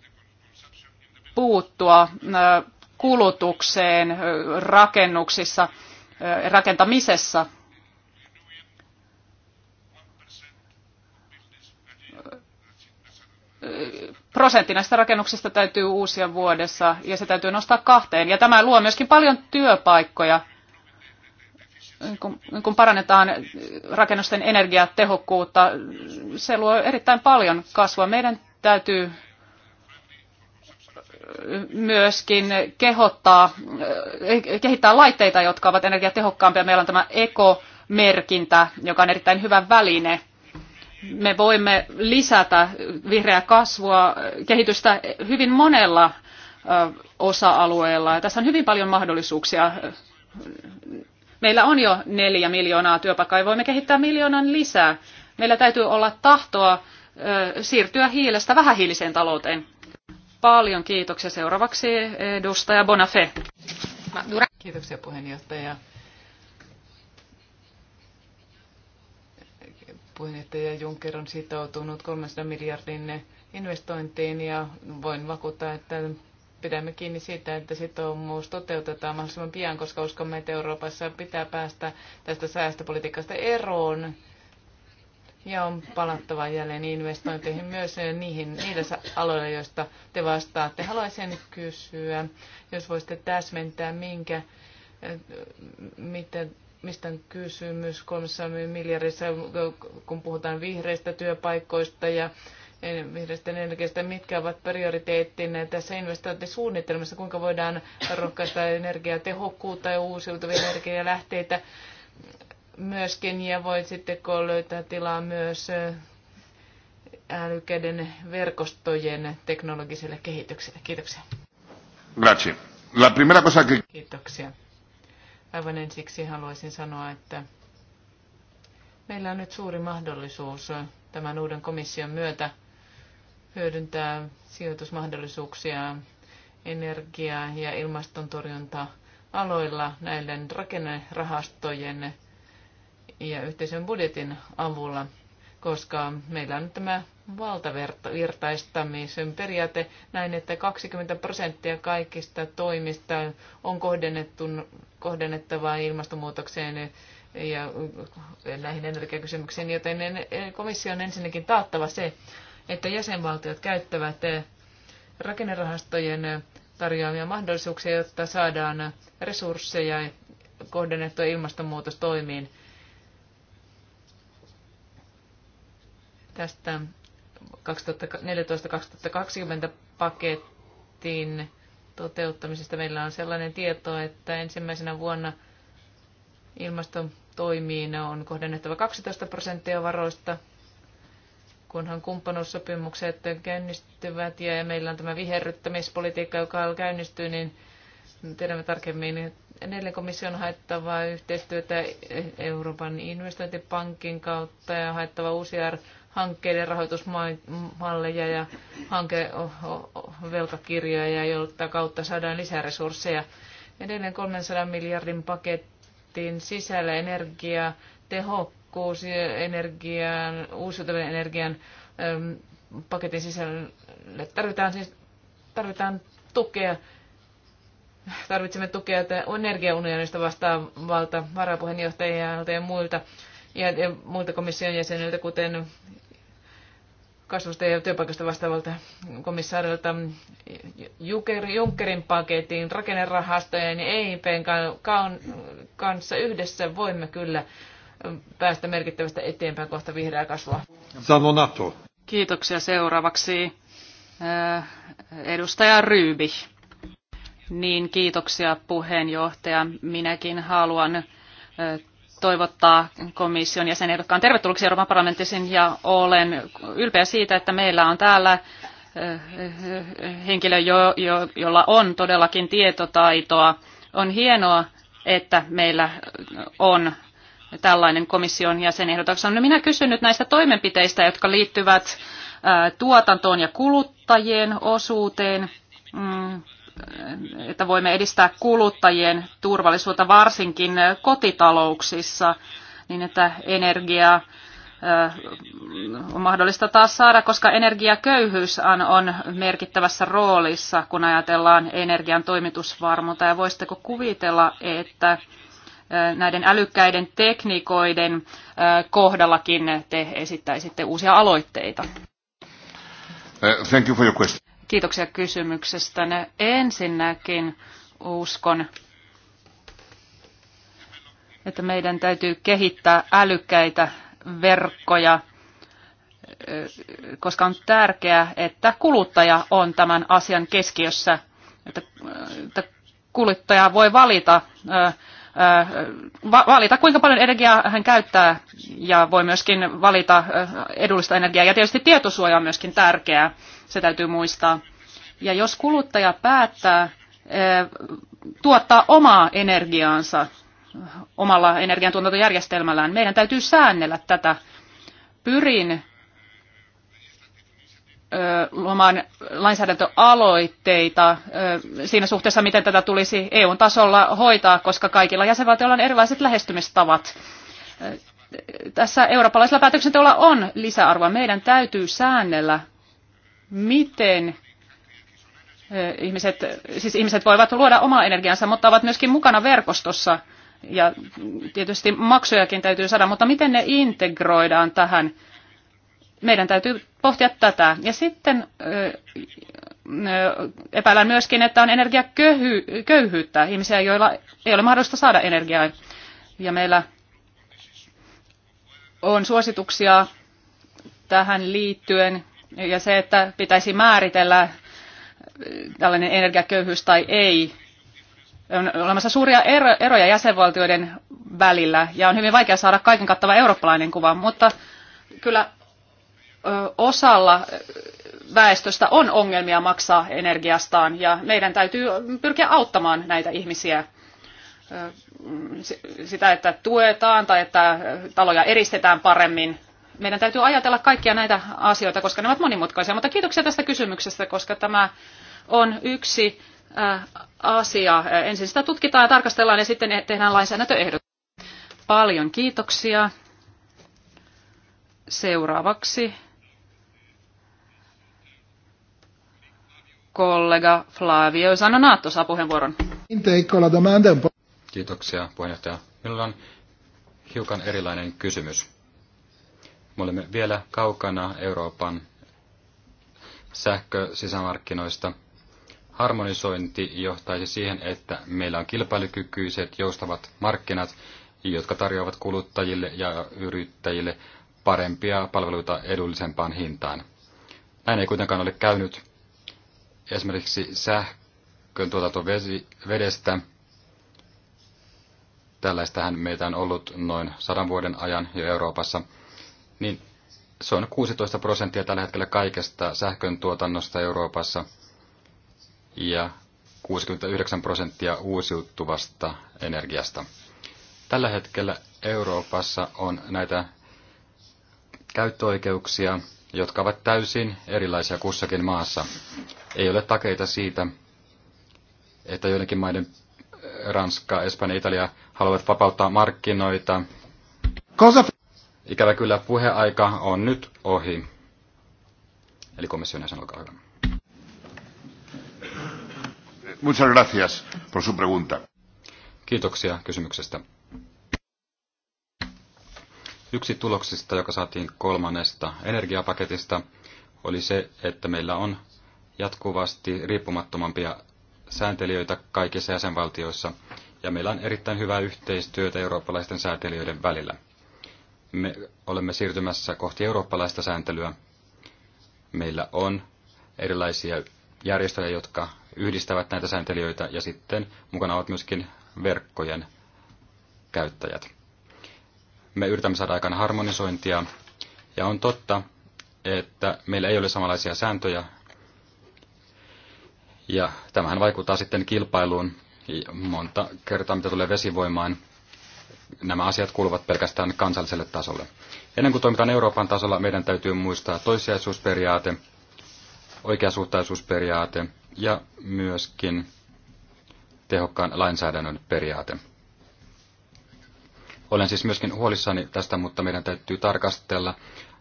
puuttua kulutukseen rakennuksissa, rakentamisessa prosentti näistä rakennuksista täytyy uusia vuodessa ja se täytyy nostaa kahteen. Ja tämä luo myöskin paljon työpaikkoja, niin kun, niin kun parannetaan rakennusten energiatehokkuutta. Se luo erittäin paljon kasvua. Meidän täytyy myöskin kehottaa, kehittää laitteita, jotka ovat energiatehokkaampia. Meillä on tämä ekomerkintä, joka on erittäin hyvä väline – me voimme lisätä vihreää kasvua, kehitystä hyvin monella osa-alueella. Tässä on hyvin paljon mahdollisuuksia. Meillä on jo neljä miljoonaa työpaikkaa ja voimme kehittää miljoonan lisää. Meillä täytyy olla tahtoa siirtyä hiilestä vähähiiliseen talouteen. Paljon kiitoksia. Seuraavaksi edustaja Bonafé. Kiitoksia puheenjohtaja. puheenjohtaja Juncker on sitoutunut 300 miljardin investointiin ja voin vakuuttaa, että pidämme kiinni siitä, että sitoumus toteutetaan mahdollisimman pian, koska uskomme, että Euroopassa pitää päästä tästä säästöpolitiikasta eroon ja on palattava jälleen investointeihin myös niihin, niillä aloilla, joista te vastaatte. Haluaisin kysyä, jos voisitte täsmentää, minkä, mitä mistä on kysymys kolmessa miljardissa, kun puhutaan vihreistä työpaikoista ja vihreistä energiasta, mitkä ovat prioriteettinne tässä investointisuunnitelmassa, kuinka voidaan rohkaista energiatehokkuutta ja uusiutuvia energialähteitä myöskin, ja voisitteko löytää tilaa myös eh, älykäden verkostojen teknologiselle kehitykselle. Kiitoksia. Grazie. La primera cosa que... Kiitoksia Aivan ensiksi haluaisin sanoa, että meillä on nyt suuri mahdollisuus tämän uuden komission myötä hyödyntää sijoitusmahdollisuuksia energia- ja ilmastontorjunta-aloilla näiden rakennerahastojen ja yhteisen budjetin avulla koska meillä on nyt tämä valtavirtaistamisen periaate näin, että 20 prosenttia kaikista toimista on kohdennettu, kohdennettava ilmastonmuutokseen ja näihin energiakysymyksiin, joten komissio on ensinnäkin taattava se, että jäsenvaltiot käyttävät rakennerahastojen tarjoamia mahdollisuuksia, jotta saadaan resursseja kohdennettua ilmastonmuutostoimiin. tästä 2014-2020 pakettiin toteuttamisesta meillä on sellainen tieto, että ensimmäisenä vuonna ilmastotoimiin on kohdennettava 12 prosenttia varoista, kunhan kumppanuussopimukset käynnistyvät ja meillä on tämä viherryttämispolitiikka, joka käynnistyy, niin tiedämme tarkemmin. Edelleen komission on haettava yhteistyötä Euroopan investointipankin kautta ja haettava uusia hankkeiden rahoitusmalleja ja hankevelkakirjoja, jolta kautta saadaan lisäresursseja. Edelleen 300 miljardin pakettiin sisällä energia, tehokkuus, energian, uusiutuvan energian paketin sisällä tarvitaan, siis, tarvitaan tukea tarvitsemme tukea energiaunionista vastaavalta varapuheenjohtajalta ja muilta, ja, ja muilta komission jäseniltä, kuten kasvusta ja työpaikasta vastaavalta komissaarilta Junckerin paketin, rakennerahastojen ja EIPn kanssa yhdessä voimme kyllä päästä merkittävästä eteenpäin kohta vihreää kasvua. Sanonato. Kiitoksia seuraavaksi eh, edustaja Ryybi. Niin, kiitoksia puheenjohtaja. Minäkin haluan eh, toivottaa komission on tervetulleeksi Euroopan parlamenttisiin ja olen ylpeä siitä, että meillä on täällä eh, henkilö, jo, jo, jolla on todellakin tietotaitoa. On hienoa, että meillä on tällainen komission jäsenehdotus. No minä kysyn nyt näistä toimenpiteistä, jotka liittyvät eh, tuotantoon ja kuluttajien osuuteen. Mm, että voimme edistää kuluttajien turvallisuutta varsinkin kotitalouksissa, niin että energiaa on mahdollista taas saada, koska energiaköyhyys on merkittävässä roolissa, kun ajatellaan energian toimitusvarmuutta. Ja voisitteko kuvitella, että näiden älykkäiden tekniikoiden kohdallakin te esittäisitte uusia aloitteita? Uh, thank you for your question. Kiitoksia kysymyksestä. Ensinnäkin uskon, että meidän täytyy kehittää älykkäitä verkkoja, koska on tärkeää, että kuluttaja on tämän asian keskiössä, että, että kuluttaja voi valita valita, kuinka paljon energiaa hän käyttää ja voi myöskin valita edullista energiaa. Ja tietysti tietosuoja on myöskin tärkeää, se täytyy muistaa. Ja jos kuluttaja päättää tuottaa omaa energiaansa omalla energiantuotantojärjestelmällään, meidän täytyy säännellä tätä. Pyrin luomaan lainsäädäntöaloitteita siinä suhteessa, miten tätä tulisi EU-tasolla hoitaa, koska kaikilla jäsenvaltioilla on erilaiset lähestymistavat. Tässä eurooppalaisella päätöksenteolla on lisäarvoa. Meidän täytyy säännellä, miten ihmiset, siis ihmiset voivat luoda omaa energiansa, mutta ovat myöskin mukana verkostossa. Ja tietysti maksujakin täytyy saada, mutta miten ne integroidaan tähän meidän täytyy pohtia tätä. Ja sitten epäillään myöskin, että on energiaköyhyyttä, ihmisiä, joilla ei ole mahdollista saada energiaa. Ja meillä on suosituksia tähän liittyen ja se, että pitäisi määritellä tällainen energiaköyhyys tai ei. On olemassa suuria eroja jäsenvaltioiden välillä ja on hyvin vaikea saada kaiken kattava eurooppalainen kuva, mutta kyllä osalla väestöstä on ongelmia maksaa energiastaan ja meidän täytyy pyrkiä auttamaan näitä ihmisiä sitä, että tuetaan tai että taloja eristetään paremmin. Meidän täytyy ajatella kaikkia näitä asioita, koska ne ovat monimutkaisia. Mutta kiitoksia tästä kysymyksestä, koska tämä on yksi asia. Ensin sitä tutkitaan ja tarkastellaan ja sitten e-, tehdään lainsäädäntöehdot. Paljon kiitoksia. Seuraavaksi kollega Flavio Zanonato saa puheenvuoron. Kiitoksia puheenjohtaja. Minulla on hiukan erilainen kysymys. Me olemme vielä kaukana Euroopan sähkösisämarkkinoista. Harmonisointi johtaisi siihen, että meillä on kilpailukykyiset, joustavat markkinat, jotka tarjoavat kuluttajille ja yrittäjille parempia palveluita edullisempaan hintaan. Näin ei kuitenkaan ole käynyt, esimerkiksi sähkön tuotanto vedestä. Tällaistähän meitä on ollut noin sadan vuoden ajan jo Euroopassa. Niin se on 16 prosenttia tällä hetkellä kaikesta sähkön tuotannosta Euroopassa ja 69 prosenttia uusiutuvasta energiasta. Tällä hetkellä Euroopassa on näitä käyttöoikeuksia jotka ovat täysin erilaisia kussakin maassa. Ei ole takeita siitä, että joidenkin maiden äh, Ranska, Espanja, Italia haluavat vapauttaa markkinoita. Ikävä kyllä puheaika on nyt ohi. Eli komission jäsen, olkaa hyvä. Muchas gracias por su pregunta. Kiitoksia kysymyksestä. Yksi tuloksista, joka saatiin kolmannesta energiapaketista, oli se, että meillä on jatkuvasti riippumattomampia sääntelijöitä kaikissa jäsenvaltioissa, ja meillä on erittäin hyvää yhteistyötä eurooppalaisten sääntelijöiden välillä. Me olemme siirtymässä kohti eurooppalaista sääntelyä. Meillä on erilaisia järjestöjä, jotka yhdistävät näitä sääntelijöitä, ja sitten mukana ovat myöskin verkkojen käyttäjät me yritämme saada aikaan harmonisointia. Ja on totta, että meillä ei ole samanlaisia sääntöjä. Ja tämähän vaikuttaa sitten kilpailuun monta kertaa, mitä tulee vesivoimaan. Nämä asiat kuuluvat pelkästään kansalliselle tasolle. Ennen kuin toimitaan Euroopan tasolla, meidän täytyy muistaa toissijaisuusperiaate, oikeasuhtaisuusperiaate ja myöskin tehokkaan lainsäädännön periaate. Olen siis myöskin huolissani tästä, mutta meidän täytyy tarkastella,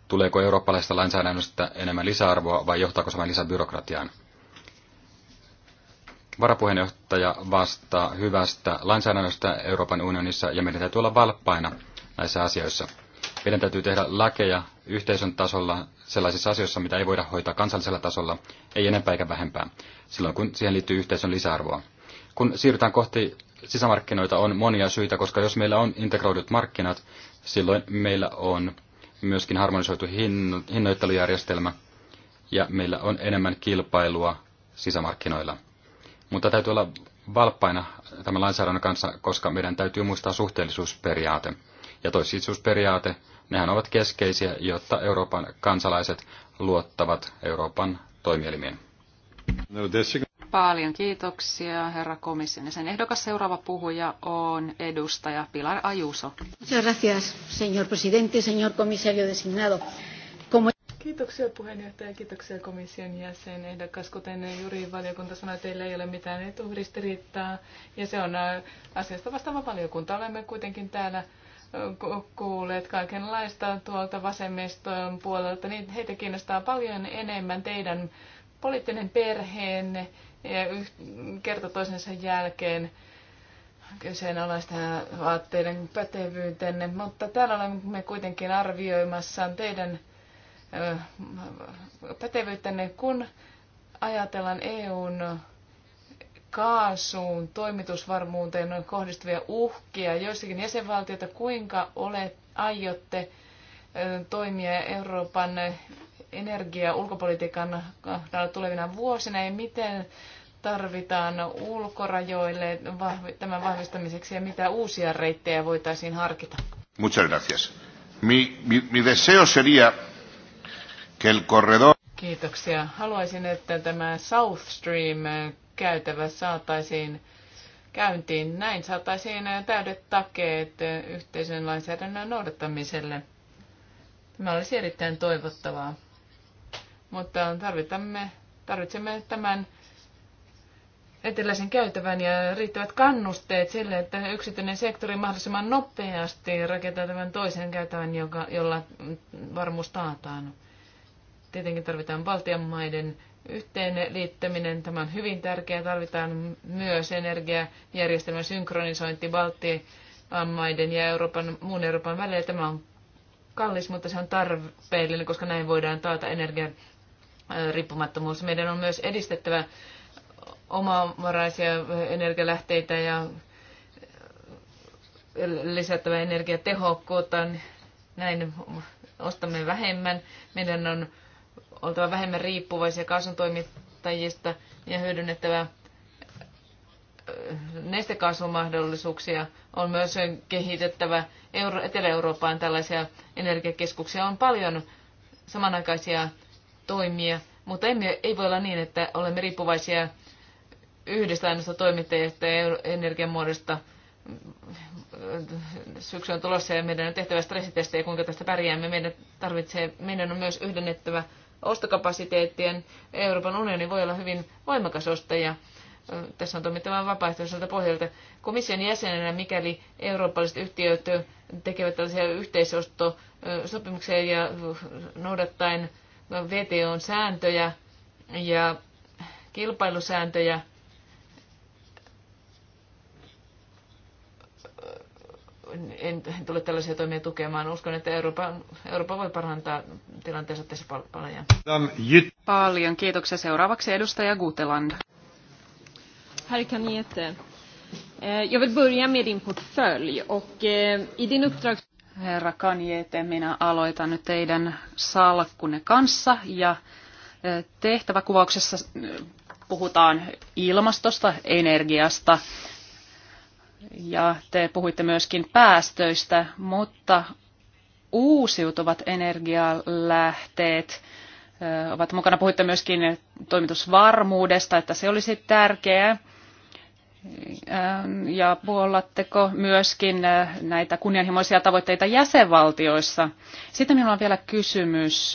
tuleeko eurooppalaisesta lainsäädännöstä enemmän lisäarvoa vai johtaako se vain lisäbyrokratiaan. Varapuheenjohtaja vastaa hyvästä lainsäädännöstä Euroopan unionissa ja meidän täytyy olla valppaina näissä asioissa. Meidän täytyy tehdä lakeja yhteisön tasolla sellaisissa asioissa, mitä ei voida hoitaa kansallisella tasolla, ei enempää eikä vähempää, silloin kun siihen liittyy yhteisön lisäarvoa. Kun siirrytään kohti sisämarkkinoita on monia syitä, koska jos meillä on integroidut markkinat, silloin meillä on myöskin harmonisoitu hinnoittelujärjestelmä ja meillä on enemmän kilpailua sisämarkkinoilla. Mutta täytyy olla valppaina tämän lainsäädännön kanssa, koska meidän täytyy muistaa suhteellisuusperiaate. Ja toissijaisuusperiaate, nehän ovat keskeisiä, jotta Euroopan kansalaiset luottavat Euroopan toimielimiin. No, Paljon kiitoksia, herra komission. Ja sen ehdokas seuraava puhuja on edustaja Pilar Ayuso. Muchas gracias, señor presidente, señor comisario designado. Como... Kiitoksia puheenjohtaja, ja kiitoksia komission jäsen ehdokas. Kuten juuri valiokunta sanoi, teillä ei ole mitään eturistiriittaa ja se on äh, asiasta vastaava valiokunta. Olemme kuitenkin täällä äh, kuulleet kaikenlaista tuolta vasemmiston puolelta, niin heitä kiinnostaa paljon enemmän teidän poliittinen perheenne kerta toisensa jälkeen kyseenalaista vaatteiden pätevyytenne, mutta täällä olemme kuitenkin arvioimassa teidän pätevyyttänne, kun ajatellaan EUn kaasuun, toimitusvarmuuteen kohdistuvia uhkia joissakin jäsenvaltioita, kuinka olet, aiotte toimia Euroopan energia ulkopolitiikan tulevina vuosina ja miten tarvitaan ulkorajoille tämän vahvistamiseksi ja mitä uusia reittejä voitaisiin harkita? Muchas gracias. Mi, mi, mi deseo sería que el corredor... Kiitoksia. Haluaisin, että tämä South Stream käytävä saataisiin käyntiin. Näin saataisiin täydet takeet yhteisön lainsäädännön noudattamiselle. Tämä olisi erittäin toivottavaa. Mutta tarvitamme, tarvitsemme tämän eteläisen käytävän ja riittävät kannusteet sille, että yksityinen sektori mahdollisimman nopeasti rakentaa tämän toisen käytävän, joka, jolla varmuus taataan. Tietenkin tarvitaan Baltian maiden yhteinen liittäminen, tämä on hyvin tärkeää. Tarvitaan myös energiajärjestelmän synkronisointi Baltian maiden ja Euroopan, muun Euroopan välillä. Tämä on kallis, mutta se on tarpeellinen, koska näin voidaan taata energian riippumattomuus. Meidän on myös edistettävä omavaraisia energialähteitä ja lisättävä energiatehokkuutta. Näin ostamme vähemmän. Meidän on oltava vähemmän riippuvaisia kaasuntoimittajista ja hyödynnettävä äh, nestekasvumahdollisuuksia. On myös kehitettävä Etelä-Eurooppaan tällaisia energiakeskuksia. On paljon samanaikaisia toimia, mutta emme, ei voi olla niin, että olemme riippuvaisia yhdestä ainoasta toimittajasta ja energiamuodosta syksy on tulossa ja meidän on tehtävä stressitestejä, kuinka tästä pärjäämme. Meidän, tarvitsee, meidän on myös yhdennettävä ostokapasiteettien. Euroopan unioni voi olla hyvin voimakas ostaja. Tässä on toimittava vapaaehtoiselta pohjalta. Komission jäsenenä, mikäli eurooppalaiset yhtiöt tekevät tällaisia yhteisostosopimuksia ja noudattaen VTOn sääntöjä ja kilpailusääntöjä en tule tällaisia toimia tukemaan. Uskon, että Eurooppa, Eurooppa voi parantaa tilanteensa tässä pal- paljon. Paljon kiitoksia. Seuraavaksi edustaja Guteland. Herr Kanjete, eh, jag vill börja med din portfölj och eh, i din uppdrag... Herra Kanjete, minä aloitan nyt teidän salkkunne kanssa ja e, tehtäväkuvauksessa e, puhutaan ilmastosta, energiasta ja te puhuitte myöskin päästöistä, mutta uusiutuvat energialähteet e, ovat mukana. Puhuitte myöskin toimitusvarmuudesta, että se olisi tärkeää Ähm, ja puolatteko myöskin äh, näitä kunnianhimoisia tavoitteita jäsenvaltioissa? Sitten minulla on vielä kysymys.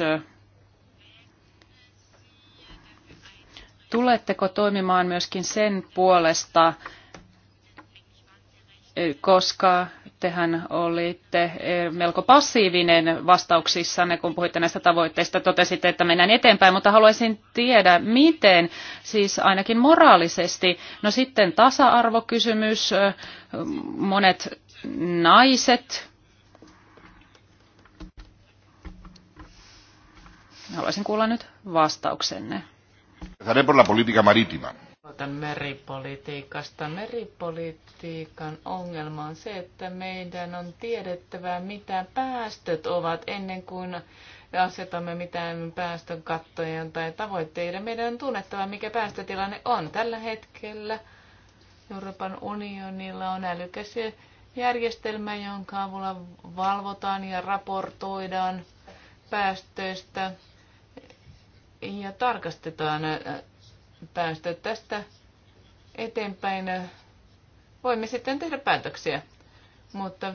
Tuletteko toimimaan myöskin sen puolesta, koska tehän olitte eh, melko passiivinen vastauksissanne, kun puhuitte näistä tavoitteista. Totesitte, että mennään eteenpäin, mutta haluaisin tiedä, miten, siis ainakin moraalisesti. No sitten tasa-arvokysymys, eh, monet naiset. Haluaisin kuulla nyt vastauksenne. Empezaré por la política marítima Otan meripolitiikasta. Meripolitiikan ongelma on se, että meidän on tiedettävä, mitä päästöt ovat ennen kuin asetamme mitään päästön kattojen tai tavoitteiden. Meidän on tunnettava, mikä päästötilanne on. Tällä hetkellä Euroopan unionilla on älykäs järjestelmä, jonka avulla valvotaan ja raportoidaan päästöistä ja tarkastetaan päästä tästä eteenpäin. Voimme sitten tehdä päätöksiä. Mutta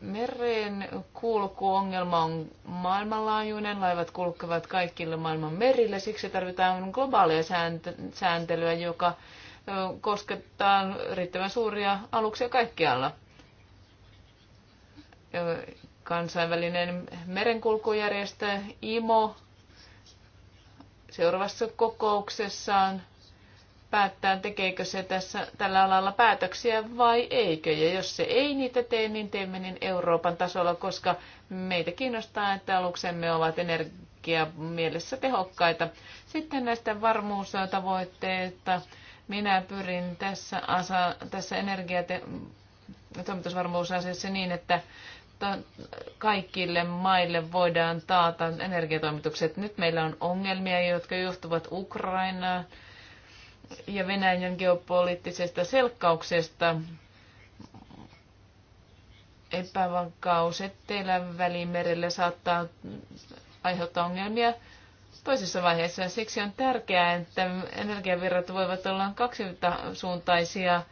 meren kulkuongelma on maailmanlaajuinen. Laivat kulkevat kaikille maailman merille. Siksi tarvitaan globaalia sääntelyä, joka koskettaa riittävän suuria aluksia kaikkialla. Kansainvälinen merenkulkujärjestö IMO seuraavassa kokouksessaan päättää, tekeekö se tässä, tällä alalla päätöksiä vai eikö. Ja jos se ei niitä tee, niin teemme niin Euroopan tasolla, koska meitä kiinnostaa, että aluksemme ovat energiamielessä tehokkaita. Sitten näistä varmuustavoitteita. Minä pyrin tässä, asa, tässä energia toimitusvarmuusasiassa niin, että jotta kaikille maille voidaan taata energiatoimitukset. Nyt meillä on ongelmia, jotka johtuvat Ukrainaan ja Venäjän geopoliittisesta selkkauksesta. Epävakaus etelän välimerellä saattaa aiheuttaa ongelmia toisessa vaiheessa. Siksi on tärkeää, että energiavirrat voivat olla kaksisuuntaisia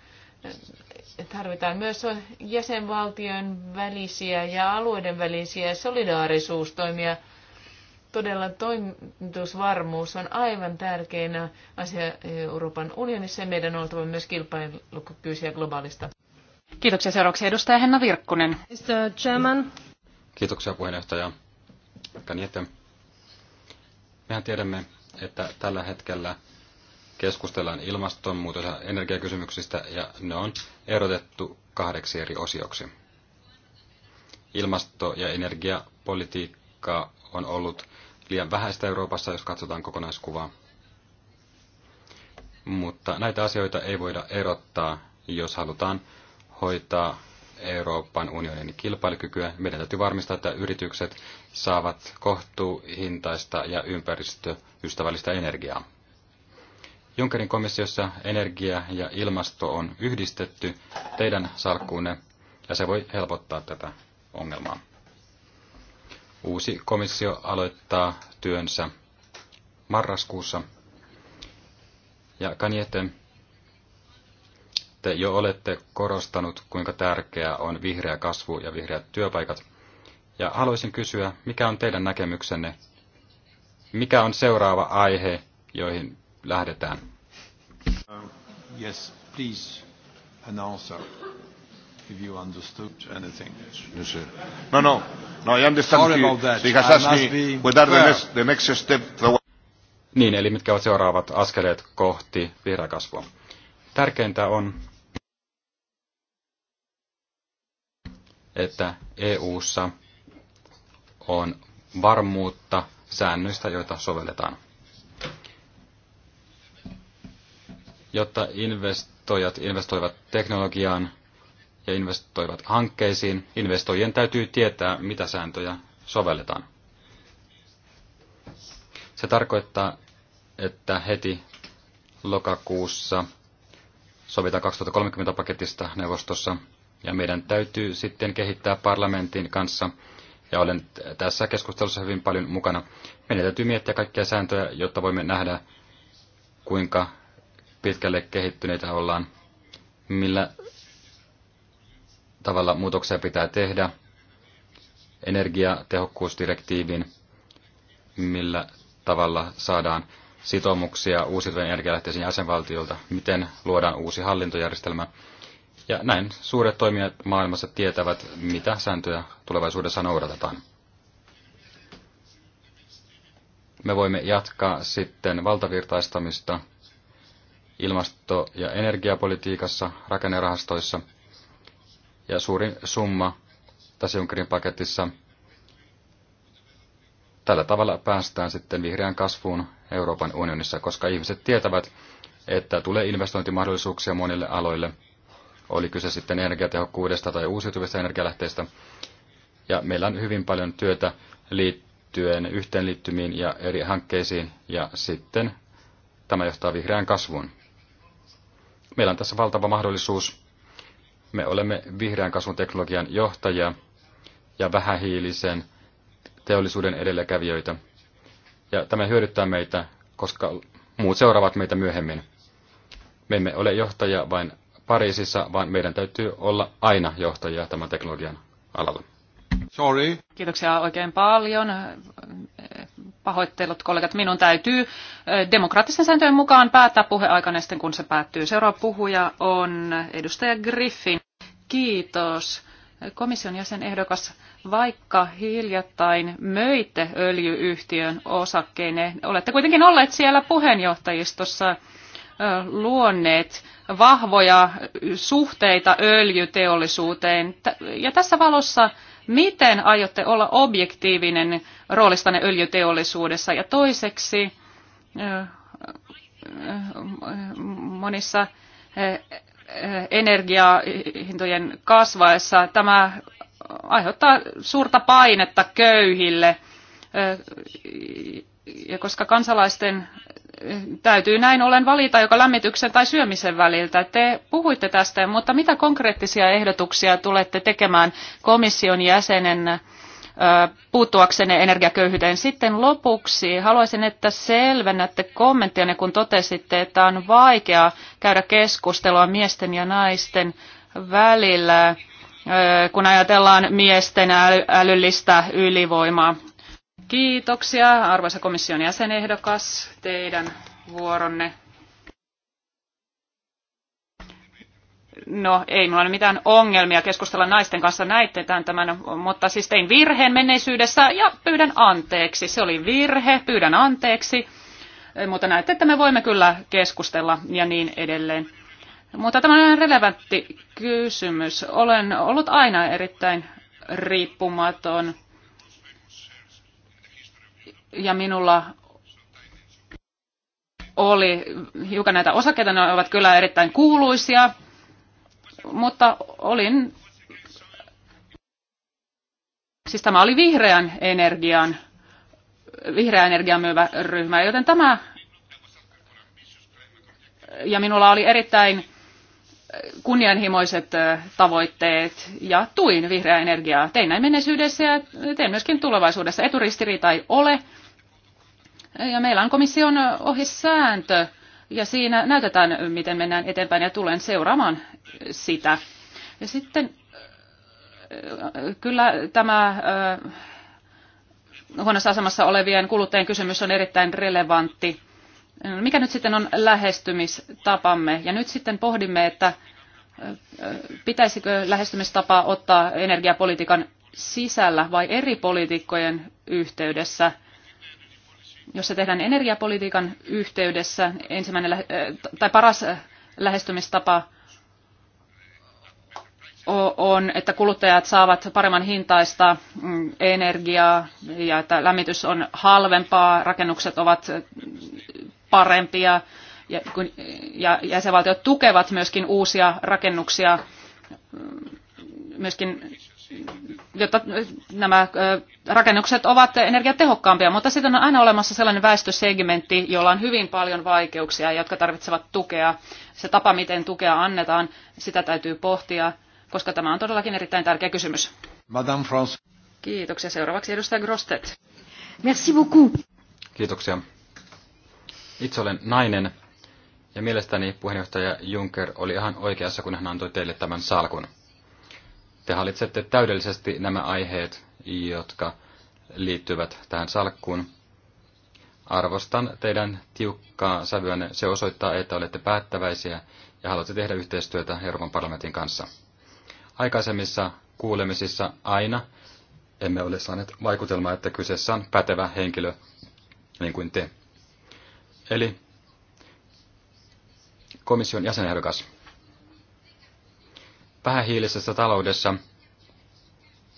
tarvitaan myös jäsenvaltion välisiä ja alueiden välisiä solidaarisuustoimia. Todella toimitusvarmuus on aivan tärkeänä asia Euroopan unionissa ja meidän on oltava myös kilpailukykyisiä globaalista. Kiitoksia seuraavaksi edustaja Henna Virkkunen. Mr. Chairman. Kiitoksia puheenjohtaja Mehän tiedämme, että tällä hetkellä keskustellaan ilmastonmuutos- ja energiakysymyksistä, ja ne on erotettu kahdeksi eri osioksi. Ilmasto- ja energiapolitiikka on ollut liian vähäistä Euroopassa, jos katsotaan kokonaiskuvaa. Mutta näitä asioita ei voida erottaa, jos halutaan hoitaa Euroopan unionin kilpailukykyä. Meidän täytyy varmistaa, että yritykset saavat kohtuuhintaista ja ympäristöystävällistä energiaa. Junckerin komissiossa energia ja ilmasto on yhdistetty teidän salkkuunne, ja se voi helpottaa tätä ongelmaa. Uusi komissio aloittaa työnsä marraskuussa. Ja Kanjete, te jo olette korostanut, kuinka tärkeää on vihreä kasvu ja vihreät työpaikat. Ja haluaisin kysyä, mikä on teidän näkemyksenne? Mikä on seuraava aihe, joihin lähdetään. Uh, yes, please, an answer. If you understood anything. No, no, no, no, I understand. Sorry about that. Because asked me whether the next, the next step... The... Niin, eli mitkä ovat seuraavat askeleet kohti vihreä kasvua. Tärkeintä on, että EU:ssa on varmuutta säännöistä, joita sovelletaan. jotta investoijat investoivat teknologiaan ja investoivat hankkeisiin, investoijien täytyy tietää, mitä sääntöjä sovelletaan. Se tarkoittaa, että heti lokakuussa sovitaan 2030 paketista neuvostossa ja meidän täytyy sitten kehittää parlamentin kanssa ja olen tässä keskustelussa hyvin paljon mukana. Meidän täytyy miettiä kaikkia sääntöjä, jotta voimme nähdä, kuinka pitkälle kehittyneitä ollaan, millä tavalla muutoksia pitää tehdä energiatehokkuusdirektiivin, millä tavalla saadaan sitoumuksia uusiutuvien energialähteisiin jäsenvaltiolta, miten luodaan uusi hallintojärjestelmä. Ja näin suuret toimijat maailmassa tietävät, mitä sääntöjä tulevaisuudessa noudatetaan. Me voimme jatkaa sitten valtavirtaistamista ilmasto- ja energiapolitiikassa, rakennerahastoissa. Ja suurin summa tässä Junckerin paketissa. Tällä tavalla päästään sitten vihreään kasvuun Euroopan unionissa, koska ihmiset tietävät, että tulee investointimahdollisuuksia monille aloille, oli kyse sitten energiatehokkuudesta tai uusiutuvista energialähteistä. Ja meillä on hyvin paljon työtä liittyen yhteenliittymiin ja eri hankkeisiin, ja sitten tämä johtaa vihreään kasvuun. Meillä on tässä valtava mahdollisuus. Me olemme vihreän kasvun teknologian johtajia ja vähähiilisen teollisuuden edelläkävijöitä. Ja tämä hyödyttää meitä, koska muut seuraavat meitä myöhemmin. Me emme ole johtajia vain Pariisissa, vaan meidän täytyy olla aina johtajia tämän teknologian alalla. Sorry. Kiitoksia oikein paljon. Pahoittelut kollegat, minun täytyy demokraattisten sääntöjen mukaan päättää puheaikana sitten, kun se päättyy. Seuraava puhuja on edustaja Griffin. Kiitos. Komission jäsen Ehdokas, vaikka hiljattain möitte öljyyhtiön osakkeine, olette kuitenkin olleet siellä puheenjohtajistossa luonneet vahvoja suhteita öljyteollisuuteen. Ja tässä valossa Miten aiotte olla objektiivinen roolistanne öljyteollisuudessa? Ja toiseksi, eh, eh, monissa eh, energiahintojen kasvaessa tämä aiheuttaa suurta painetta köyhille, ja koska kansalaisten täytyy näin ollen valita joka lämmityksen tai syömisen väliltä. Te puhuitte tästä, mutta mitä konkreettisia ehdotuksia tulette tekemään komission jäsenen puuttuaksenne energiaköyhyyteen. Sitten lopuksi haluaisin, että selvennätte kommenttianne, kun totesitte, että on vaikea käydä keskustelua miesten ja naisten välillä, kun ajatellaan miesten älyllistä ylivoimaa. Kiitoksia, arvoisa komission jäsenehdokas, teidän vuoronne. No ei minulla ole mitään ongelmia keskustella naisten kanssa näitetään tämän, mutta siis tein virheen menneisyydessä ja pyydän anteeksi. Se oli virhe, pyydän anteeksi. Mutta näette, että me voimme kyllä keskustella ja niin edelleen. Mutta tämä on relevantti kysymys. Olen ollut aina erittäin riippumaton ja minulla oli hiukan näitä osakkeita, ne ovat kyllä erittäin kuuluisia, mutta olin, siis tämä oli vihreän energian, vihreän energian myyvä ryhmä, joten tämä, ja minulla oli erittäin kunnianhimoiset tavoitteet ja tuin vihreää energiaa. Tein näin menneisyydessä ja teen myöskin tulevaisuudessa. Eturistiriita ei ole ja meillä on komission ohjesääntö, ja siinä näytetään, miten mennään eteenpäin, ja tulen seuraamaan sitä. Ja sitten äh, kyllä tämä äh, huonossa asemassa olevien kuluttajien kysymys on erittäin relevantti. Mikä nyt sitten on lähestymistapamme? Ja nyt sitten pohdimme, että äh, pitäisikö lähestymistapa ottaa energiapolitiikan sisällä vai eri poliitikkojen yhteydessä – jos se tehdään energiapolitiikan yhteydessä, ensimmäinen äh, tai paras äh, lähestymistapa on, että kuluttajat saavat paremman hintaista mm, energiaa ja että lämmitys on halvempaa, rakennukset ovat äh, parempia ja, ja jäsenvaltiot tukevat myöskin uusia rakennuksia mm, myöskin jotta nämä rakennukset ovat energiatehokkaampia, mutta sitten on aina olemassa sellainen väestösegmentti, jolla on hyvin paljon vaikeuksia, jotka tarvitsevat tukea. Se tapa, miten tukea annetaan, sitä täytyy pohtia, koska tämä on todellakin erittäin tärkeä kysymys. Madame France. Kiitoksia. Seuraavaksi edustaja Grostet. Merci beaucoup. Kiitoksia. Itse olen nainen ja mielestäni puheenjohtaja Juncker oli ihan oikeassa, kun hän antoi teille tämän salkun. Te hallitsette täydellisesti nämä aiheet, jotka liittyvät tähän salkkuun. Arvostan teidän tiukkaa sävyänne. Se osoittaa, että olette päättäväisiä ja haluatte tehdä yhteistyötä Euroopan parlamentin kanssa. Aikaisemmissa kuulemisissa aina emme ole saaneet vaikutelmaa, että kyseessä on pätevä henkilö, niin kuin te. Eli komission jäsenehdokas vähähiilisessä taloudessa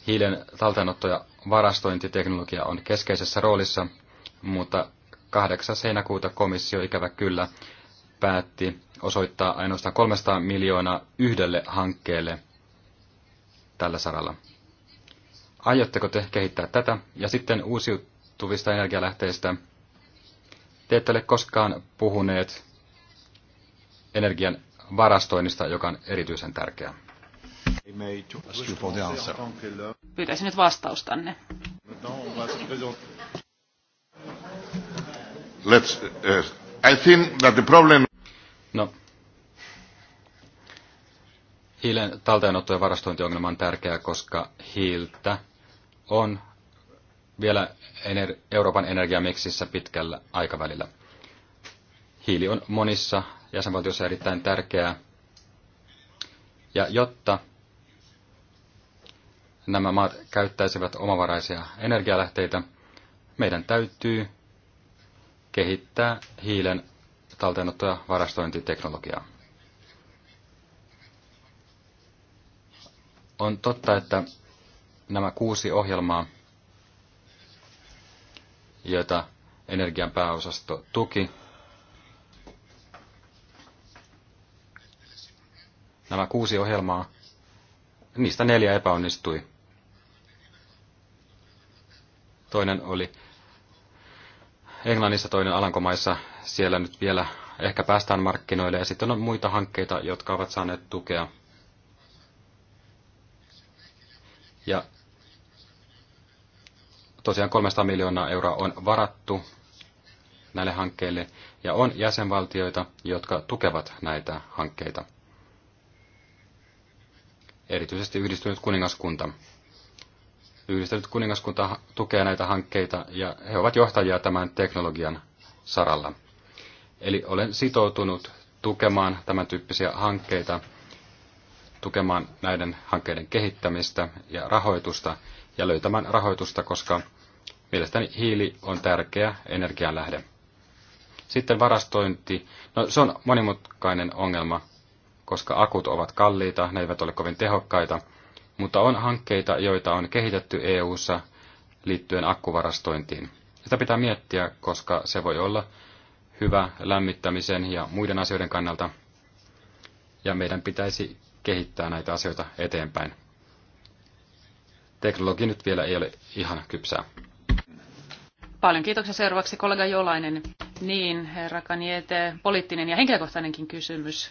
hiilen talteenotto- ja varastointiteknologia on keskeisessä roolissa, mutta 8. heinäkuuta komissio ikävä kyllä päätti osoittaa ainoastaan 300 miljoonaa yhdelle hankkeelle tällä saralla. Aiotteko te kehittää tätä? Ja sitten uusiutuvista energialähteistä. Te ette ole koskaan puhuneet energian varastoinnista, joka on erityisen tärkeää. Pyytäisin nyt vastaustanne. Let's, uh, I think that the problem... No. Hiilen talteenotto ja varastointiongelma on tärkeää, koska hiiltä on vielä ener- Euroopan energiamiksissä pitkällä aikavälillä. Hiili on monissa jäsenvaltioissa erittäin tärkeää. Ja jotta nämä maat käyttäisivät omavaraisia energialähteitä, meidän täytyy kehittää hiilen talteenotto- ja varastointiteknologiaa. On totta, että nämä kuusi ohjelmaa, joita energian pääosasto tuki, nämä kuusi ohjelmaa, niistä neljä epäonnistui toinen oli Englannissa, toinen Alankomaissa. Siellä nyt vielä ehkä päästään markkinoille. Ja sitten on muita hankkeita, jotka ovat saaneet tukea. Ja tosiaan 300 miljoonaa euroa on varattu näille hankkeille ja on jäsenvaltioita, jotka tukevat näitä hankkeita. Erityisesti yhdistynyt kuningaskunta. Yhdistynyt kuningaskunta tukee näitä hankkeita ja he ovat johtajia tämän teknologian saralla. Eli olen sitoutunut tukemaan tämän tyyppisiä hankkeita, tukemaan näiden hankkeiden kehittämistä ja rahoitusta ja löytämään rahoitusta, koska mielestäni hiili on tärkeä energianlähde. Sitten varastointi. No, se on monimutkainen ongelma, koska akut ovat kalliita, ne eivät ole kovin tehokkaita, mutta on hankkeita, joita on kehitetty EU:ssa liittyen akkuvarastointiin. Sitä pitää miettiä, koska se voi olla hyvä lämmittämisen ja muiden asioiden kannalta, ja meidän pitäisi kehittää näitä asioita eteenpäin. Teknologia nyt vielä ei ole ihan kypsää. Paljon kiitoksia seuraavaksi kollega Jolainen. Niin, herra Kaniete, poliittinen ja henkilökohtainenkin kysymys.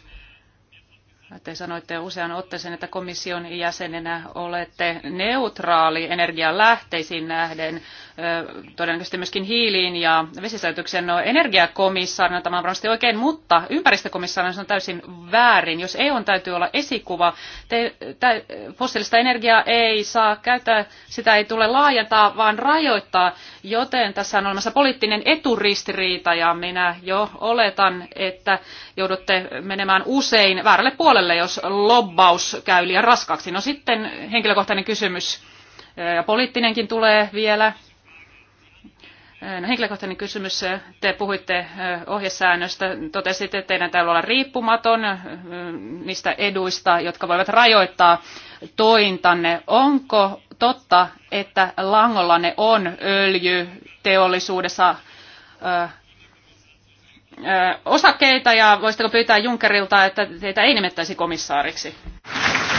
Te sanoitte usean otteeseen, että komission jäsenenä olette neutraali energialähteisiin nähden, todennäköisesti myöskin hiiliin ja vesisäytykseen. No energiakomissaarina tämä on varmasti oikein, mutta ympäristökomissaarina se on täysin väärin. Jos EU on täytyy olla esikuva, te, te, fossiilista energiaa ei saa käyttää, sitä ei tule laajentaa, vaan rajoittaa, joten tässä on olemassa poliittinen eturistiriita ja minä jo oletan, että joudutte menemään usein väärälle puolelle puolelle, jos lobbaus käy liian raskaaksi. No sitten henkilökohtainen kysymys ja poliittinenkin tulee vielä. No, henkilökohtainen kysymys. Te puhuitte ohjesäännöstä, totesitte, että teidän täytyy olla riippumaton niistä eduista, jotka voivat rajoittaa tointanne. Onko totta, että langollanne on öljy teollisuudessa osakkeita ja voisitteko pyytää Junckerilta, että teitä ei nimettäisi komissaariksi?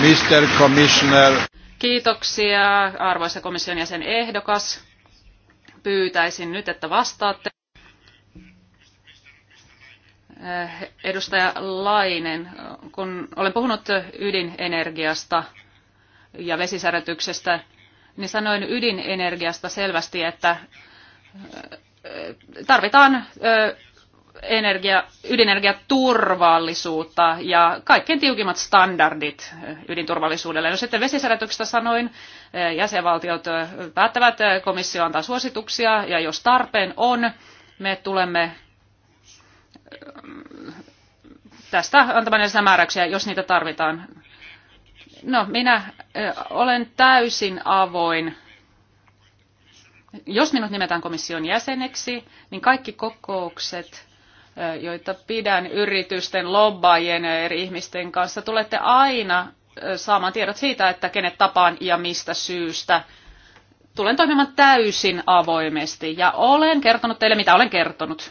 Mr. Commissioner. Kiitoksia, arvoisa komission jäsen ehdokas. Pyytäisin nyt, että vastaatte. Edustaja Lainen, kun olen puhunut ydinenergiasta ja vesisärätyksestä, niin sanoin ydinenergiasta selvästi, että tarvitaan energia, ydinenergiaturvallisuutta ja kaikkein tiukimmat standardit ydinturvallisuudelle. No sitten vesisärätyksestä sanoin, eh, jäsenvaltiot eh, päättävät, eh, komissio antaa suosituksia ja jos tarpeen on, me tulemme tästä antamaan määräyksiä, jos niitä tarvitaan. No, minä olen täysin avoin jos minut nimetään komission jäseneksi, niin kaikki kokoukset, joita pidän yritysten, lobbaajien ja eri ihmisten kanssa, tulette aina saamaan tiedot siitä, että kenet tapaan ja mistä syystä. Tulen toimimaan täysin avoimesti ja olen kertonut teille, mitä olen kertonut.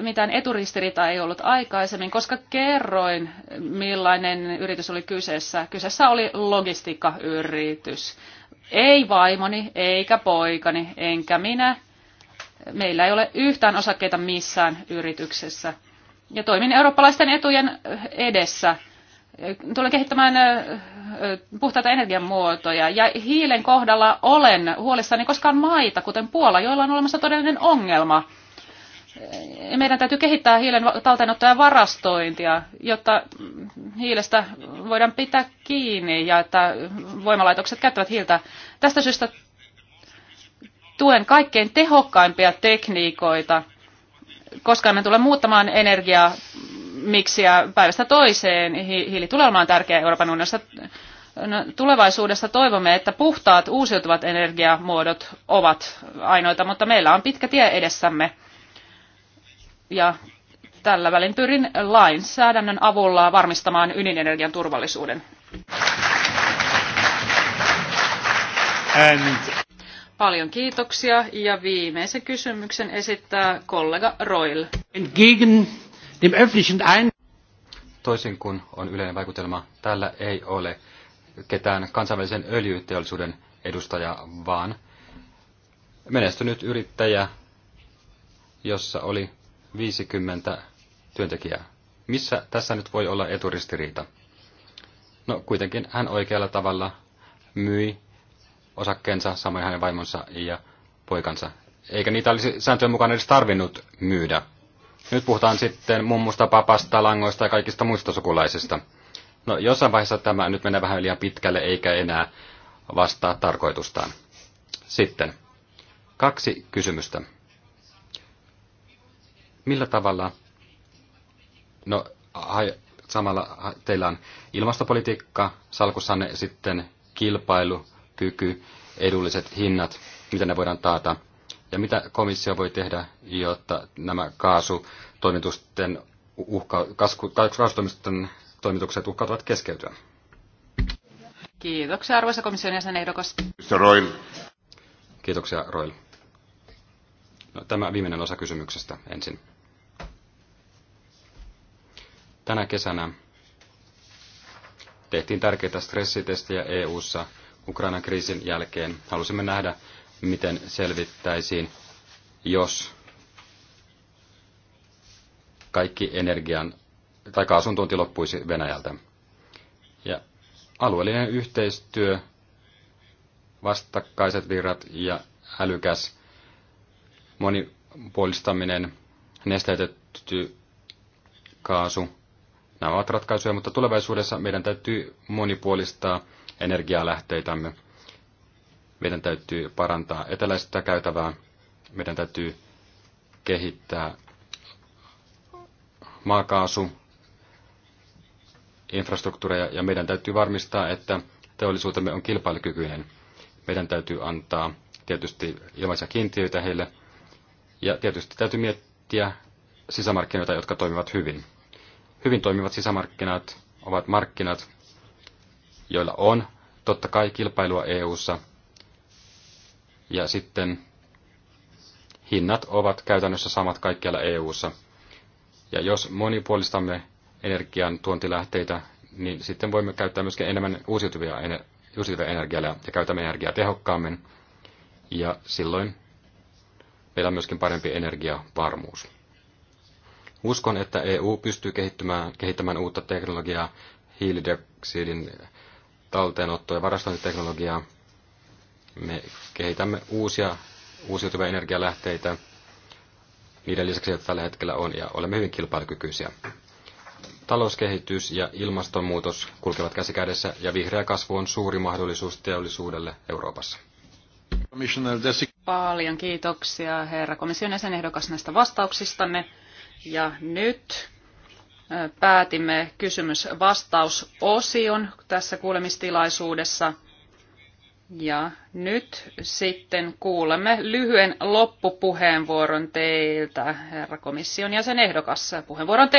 Mitään eturistiriitaa ei ollut aikaisemmin, koska kerroin, millainen yritys oli kyseessä. Kyseessä oli logistiikkayritys. Ei vaimoni, eikä poikani, enkä minä, Meillä ei ole yhtään osakkeita missään yrityksessä. Ja toimin eurooppalaisten etujen edessä. Tulen kehittämään puhtaita energiamuotoja ja hiilen kohdalla olen huolissani, koska maita, kuten Puola, joilla on olemassa todellinen ongelma. E, meidän täytyy kehittää hiilen talteenottoa ja varastointia, jotta hiilestä voidaan pitää kiinni ja että voimalaitokset käyttävät hiiltä. Tästä syystä tuen kaikkein tehokkaimpia tekniikoita, koska me tulemme muuttamaan energiaa miksiä päivästä toiseen. Hiili tulee olemaan tärkeä Euroopan unionissa. No, tulevaisuudessa toivomme, että puhtaat uusiutuvat energiamuodot ovat ainoita, mutta meillä on pitkä tie edessämme. Ja tällä välin pyrin lainsäädännön avulla varmistamaan ydinenergian turvallisuuden. And Paljon kiitoksia ja viimeisen kysymyksen esittää kollega Roil. Entgegen dem öffentlichen ein... Toisin kuin on yleinen vaikutelma, tällä ei ole ketään kansainvälisen öljyteollisuuden edustajaa, vaan menestynyt yrittäjä, jossa oli 50 työntekijää. Missä tässä nyt voi olla eturistiriita? No kuitenkin hän oikealla tavalla myi osakkeensa, samoin hänen vaimonsa ja poikansa. Eikä niitä olisi sääntöjen mukaan edes tarvinnut myydä. Nyt puhutaan sitten mummusta, papasta, langoista ja kaikista muista sukulaisista. No jossain vaiheessa tämä nyt menee vähän liian pitkälle eikä enää vastaa tarkoitustaan. Sitten kaksi kysymystä. Millä tavalla, no samalla teillä on ilmastopolitiikka salkussanne sitten kilpailu, kilpailukyky, edulliset hinnat, mitä ne voidaan taata ja mitä komissio voi tehdä, jotta nämä kaasutoimitusten uhka, kaasutoimitusten toimitukset uhkautuvat keskeytyä. Kiitoksia arvoisa komission jäsen ehdokas. Roil. Kiitoksia Roil. No, tämä viimeinen osa kysymyksestä ensin. Tänä kesänä tehtiin tärkeitä stressitestejä EU:ssa Ukrainan kriisin jälkeen. Halusimme nähdä, miten selvittäisiin, jos kaikki energian tai kaasun tuonti loppuisi Venäjältä. Ja alueellinen yhteistyö, vastakkaiset virrat ja älykäs monipuolistaminen, nesteytetty kaasu, nämä ovat ratkaisuja, mutta tulevaisuudessa meidän täytyy monipuolistaa energialähteitämme. Meidän täytyy parantaa eteläistä käytävää. Meidän täytyy kehittää maakaasu, infrastruktuureja ja meidän täytyy varmistaa, että teollisuutemme on kilpailukykyinen. Meidän täytyy antaa tietysti ilmaisia kiintiöitä heille ja tietysti täytyy miettiä sisämarkkinoita, jotka toimivat hyvin. Hyvin toimivat sisämarkkinat ovat markkinat, joilla on totta kai kilpailua EU:ssa. Ja sitten hinnat ovat käytännössä samat kaikkialla EU:ssa. Ja jos monipuolistamme energian tuontilähteitä, niin sitten voimme käyttää myöskin enemmän uusiutuvia, uusiutuvia energiaa ja käytämme energiaa tehokkaammin. Ja silloin meillä on myöskin parempi energiavarmuus. Uskon, että EU pystyy kehittämään uutta teknologiaa hiilidioksidin talteenotto- ja varastointiteknologiaa. Me kehitämme uusia uusiutuvia energialähteitä niiden lisäksi, joita tällä hetkellä on, ja olemme hyvin kilpailukykyisiä. Talouskehitys ja ilmastonmuutos kulkevat käsi kädessä, ja vihreä kasvu on suuri mahdollisuus teollisuudelle Euroopassa. Paljon kiitoksia herra komission jäsenehdokas näistä vastauksistanne. Ja nyt päätimme kysymys-vastausosion tässä kuulemistilaisuudessa. Ja nyt sitten kuulemme lyhyen loppupuheenvuoron teiltä, herra komission jäsen ehdokas. Puheenvuoron teille.